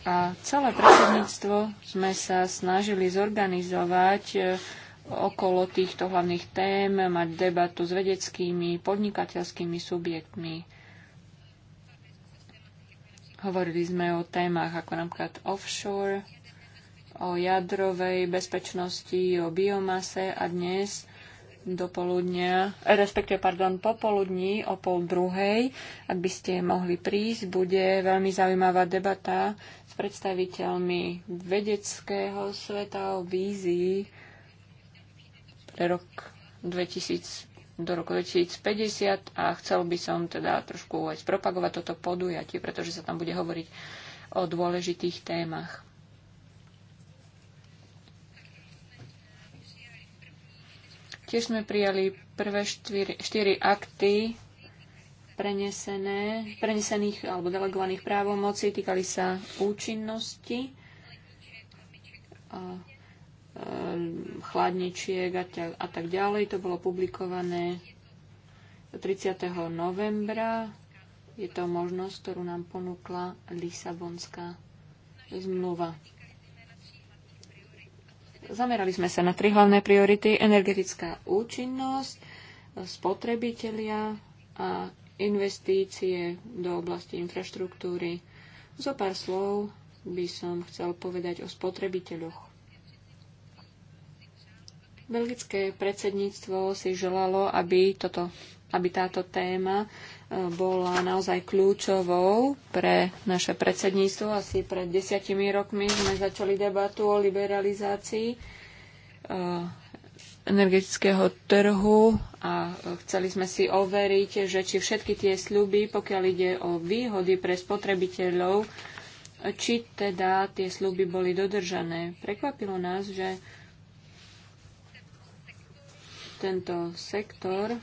A: A celé predsedníctvo sme sa snažili zorganizovať okolo týchto hlavných tém, mať debatu s vedeckými, podnikateľskými subjektmi. Hovorili sme o témach ako napríklad offshore, o jadrovej bezpečnosti, o biomase a dnes do poludnia, eh, respektíve, pardon, popoludní o pol druhej, ak by ste mohli prísť, bude veľmi zaujímavá debata s predstaviteľmi vedeckého sveta o vízii rok 2000, do roku 2050 a chcel by som teda trošku aj spropagovať toto podujatie, pretože sa tam bude hovoriť o dôležitých témach. Tiež sme prijali prvé štyri, štyri akty prenesené, prenesených alebo delegovaných právomocí. Týkali sa účinnosti, Um, chladničiek a, a tak ďalej. To bolo publikované 30. novembra. Je to možnosť, ktorú nám ponúkla Lisabonská zmluva. Zamerali sme sa na tri hlavné priority. Energetická účinnosť, spotrebitelia a investície do oblasti infraštruktúry. Zo pár slov by som chcel povedať o spotrebiteľoch. Belgické predsedníctvo si želalo, aby, toto, aby táto téma e, bola naozaj kľúčovou pre naše predsedníctvo. Asi pred desiatimi rokmi sme začali debatu o liberalizácii e, energetického trhu a e, chceli sme si overiť, že či všetky tie sľuby, pokiaľ ide o výhody pre spotrebiteľov, či teda tie sľuby boli dodržané. Prekvapilo nás, že tento sektor,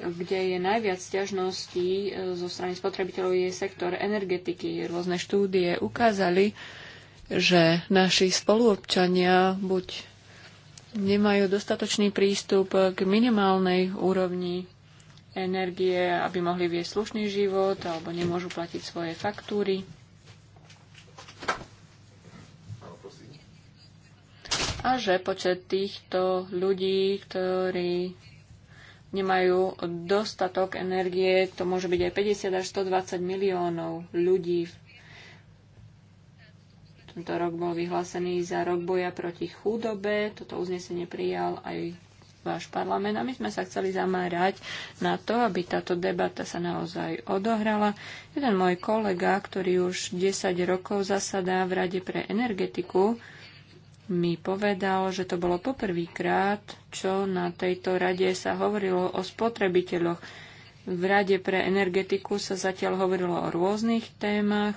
A: kde je najviac ťažností e, zo strany spotrebiteľov, je sektor energetiky. Rôzne štúdie ukázali, že naši spoluobčania buď nemajú dostatočný prístup k minimálnej úrovni energie, aby mohli viesť slušný život, alebo nemôžu platiť svoje faktúry a že počet týchto ľudí, ktorí nemajú dostatok energie, to môže byť aj 50 až 120 miliónov ľudí. Tento rok bol vyhlásený za rok boja proti chudobe. Toto uznesenie prijal aj váš parlament a my sme sa chceli zamárať na to, aby táto debata sa naozaj odohrala. Jeden môj kolega, ktorý už 10 rokov zasadá v Rade pre energetiku, mi povedal, že to bolo poprvýkrát, čo na tejto rade sa hovorilo o spotrebiteľoch. V Rade pre energetiku sa zatiaľ hovorilo o rôznych témach,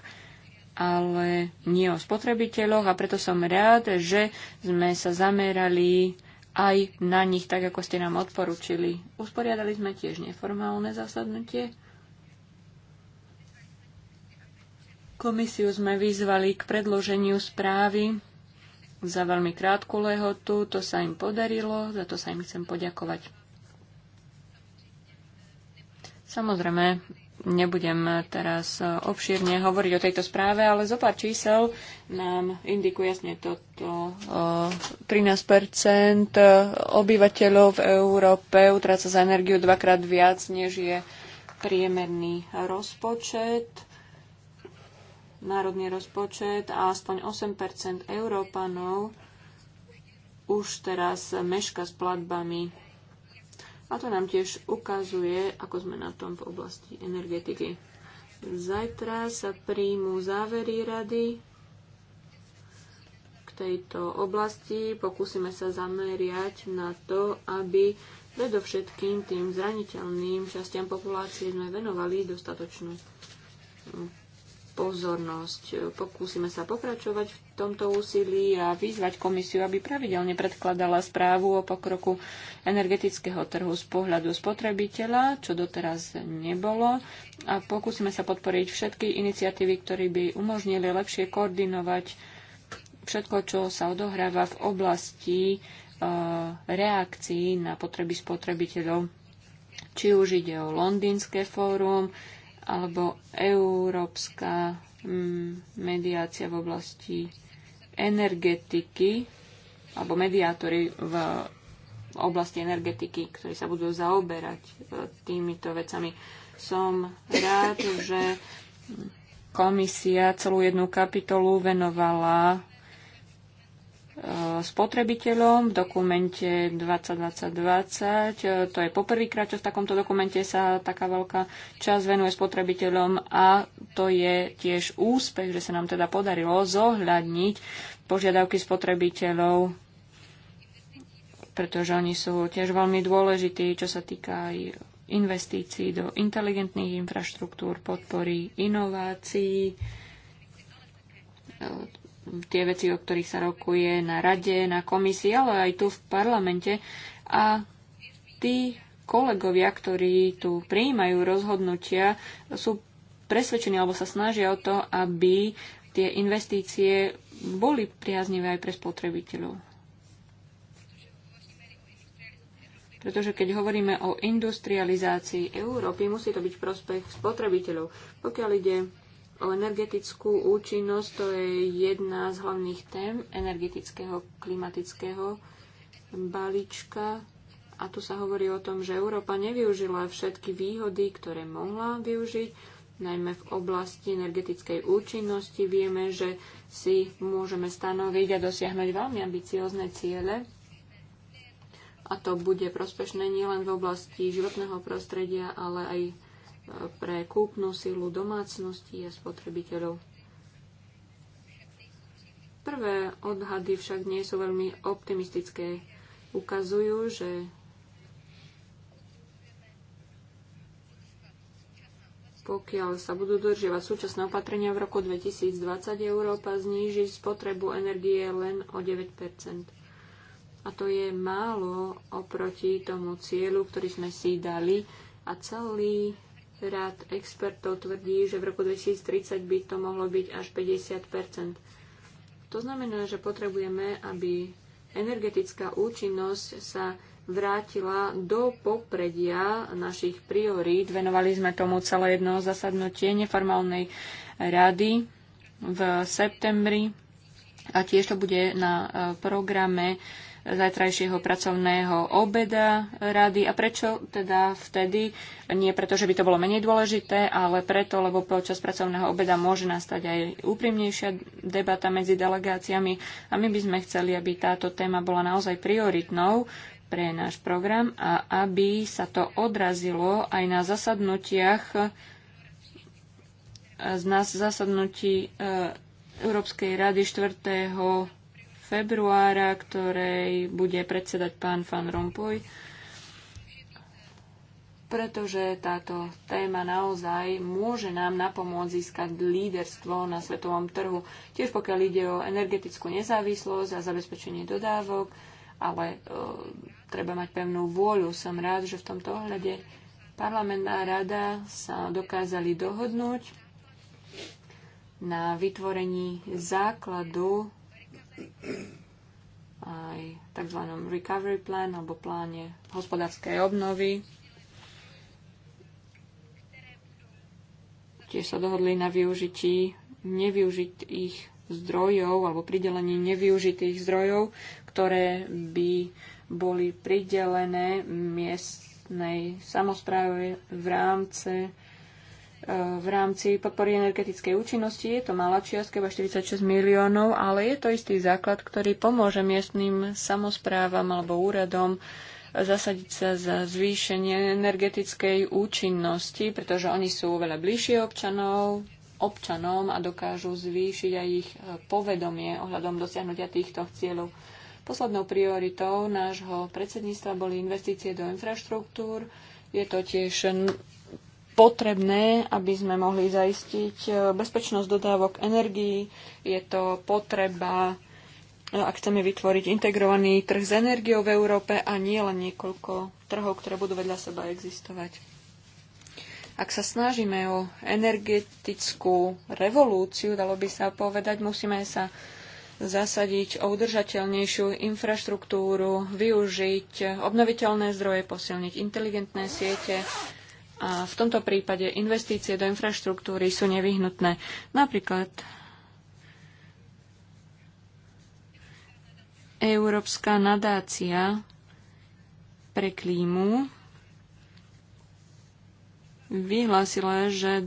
A: ale nie o spotrebiteľoch a preto som rád, že sme sa zamerali aj na nich, tak ako ste nám odporučili. Usporiadali sme tiež neformálne zasadnutie. Komisiu sme vyzvali k predloženiu správy za veľmi krátku lehotu. To sa im podarilo, za to sa im chcem poďakovať. Samozrejme, nebudem teraz obšírne hovoriť o tejto správe, ale zo pár čísel nám indikuje jasne toto. 13 obyvateľov v Európe utráca za energiu dvakrát viac, než je priemerný rozpočet národný rozpočet a aspoň 8 Európanov už teraz meška s platbami. A to nám tiež ukazuje, ako sme na tom v oblasti energetiky. Zajtra sa príjmu závery rady k tejto oblasti. Pokúsime sa zameriať na to, aby predovšetkým tým zraniteľným častiam populácie sme venovali dostatočnú pozornosť. Pokúsime sa pokračovať v tomto úsilí a vyzvať komisiu, aby pravidelne predkladala správu o pokroku energetického trhu z pohľadu spotrebiteľa, čo doteraz nebolo. A pokúsime sa podporiť všetky iniciatívy, ktoré by umožnili lepšie koordinovať všetko, čo sa odohráva v oblasti e, reakcií na potreby spotrebiteľov. Či už ide o Londýnske fórum, alebo európska mm, mediácia v oblasti energetiky alebo mediátori v oblasti energetiky, ktorí sa budú zaoberať e, týmito vecami. Som rád, že komisia celú jednu kapitolu venovala E, spotrebiteľom v dokumente 2020 e, To je poprvýkrát, čo v takomto dokumente sa taká veľká časť venuje spotrebiteľom a to je tiež úspech, že sa nám teda podarilo zohľadniť požiadavky spotrebiteľov, pretože oni sú tiež veľmi dôležití, čo sa týka aj investícií do inteligentných infraštruktúr, podpory inovácií, e, tie veci, o ktorých sa rokuje na rade, na komisii, ale aj tu v parlamente. A tí kolegovia, ktorí tu prijímajú rozhodnutia, sú presvedčení alebo sa snažia o to, aby tie investície boli priaznivé aj pre spotrebiteľov. Pretože keď hovoríme o industrializácii Európy, musí to byť prospech spotrebiteľov. Pokiaľ ide O energetickú účinnosť, to je jedna z hlavných tém energetického klimatického balíčka. A tu sa hovorí o tom, že Európa nevyužila všetky výhody, ktoré mohla využiť, najmä v oblasti energetickej účinnosti. Vieme, že si môžeme stanoviť a dosiahnuť veľmi ambiciozne ciele. A to bude prospešné nielen v oblasti životného prostredia, ale aj pre kúpnu silu domácností a spotrebiteľov. Prvé odhady však nie sú veľmi optimistické. Ukazujú, že pokiaľ sa budú dodržiavať súčasné opatrenia v roku 2020, Európa zníži spotrebu energie len o 9 A to je málo oproti tomu cieľu, ktorý sme si dali a celý Rád expertov tvrdí, že v roku 2030 by to mohlo byť až 50 To znamená, že potrebujeme, aby energetická účinnosť sa vrátila do popredia našich priorít. Venovali sme tomu celé jedno zasadnutie neformálnej rady v septembri a tiež to bude na eh, programe zajtrajšieho pracovného obeda rady. A prečo teda vtedy? Nie preto, že by to bolo menej dôležité, ale preto, lebo počas pracovného obeda môže nastať aj úprimnejšia debata medzi delegáciami a my by sme chceli, aby táto téma bola naozaj prioritnou pre náš program a aby sa to odrazilo aj na zasadnutiach z nás zasadnutí e, Európskej rady 4 februára, ktorej bude predsedať pán Van Rompuy, pretože táto téma naozaj môže nám napomôcť získať líderstvo na svetovom trhu, tiež pokiaľ ide o energetickú nezávislosť a zabezpečenie dodávok, ale e, treba mať pevnú vôľu. Som rád, že v tomto ohľade parlamentná rada sa dokázali dohodnúť na vytvorení základu aj tzv. recovery plan alebo pláne hospodárskej obnovy. Tiež sa dohodli na využití nevyužitých zdrojov alebo pridelení nevyužitých zdrojov, ktoré by boli pridelené miestnej samozpráve v rámci v rámci podpory energetickej účinnosti. Je to malá čiastka, iba 46 miliónov, ale je to istý základ, ktorý pomôže miestnym samozprávam alebo úradom zasadiť sa za zvýšenie energetickej účinnosti, pretože oni sú veľa bližšie občanov, občanom a dokážu zvýšiť aj ich e, povedomie ohľadom dosiahnutia týchto cieľov. Poslednou prioritou nášho predsedníctva boli investície do infraštruktúr. Je to tiež potrebné, aby sme mohli zaistiť e, bezpečnosť dodávok energií. Je to potreba, e, ak chceme vytvoriť integrovaný trh s energiou v Európe a nie len niekoľko trhov, ktoré budú vedľa seba existovať. Ak sa snažíme o energetickú revolúciu, dalo by sa povedať, musíme sa zasadiť o udržateľnejšiu infraštruktúru, využiť obnoviteľné zdroje, posilniť inteligentné siete, a v tomto prípade investície do infraštruktúry sú nevyhnutné. Napríklad Európska nadácia pre klímu vyhlásila, že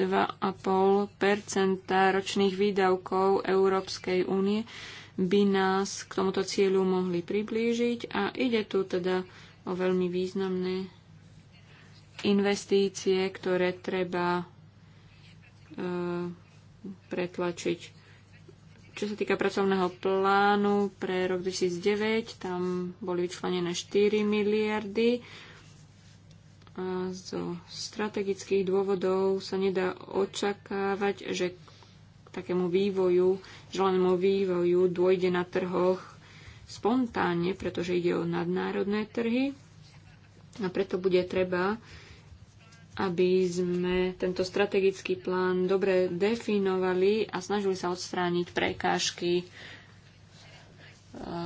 A: 2,5 ročných výdavkov Európskej únie by nás k tomuto cieľu mohli priblížiť a ide tu teda o veľmi významné investície, ktoré treba e, pretlačiť. Čo sa týka pracovného plánu pre rok 2009, tam boli vyčlenené 4 miliardy. A zo strategických dôvodov sa nedá očakávať, že k takému vývoju, želenému vývoju dôjde na trhoch spontánne, pretože ide o nadnárodné trhy a preto bude treba uh, aby sme tento strategický plán dobre definovali a snažili sa odstrániť prekážky e,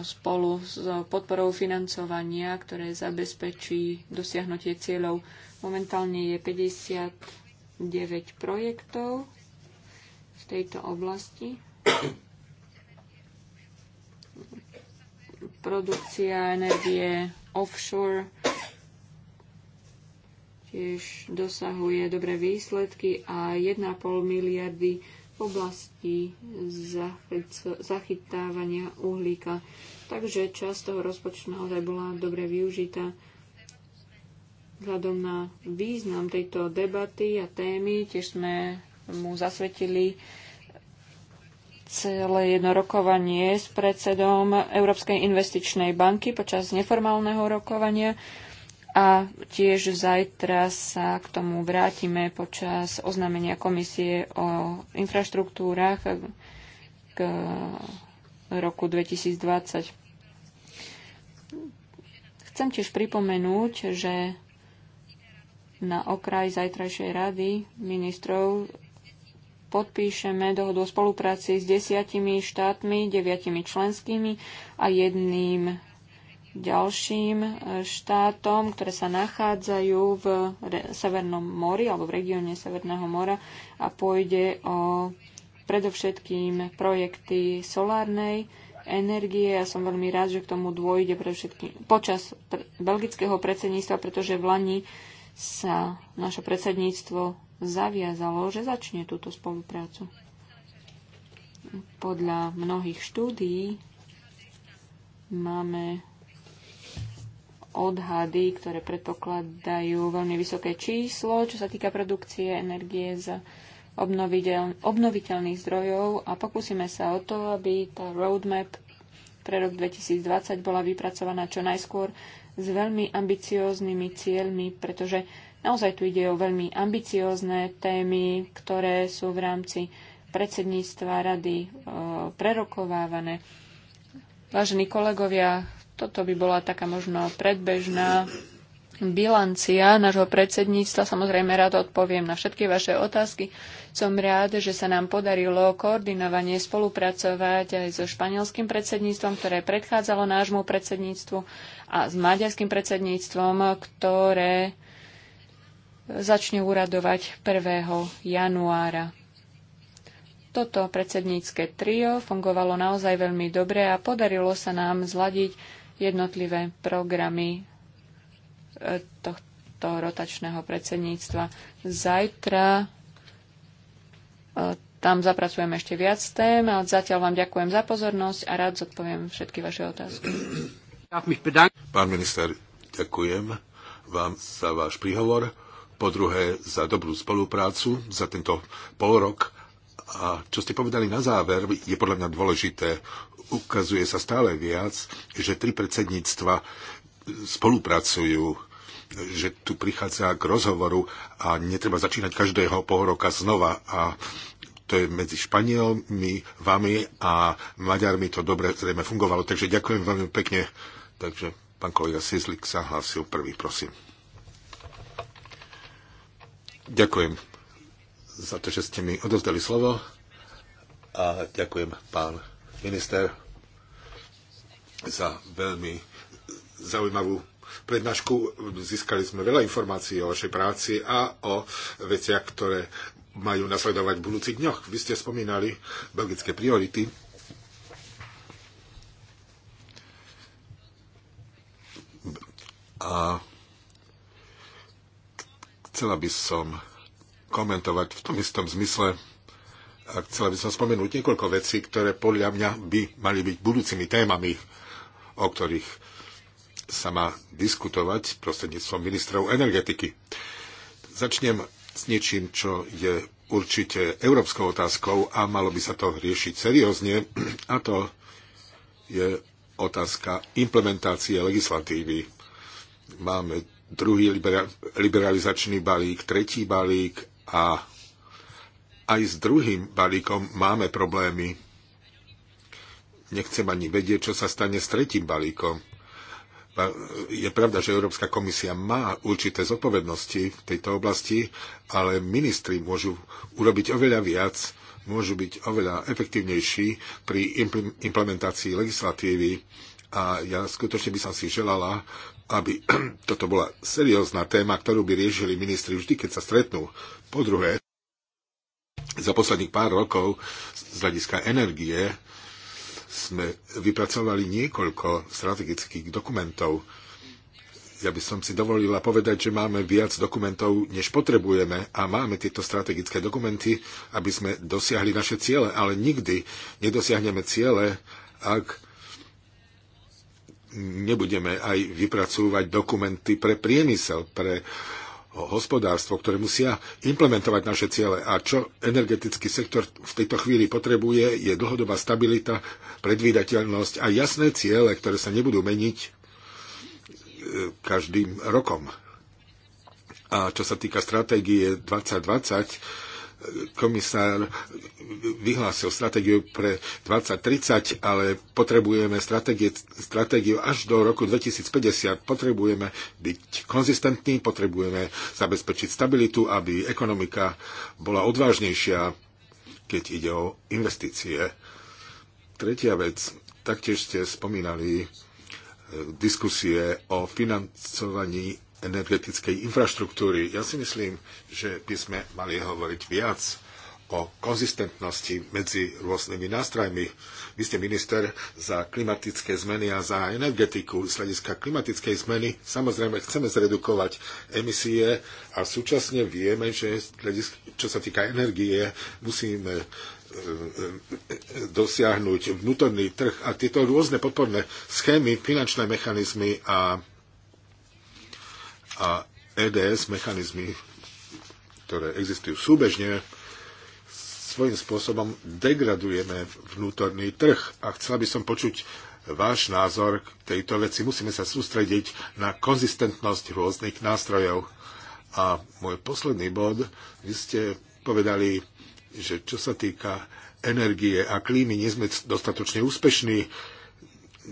A: spolu s podporou financovania, ktoré zabezpečí dosiahnutie cieľov. Momentálne je 59 projektov v tejto oblasti. Produkcia energie offshore tiež dosahuje dobré výsledky a 1,5 miliardy v oblasti zachytávania uhlíka. Takže časť toho rozpočtu naozaj bola dobre využitá. Vzhľadom na význam tejto debaty a témy tiež sme mu zasvetili celé jedno rokovanie s predsedom Európskej investičnej banky počas neformálneho rokovania a tiež zajtra sa k tomu vrátime počas oznámenia komisie o infraštruktúrach k roku 2020. Chcem tiež pripomenúť, že na okraj zajtrajšej rady ministrov podpíšeme dohodu o spolupráci s desiatimi štátmi, deviatimi členskými a jedným ďalším e, štátom, ktoré sa nachádzajú v Severnom mori alebo v regióne Severného mora a pôjde o predovšetkým projekty solárnej energie. Ja som veľmi rád, že k tomu dôjde predovšetkým počas pr- belgického predsedníctva, pretože v Lani sa naše predsedníctvo zaviazalo, že začne túto spoluprácu. Podľa mnohých štúdií máme odhady, ktoré predpokladajú veľmi vysoké číslo, čo sa týka produkcie energie z obnoviteľ, obnoviteľných zdrojov a pokúsime sa o to, aby tá roadmap pre rok 2020 bola vypracovaná čo najskôr s veľmi ambicióznymi cieľmi, pretože naozaj tu ide o veľmi ambiciózne témy, ktoré sú v rámci predsedníctva rady e, prerokovávané. Vážení kolegovia, toto by bola taká možno predbežná bilancia nášho predsedníctva. Samozrejme, rád odpoviem na všetky vaše otázky. Som rád, že sa nám podarilo koordinovanie spolupracovať aj so španielským predsedníctvom, ktoré predchádzalo nášmu predsedníctvu a s maďarským predsedníctvom, ktoré začne uradovať 1. januára. Toto predsednícke trio fungovalo naozaj veľmi dobre a podarilo sa nám zladiť jednotlivé programy e, tohto rotačného predsedníctva. Zajtra e, tam zapracujeme ešte viac tém a zatiaľ vám ďakujem za pozornosť a rád zodpoviem všetky vaše otázky.
C: Pán minister, ďakujem vám za váš príhovor, po druhé za dobrú spoluprácu za tento pol rok a čo ste povedali na záver, je podľa mňa dôležité ukazuje sa stále viac, že tri predsedníctva spolupracujú, že tu prichádza k rozhovoru a netreba začínať každého pol roka znova a to je medzi Španielmi, vami a Maďarmi to dobre zrejme fungovalo. Takže ďakujem veľmi pekne. Takže pán kolega Sizlik sa hlásil prvý, prosím. Ďakujem za to, že ste mi odozdali slovo a ďakujem pán minister, za veľmi zaujímavú prednášku. Získali sme veľa informácií o vašej práci a o veciach, ktoré majú nasledovať v budúcich dňoch. Vy ste spomínali belgické priority. A chcela by som komentovať v tom istom zmysle a chcela by som spomenúť niekoľko vecí, ktoré podľa mňa by mali byť budúcimi témami, o ktorých sa má diskutovať prostredníctvom ministrov energetiky. Začnem s niečím, čo je určite európskou otázkou a malo by sa to riešiť seriózne, a to je otázka implementácie legislatívy. Máme druhý liberalizačný balík, tretí balík a aj s druhým balíkom máme problémy. Nechcem ani vedieť, čo sa stane s tretím balíkom. Je pravda, že Európska komisia má určité zodpovednosti v tejto oblasti, ale ministri môžu urobiť oveľa viac, môžu byť oveľa efektívnejší pri implementácii legislatívy. A ja skutočne by som si želala, aby *clears throat* toto bola seriózna téma, ktorú by riešili ministri vždy, keď sa stretnú. Po druhé, za posledných pár rokov z hľadiska energie sme vypracovali niekoľko strategických dokumentov. Ja by som si dovolila povedať, že máme viac dokumentov, než potrebujeme a máme tieto strategické dokumenty, aby sme dosiahli naše ciele, ale nikdy nedosiahneme ciele, ak nebudeme aj vypracúvať dokumenty pre priemysel, pre uh, hospodárstvo, ktoré musia implementovať naše ciele. A čo energetický sektor v tejto chvíli potrebuje, je dlhodobá stabilita, predvídateľnosť a jasné ciele, ktoré sa nebudú meniť e, každým rokom. A čo sa týka stratégie 2020, komisár vyhlásil stratégiu pre 2030, ale potrebujeme stratégiu až do roku 2050. Potrebujeme byť konzistentní, potrebujeme zabezpečiť stabilitu, aby ekonomika bola odvážnejšia, keď ide o investície. Tretia vec, taktiež ste spomínali eh, diskusie o financovaní energetickej infraštruktúry. Ja si myslím, že by sme mali hovoriť viac o konzistentnosti medzi rôznymi nástrojmi. Vy ste minister za klimatické zmeny a za energetiku. Z hľadiska klimatickej zmeny samozrejme chceme zredukovať emisie a súčasne vieme, že čo sa týka energie, musíme e, e, e, dosiahnuť vnútorný trh a tieto rôzne podporné schémy, finančné mechanizmy a a EDS mechanizmy, ktoré existujú súbežne, svojím spôsobom degradujeme vnútorný trh. A chcela by som počuť váš názor k tejto veci. Musíme sa sústrediť na konzistentnosť rôznych nástrojov. A môj posledný bod, vy ste povedali, že čo sa týka energie a klímy, nie sme dostatočne úspešní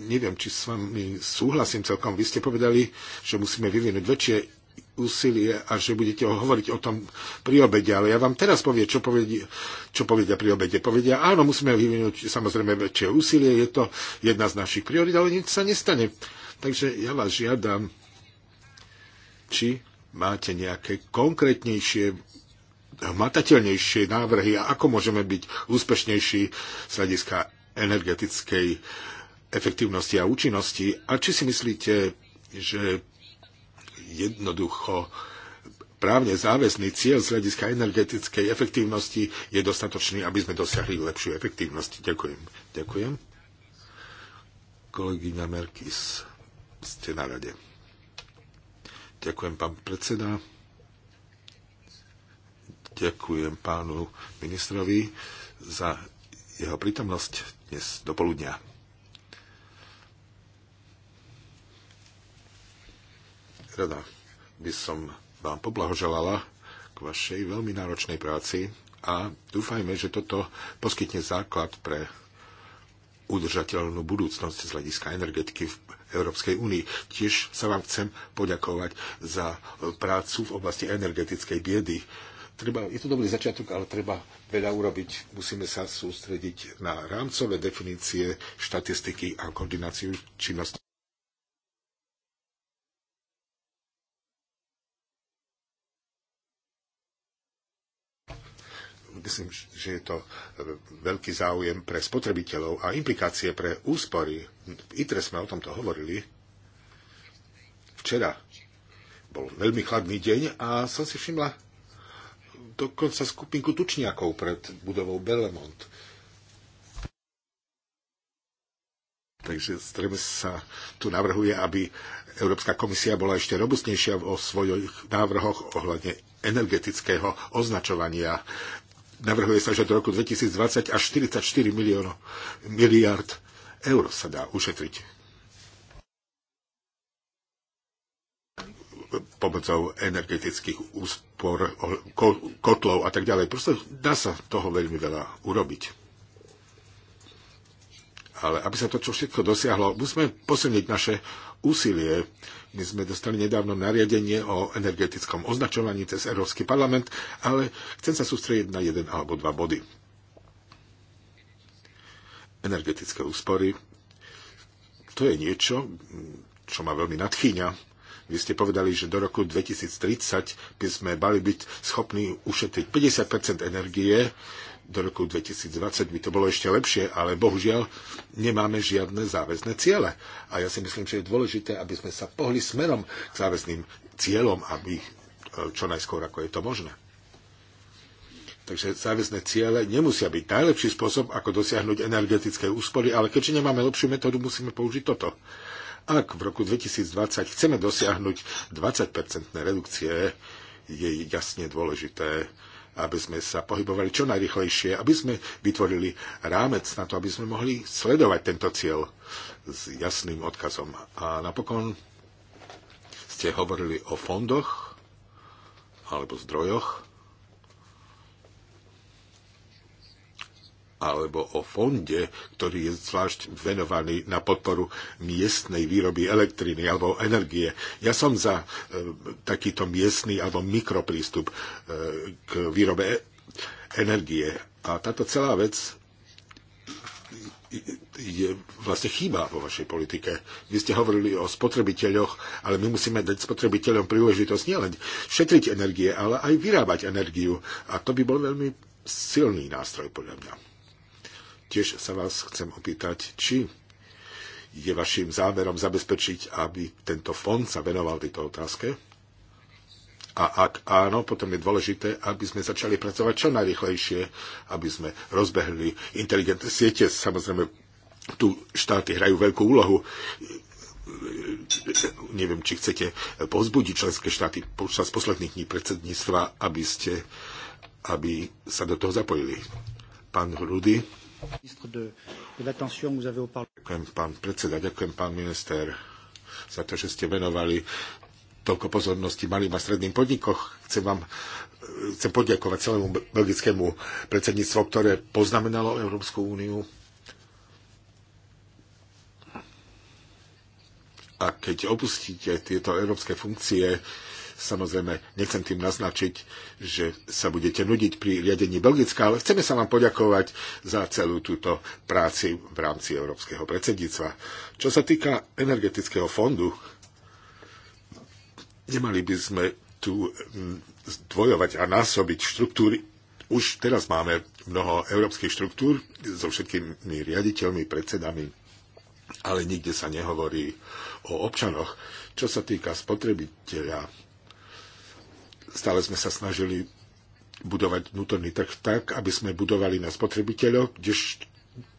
C: neviem, či s vami súhlasím celkom. Vy ste povedali, že musíme vyvinúť väčšie úsilie a že budete hovoriť o tom pri obede. Ale ja vám teraz poviem, čo, povedia, čo povedia pri obede. Povedia, áno, musíme vyvinúť samozrejme väčšie úsilie, je to jedna z našich priorit, ale nič sa nestane. Takže ja vás žiadam, či máte nejaké konkrétnejšie, hmatateľnejšie návrhy a ako môžeme byť úspešnejší z hľadiska energetickej efektívnosti a účinnosti a či si myslíte, že jednoducho právne záväzný cieľ z hľadiska energetickej efektívnosti je dostatočný, aby sme dosiahli lepšiu efektívnosť. Ďakujem. Ďakujem. Kolegyňa Merkis, ste na rade. Ďakujem, pán predseda. Ďakujem pánu ministrovi za jeho prítomnosť dnes do poludnia. Rada teda by som vám poblahoželala k vašej veľmi náročnej práci a dúfajme, že toto poskytne základ pre udržateľnú budúcnosť z hľadiska energetiky v Európskej únii. Tiež sa vám chcem poďakovať za prácu v oblasti energetickej biedy. Treba, je to dobrý začiatok, ale treba veľa urobiť. Musíme sa sústrediť na rámcové definície, štatistiky a koordináciu činnosti. Myslím, že je to e, veľký záujem pre spotrebiteľov a implikácie pre úspory. V ITRE sme o tomto hovorili včera. Bol veľmi chladný deň a som si všimla dokonca skupinku tučniakov pred budovou Belemont. Takže streme sa tu navrhuje, aby Európska komisia bola ešte robustnejšia vo svojich návrhoch ohľadne energetického označovania Navrhuje sa, že do roku 2020 až 44 miliónov, miliard eur sa dá ušetriť. pomocou energetických úspor, kotlov a tak ďalej. Proste dá sa toho veľmi veľa urobiť. Ale aby sa to čo všetko dosiahlo, musíme posilniť naše úsilie my sme dostali nedávno nariadenie o energetickom označovaní cez Európsky parlament, ale chcem sa sústrediť na jeden alebo dva body. Energetické úspory. To je niečo, čo ma veľmi nadchýňa. Vy ste povedali, že do roku 2030 by sme mali byť schopní ušetriť 50 energie do roku 2020 by to bolo ešte lepšie, ale bohužiaľ nemáme žiadne záväzné ciele. A ja si myslím, že je dôležité, aby sme sa pohli smerom k záväzným cieľom, aby e, čo najskôr, ako je to možné. Takže záväzné ciele nemusia byť najlepší spôsob, ako dosiahnuť energetické úspory, ale keďže nemáme lepšiu metódu, musíme použiť toto. Ak v roku 2020 chceme dosiahnuť 20-percentné redukcie, je jasne dôležité aby sme sa pohybovali čo najrychlejšie, aby sme vytvorili rámec na to, aby sme mohli sledovať tento cieľ s jasným odkazom. A napokon ste hovorili o fondoch alebo zdrojoch alebo o fonde, ktorý je zvlášť venovaný na podporu miestnej výroby elektriny alebo energie. Ja som za e, takýto miestny alebo mikroprístup e, k výrobe e, energie. A táto celá vec je vlastne chýba vo vašej politike. Vy ste hovorili o spotrebiteľoch, ale my musíme dať spotrebiteľom príležitosť nielen šetriť energie, ale aj vyrábať energiu. A to by bol veľmi silný nástroj, podľa mňa. Tiež sa vás chcem opýtať, či je vašim zámerom zabezpečiť, aby tento fond sa venoval tejto otázke? A ak áno, potom je dôležité, aby sme začali pracovať čo najrychlejšie, aby sme rozbehli inteligentné siete. Samozrejme, tu štáty hrajú veľkú úlohu. Neviem, či chcete pozbudiť členské štáty počas posledných dní predsedníctva, aby, ste, aby sa do toho zapojili. Pán Rudy. Ďakujem, pán predseda, ďakujem, pán minister, za to, že ste venovali toľko pozornosti malým a stredným podnikoch. Chcem vám eh, chcem poďakovať celému belgickému predsedníctvu, ktoré poznamenalo Európsku úniu. A keď opustíte tieto európske funkcie, Samozrejme, nechcem tým naznačiť, že sa budete nudiť pri riadení Belgická, ale chceme sa vám poďakovať za celú túto práci v rámci Európskeho predsedníctva. Čo sa týka energetického fondu, nemali by sme tu mm, zdvojovať a násobiť štruktúry. Už teraz máme mnoho európskych štruktúr so všetkými riaditeľmi, predsedami, ale nikde sa nehovorí o občanoch. Čo sa týka spotrebiteľa, stále sme sa snažili budovať vnútorný trh tak, aby sme budovali na spotrebiteľov, kdež,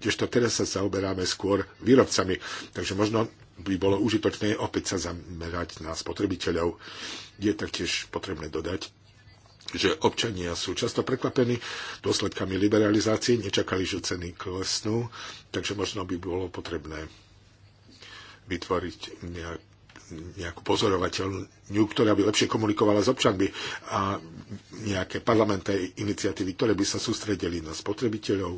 C: kdežto teraz sa zaoberáme skôr výrobcami. Takže možno by bolo užitočné opäť sa zamerať na spotrebiteľov. Je taktiež potrebné dodať, že občania sú často prekvapení dôsledkami liberalizácie, nečakali, že ceny klesnú, takže možno by bolo potrebné vytvoriť nejak nejakú pozorovateľňu, ktorá by lepšie komunikovala s občanmi a nejaké parlamentné iniciatívy, ktoré by sa sústredili na spotrebiteľov.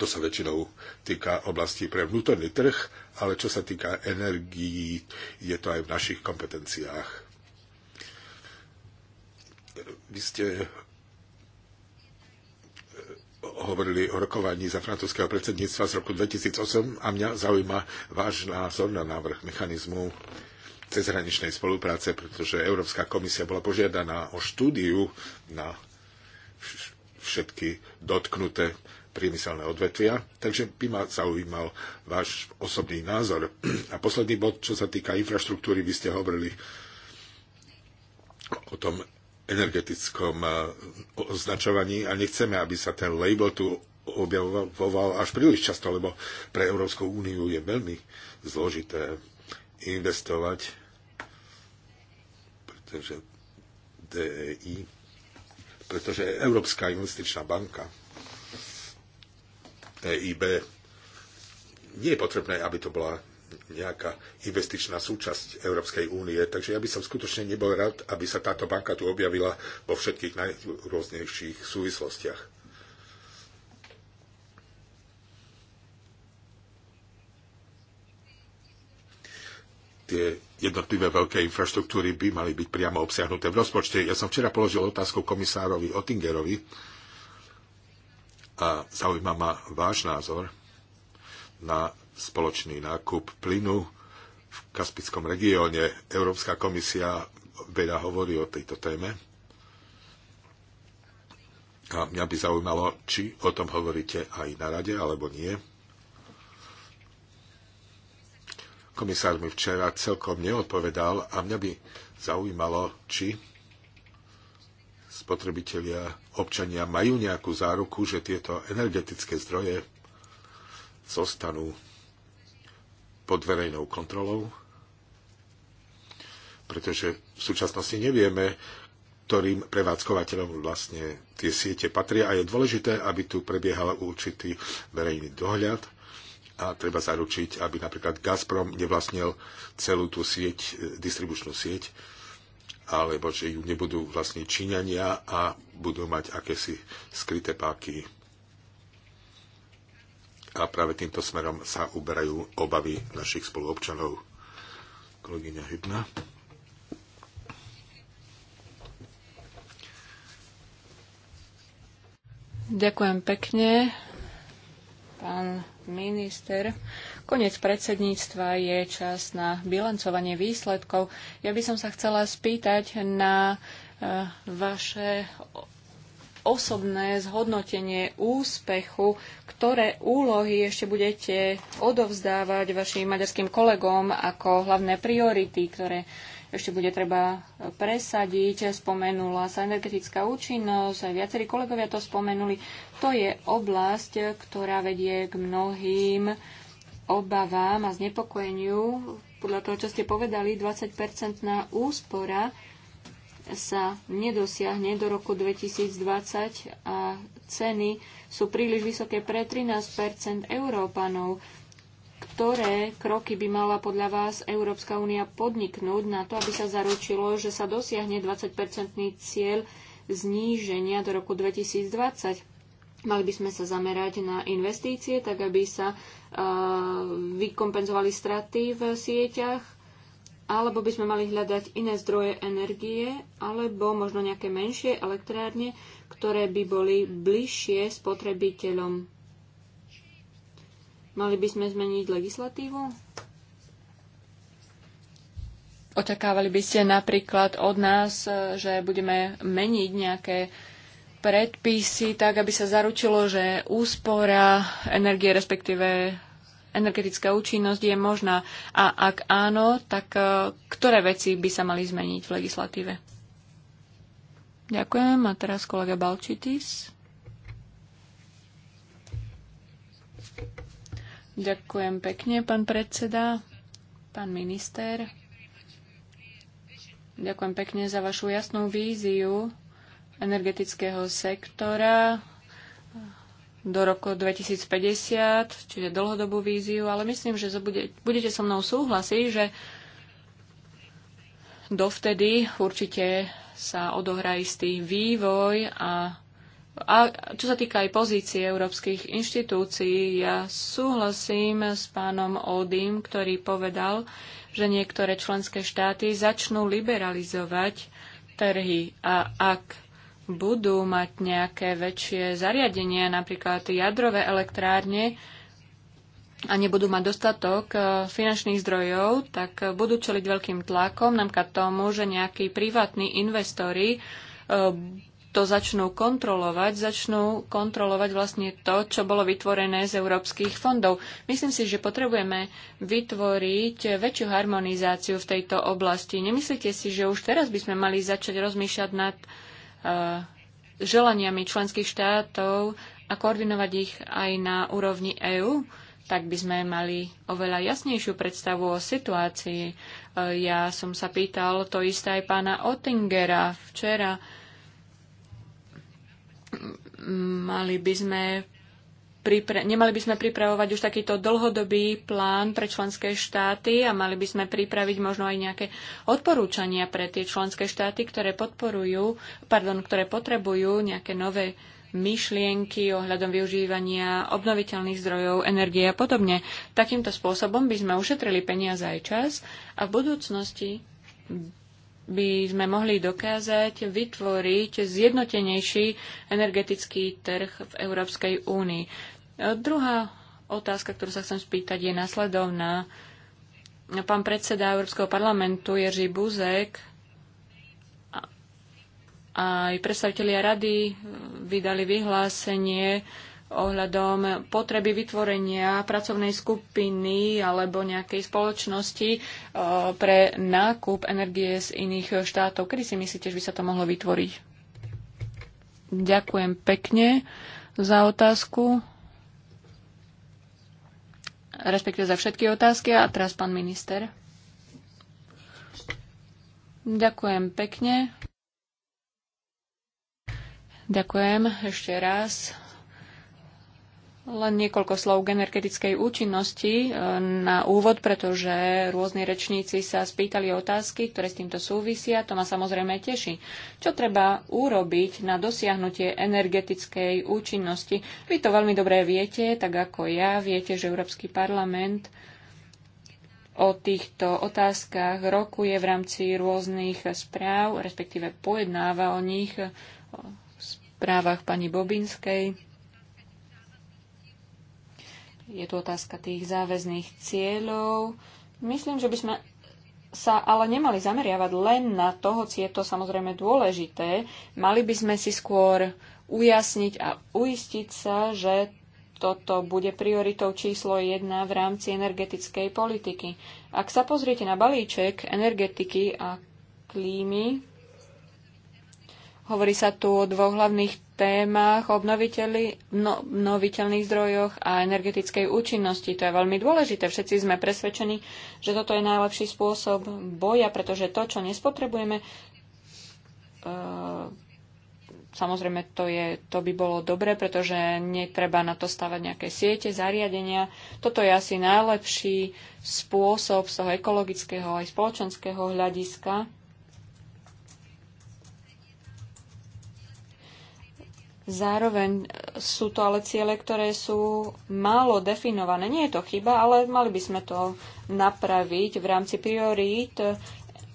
C: To sa väčšinou týka oblasti pre vnútorný trh, ale čo sa týka energií, je to aj v našich kompetenciách. Vy ste hovorili o rokovaní za francúzského predsedníctva z roku 2008 a mňa zaujíma váš názor na návrh mechanizmu cezhraničnej spolupráce, pretože Európska komisia bola požiadaná o štúdiu na všetky dotknuté priemyselné odvetvia, takže by ma zaujímal váš osobný názor. A posledný bod, čo sa týka infraštruktúry, by ste hovorili o tom energetickom označovaní a nechceme, aby sa ten label tu objavoval až príliš často, lebo pre Európsku úniu je veľmi zložité investovať, pretože DEI, pretože Európska investičná banka, EIB, nie je potrebné, aby to bola nejaká investičná súčasť Európskej únie. Takže ja by som skutočne nebol rád, aby sa táto banka tu objavila vo všetkých najrôznejších súvislostiach. Tie jednotlivé veľké infraštruktúry by mali byť priamo obsiahnuté v rozpočte. Ja som včera položil otázku komisárovi Otingerovi a zaujíma ma váš názor na spoločný nákup plynu v Kaspickom regióne. Európska komisia veľa hovorí o tejto téme. A mňa by zaujímalo, či o tom hovoríte aj na rade, alebo nie. Komisár mi včera celkom neodpovedal a mňa by zaujímalo, či spotrebitelia, občania majú nejakú záruku, že tieto energetické zdroje zostanú pod verejnou kontrolou, pretože v súčasnosti nevieme, ktorým prevádzkovateľom vlastne tie siete patria a je dôležité, aby tu prebiehal určitý verejný dohľad a treba zaručiť, aby napríklad Gazprom nevlastnil celú tú sieť, e, distribučnú sieť, alebo že ju nebudú vlastne Číňania a budú mať akési skryté páky a práve týmto smerom sa uberajú obavy našich spoluobčanov. Kolegyňa Hybna.
A: Ďakujem pekne, pán minister. Konec predsedníctva je čas na bilancovanie výsledkov. Ja by som sa chcela spýtať na eh, vaše osobné zhodnotenie úspechu, ktoré úlohy ešte budete odovzdávať vašim maďarským kolegom ako hlavné priority, ktoré ešte bude treba e, presadiť. Spomenula sa energetická účinnosť, aj viacerí kolegovia to spomenuli. To je oblasť, ktorá vedie k mnohým obavám a znepokojeniu. Podľa toho, čo ste povedali, 20-percentná úspora sa nedosiahne do roku 2020 a ceny sú príliš vysoké pre 13 Európanov. Ktoré kroky by mala podľa vás Európska únia podniknúť na to, aby sa zaručilo, že sa dosiahne 20-percentný cieľ zníženia do roku 2020? Mali by sme sa zamerať na investície, tak aby sa uh, vykompenzovali straty v sieťach alebo by sme mali hľadať iné zdroje energie, alebo možno nejaké menšie elektrárne, ktoré by boli bližšie spotrebiteľom. Mali by sme zmeniť legislatívu? Očakávali by ste napríklad od nás, e, že budeme meniť nejaké predpisy tak, aby sa zaručilo, že úspora energie, respektíve energetická účinnosť je možná? A ak áno, tak e, ktoré veci by sa mali zmeniť v legislatíve? Ďakujem. A teraz kolega Balčitis. Ďakujem pekne, pán predseda, pán minister. Ďakujem pekne za vašu jasnú víziu energetického sektora do roku 2050, čiže dlhodobú víziu, ale myslím, že bude, budete so mnou súhlasiť, že dovtedy určite sa odohrá istý vývoj a, a čo sa týka aj pozície európskych inštitúcií, ja súhlasím s pánom Odym, ktorý povedal, že niektoré členské štáty začnú liberalizovať trhy a ak budú mať nejaké väčšie zariadenia, napríklad jadrové elektrárne, a nebudú mať dostatok e, finančných zdrojov, tak e, budú čeliť veľkým tlakom, namka tomu, že nejakí privátni investori e, to začnú kontrolovať, začnú kontrolovať vlastne to, čo bolo vytvorené z európskych fondov. Myslím si, že potrebujeme vytvoriť väčšiu harmonizáciu v tejto oblasti. Nemyslíte si, že už teraz by sme mali začať rozmýšľať nad E, želaniami členských štátov a koordinovať ich aj na úrovni EÚ, tak by sme mali oveľa jasnejšiu predstavu o situácii. E, ja som sa pýtal to isté aj pána Ottingera včera. Mali by sme nemali by sme pripravovať už takýto dlhodobý plán pre členské štáty a mali by sme pripraviť možno aj nejaké odporúčania pre tie členské štáty, ktoré podporujú, pardon, ktoré potrebujú nejaké nové myšlienky ohľadom využívania obnoviteľných zdrojov, energie a podobne. Takýmto spôsobom by sme ušetrili peniaze aj čas a v budúcnosti by sme mohli dokázať vytvoriť zjednotenejší energetický trh v Európskej únii. Druhá otázka, ktorú sa chcem spýtať, je nasledovná. Pán predseda Európskeho parlamentu Jerzy Buzek a aj predstavitelia rady vydali vyhlásenie, ohľadom potreby vytvorenia pracovnej skupiny alebo nejakej spoločnosti eh, pre nákup energie z iných štátov. Kedy si myslíte, že by sa to mohlo vytvoriť? Ďakujem pekne za otázku, respektíve za všetky otázky. A teraz pán minister. Ďakujem pekne. Ďakujem ešte raz len niekoľko slov k energetickej účinnosti e, na úvod, pretože rôzni rečníci sa spýtali otázky, ktoré s týmto súvisia. To ma samozrejme teší. Čo treba urobiť na dosiahnutie energetickej účinnosti? Vy to veľmi dobre viete, tak ako ja. Viete, že Európsky parlament o týchto otázkach rokuje v rámci rôznych správ, respektíve pojednáva o nich, o správach pani Bobinskej je tu otázka tých záväzných cieľov. Myslím, že by sme sa ale nemali zameriavať len na to, hoci je to samozrejme dôležité. Mali by sme si skôr ujasniť a uistiť sa, že toto bude prioritou číslo 1 v rámci energetickej politiky. Ak sa pozriete na balíček energetiky a klímy, Hovorí sa tu o dvoch hlavných témach, no, obnoviteľných zdrojoch a energetickej účinnosti. To je veľmi dôležité. Všetci sme presvedčení, že toto je najlepší spôsob boja, pretože to, čo nespotrebujeme, e, samozrejme to, je, to by bolo dobre, pretože netreba na to stavať nejaké siete, zariadenia. Toto je asi najlepší spôsob z toho ekologického aj spoločenského hľadiska Zároveň sú to ale ciele, ktoré sú málo definované. Nie je to chyba, ale mali by sme to napraviť v rámci priorít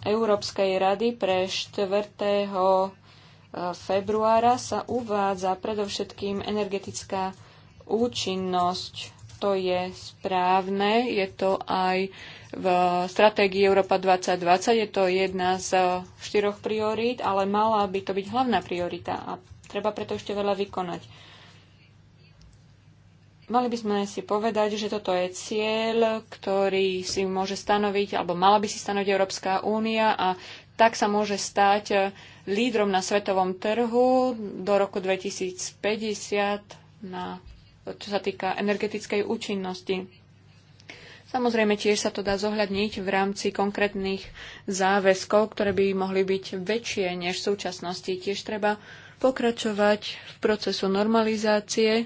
A: Európskej rady pre 4. E, februára sa uvádza predovšetkým energetická účinnosť. To je správne, je to aj v stratégii Európa 2020, je to jedna z štyroch priorít, ale mala by to byť hlavná priorita a Treba preto ešte veľa vykonať. Mali by sme si povedať, že toto je cieľ, ktorý si môže stanoviť, alebo mala by si stanoviť Európska únia a tak sa môže stať lídrom na svetovom trhu do roku 2050, na, čo sa týka energetickej účinnosti. Samozrejme, tiež sa to dá zohľadniť v rámci konkrétnych záväzkov, ktoré by mohli byť väčšie než v súčasnosti. Tiež treba pokračovať v procesu normalizácie e,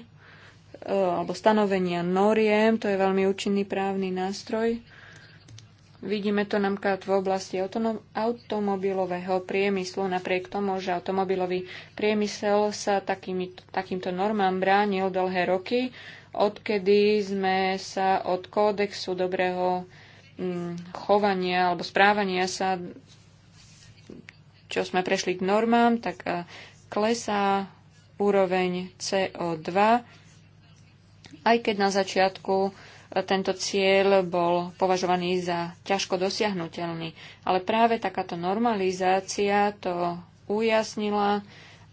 A: alebo stanovenia noriem. To je veľmi účinný právny nástroj. Vidíme to napríklad v oblasti automobilového priemyslu. Napriek tomu, že automobilový priemysel sa takými, takýmto normám bránil dlhé roky, odkedy sme sa od kódexu dobrého mm, chovania alebo správania sa, čo sme prešli k normám, tak e, klesá úroveň CO2, aj keď na začiatku e, tento cieľ bol považovaný za ťažko dosiahnutelný. Ale práve takáto normalizácia to ujasnila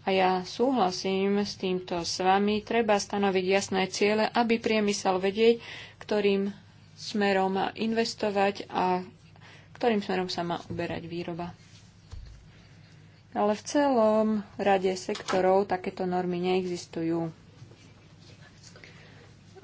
A: a ja súhlasím s týmto s vami. Treba stanoviť jasné ciele, aby priemysel vedieť, ktorým smerom má investovať a ktorým smerom sa má uberať výroba ale v celom rade sektorov takéto normy neexistujú.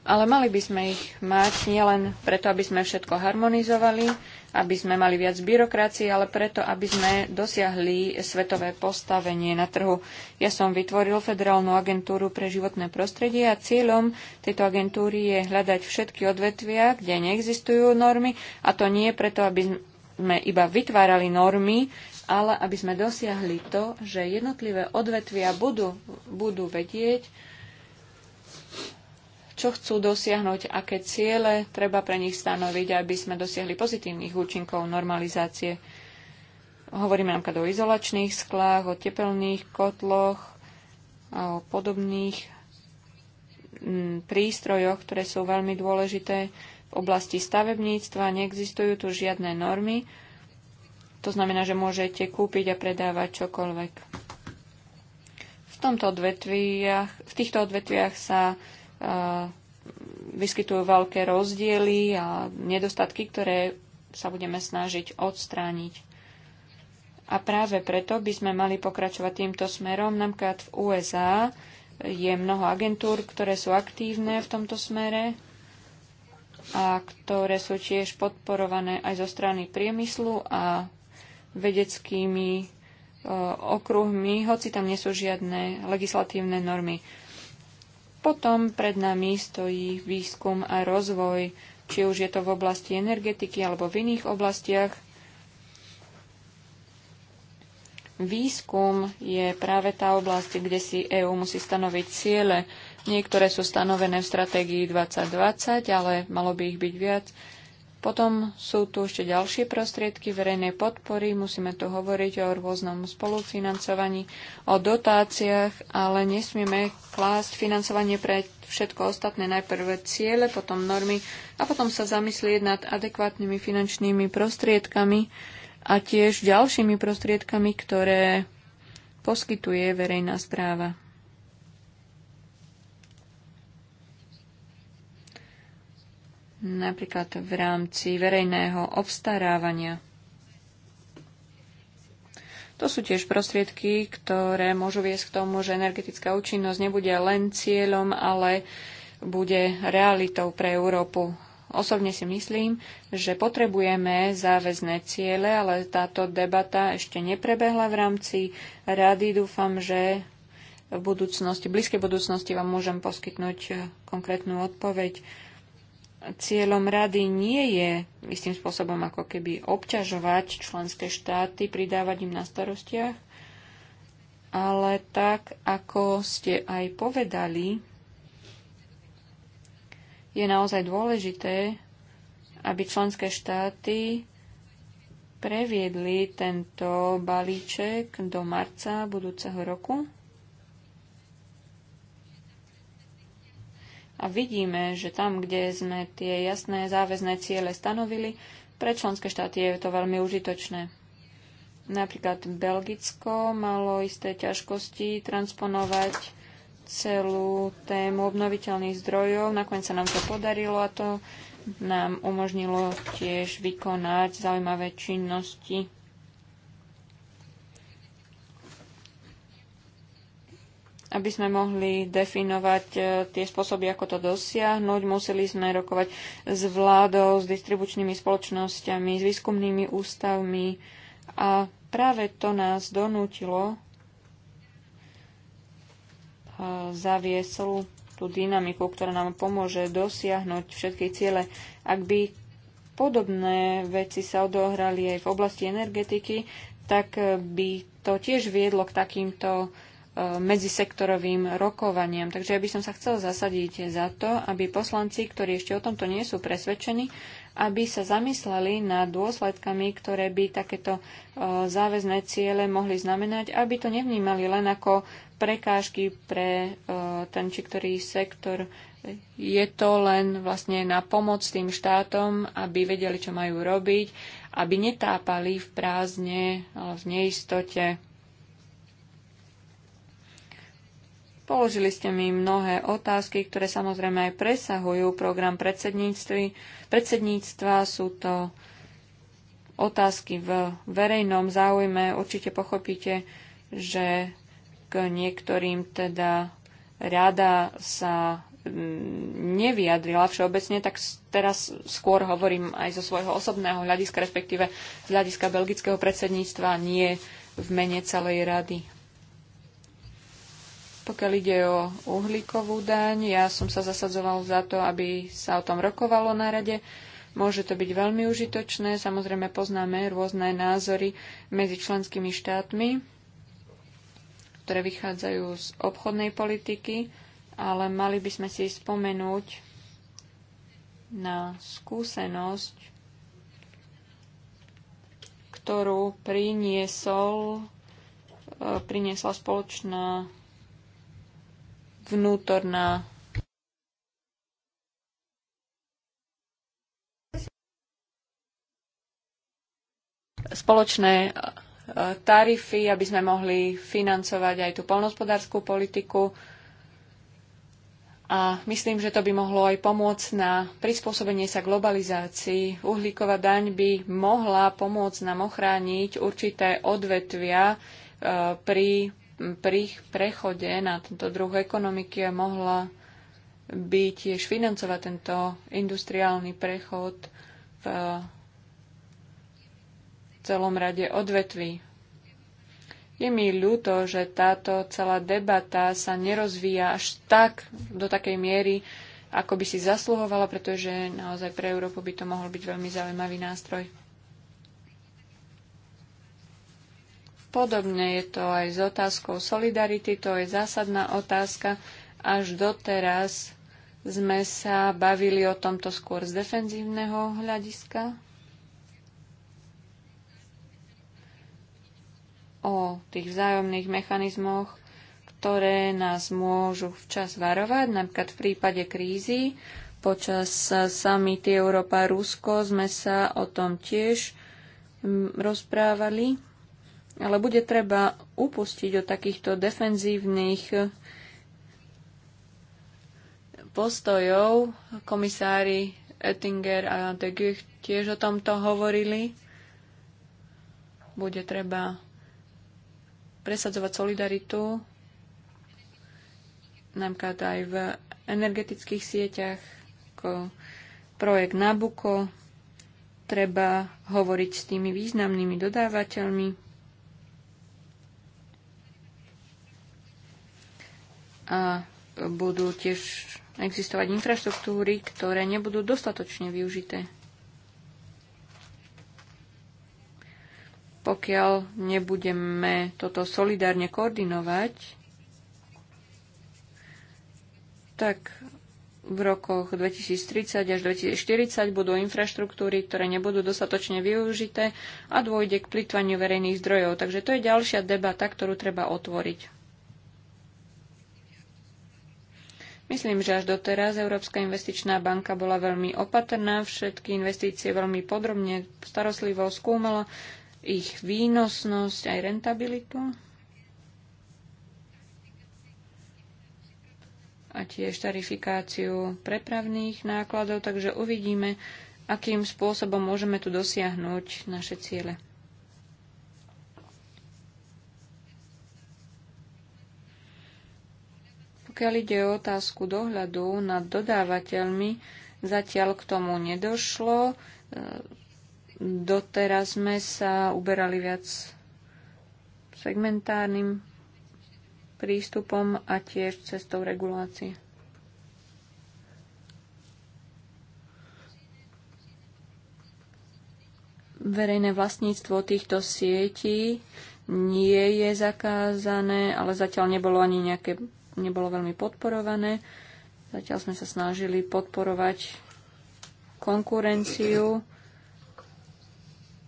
A: Ale mali by sme ich mať nielen preto, aby sme všetko harmonizovali, aby sme mali viac byrokracie, ale preto, aby sme dosiahli svetové postavenie na trhu. Ja som vytvoril Federálnu agentúru pre životné prostredie a cieľom tejto agentúry je hľadať všetky odvetvia, kde neexistujú normy a to nie preto, aby sme iba vytvárali normy, ale aby sme dosiahli to, že jednotlivé odvetvia budú, budú vedieť, čo chcú dosiahnuť, aké ciele treba pre nich stanoviť, aby sme dosiahli pozitívnych účinkov normalizácie. Hovoríme napríklad o izolačných sklách, o tepelných kotloch, a o podobných mm, prístrojoch, ktoré sú veľmi dôležité v oblasti stavebníctva. Neexistujú tu žiadne normy, to znamená, že môžete kúpiť a predávať čokoľvek. V, tomto odvetviach, v týchto odvetviach sa uh, vyskytujú veľké rozdiely a nedostatky, ktoré sa budeme snažiť odstrániť. A práve preto by sme mali pokračovať týmto smerom. Napríklad v USA je mnoho agentúr, ktoré sú aktívne v tomto smere a ktoré sú tiež podporované aj zo strany priemyslu a vedeckými e, okruhmi, hoci tam nie sú žiadne legislatívne normy. Potom pred nami stojí výskum a rozvoj, či už je to v oblasti energetiky alebo v iných oblastiach. Výskum je práve tá oblasť, kde si EÚ musí stanoviť ciele. Niektoré sú stanovené v stratégii 2020, ale malo by ich byť viac. Potom sú tu ešte ďalšie prostriedky verejnej podpory. Musíme tu hovoriť o rôznom spolufinancovaní, o dotáciách, ale nesmieme klásť financovanie pre všetko ostatné. Najprv ciele, potom normy a potom sa zamyslieť nad adekvátnymi finančnými prostriedkami a tiež ďalšími prostriedkami, ktoré poskytuje verejná správa. napríklad v rámci verejného obstarávania. To sú tiež prostriedky, ktoré môžu viesť k tomu, že energetická účinnosť nebude len cieľom, ale bude realitou pre Európu. Osobne si myslím, že potrebujeme záväzné ciele, ale táto debata ešte neprebehla v rámci rady. Dúfam, že v budúcnosti, v blízkej budúcnosti vám môžem poskytnúť eh, konkrétnu odpoveď cieľom rady nie je istým spôsobom ako keby obťažovať členské štáty, pridávať im na starostiach, ale tak, ako ste aj povedali, je naozaj dôležité, aby členské štáty previedli tento balíček do marca budúceho roku. A vidíme, že tam, kde sme tie jasné záväzné ciele stanovili, pre členské štáty je to veľmi užitočné. Napríklad Belgicko malo isté ťažkosti transponovať celú tému obnoviteľných zdrojov. Nakoniec sa nám to podarilo a to nám umožnilo tiež vykonať zaujímavé činnosti aby sme mohli definovať e, tie spôsoby, ako to dosiahnuť. Museli sme rokovať s vládou, s distribučnými spoločnosťami, s výskumnými ústavmi a práve to nás donútilo e, zaviesť celú tú dynamiku, ktorá nám pomôže dosiahnuť všetky ciele. Ak by podobné veci sa odohrali aj v oblasti energetiky, tak by to tiež viedlo k takýmto medzisektorovým rokovaniam. Takže ja by som sa chcel zasadiť za to, aby poslanci, ktorí ešte o tomto nie sú presvedčení, aby sa zamysleli nad dôsledkami, ktoré by takéto e, záväzné ciele mohli znamenať, aby to nevnímali len ako prekážky pre e, ten či ktorý sektor. Je to len vlastne na pomoc tým štátom, aby vedeli, čo majú robiť, aby netápali v prázdne, v neistote Položili ste mi mnohé otázky, ktoré samozrejme aj presahujú program predsedníctva. Sú to otázky v verejnom záujme. Určite pochopíte, že k niektorým teda rada sa mm, nevyjadrila všeobecne, tak teraz skôr hovorím aj zo svojho osobného hľadiska, respektíve z hľadiska belgického predsedníctva, nie v mene celej rady. Pokiaľ ide o uhlíkovú daň, ja som sa zasadzoval za to, aby sa o tom rokovalo na rade. Môže to byť veľmi užitočné. Samozrejme poznáme rôzne názory medzi členskými štátmi, ktoré vychádzajú z obchodnej politiky, ale mali by sme si spomenúť na skúsenosť, ktorú priniesol, e, priniesla spoločná vnútorná spoločné e, tarify, aby sme mohli financovať aj tú polnospodárskú politiku. A myslím, že to by mohlo aj pomôcť na prispôsobenie sa globalizácii. Uhlíková daň by mohla pomôcť nám ochrániť určité odvetvia e, pri pri prechode na tento druh ekonomiky a mohla by tiež financovať tento industriálny prechod v celom rade odvetví. Je mi ľúto, že táto celá debata sa nerozvíja až tak do takej miery, ako by si zasluhovala, pretože naozaj pre Európu by to mohol byť veľmi zaujímavý nástroj. podobne je to aj s otázkou solidarity, to je zásadná otázka. Až doteraz sme sa bavili o tomto skôr z defenzívneho hľadiska, o tých vzájomných mechanizmoch, ktoré nás môžu včas varovať, napríklad v prípade krízy. Počas samity Európa-Rusko sme sa o tom tiež mm, rozprávali ale bude treba upustiť od takýchto defenzívnych postojov. Komisári Ettinger a de Gucht tiež o tomto hovorili. Bude treba presadzovať solidaritu napríklad aj v energetických sieťach, ako projekt Nabuko. Treba hovoriť s tými významnými dodávateľmi, a budú tiež existovať infraštruktúry, ktoré nebudú dostatočne využité. Pokiaľ nebudeme toto solidárne koordinovať, tak v rokoch 2030 až 2040 budú infraštruktúry, ktoré nebudú dostatočne využité a dôjde k plitvaniu verejných zdrojov. Takže to je ďalšia debata, ktorú treba otvoriť. Myslím, že až doteraz Európska investičná banka bola veľmi opatrná, všetky investície veľmi podrobne, starostlivo skúmala ich výnosnosť aj rentabilitu. a tiež tarifikáciu prepravných nákladov, takže uvidíme, akým spôsobom môžeme tu dosiahnuť naše ciele. Pokiaľ ide o otázku dohľadu nad dodávateľmi, zatiaľ k tomu nedošlo. E, doteraz sme sa uberali viac segmentárnym prístupom a tiež cestou regulácie. Verejné vlastníctvo týchto sietí nie je zakázané, ale zatiaľ nebolo ani nejaké nebolo veľmi podporované. Zatiaľ sme sa snažili podporovať konkurenciu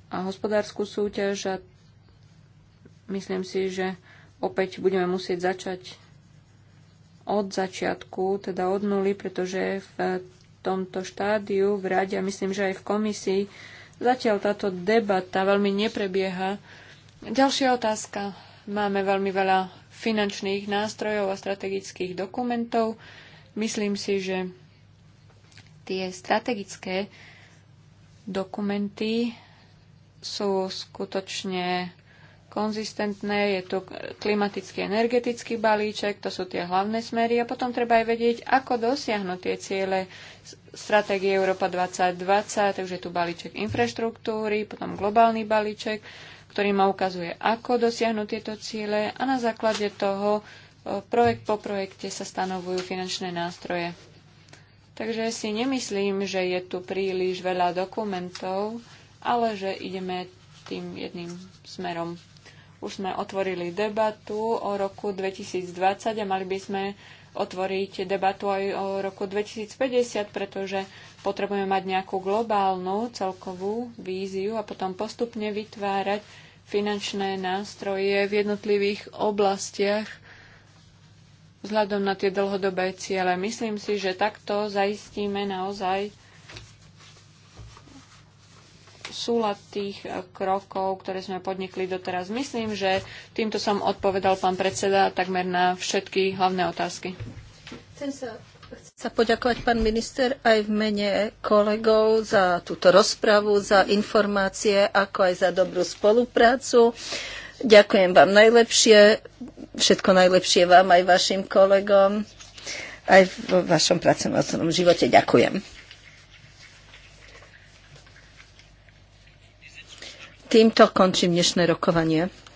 A: a hospodárskú súťaž a myslím si, že opäť budeme musieť začať od začiatku, teda od nuly, pretože v tomto štádiu v rade a myslím, že aj v komisii zatiaľ táto debata veľmi neprebieha. Ďalšia otázka. Máme veľmi veľa finančných nástrojov a strategických dokumentov. Myslím si, že tie strategické dokumenty sú skutočne konzistentné. Je tu klimatický energetický balíček, to sú tie hlavné smery a potom treba aj vedieť, ako dosiahnuť tie ciele stratégie Európa 2020, takže je tu balíček infraštruktúry, potom globálny balíček, ktorý ma ukazuje, ako dosiahnuť tieto ciele a na základe toho e, projekt po projekte sa stanovujú finančné nástroje. Takže si nemyslím, že je tu príliš veľa dokumentov, ale že ideme tým jedným smerom. Už sme otvorili debatu o roku 2020 a mali by sme otvoriť debatu aj o roku 2050, pretože Potrebujeme mať nejakú globálnu celkovú víziu a potom postupne vytvárať finančné nástroje v jednotlivých oblastiach vzhľadom na tie dlhodobé ciele. Myslím si, že takto zaistíme naozaj súlad tých eh, krokov, ktoré sme podnikli doteraz. Myslím, že týmto som odpovedal pán predseda takmer na všetky hlavné otázky.
B: Chcem sa sa poďakovať, pán minister, aj v mene kolegov za túto rozpravu, za informácie, ako aj za dobrú spoluprácu. Ďakujem vám najlepšie, všetko najlepšie vám aj vašim kolegom, aj v vašom pracovnom živote. Ďakujem. Týmto končím dnešné rokovanie.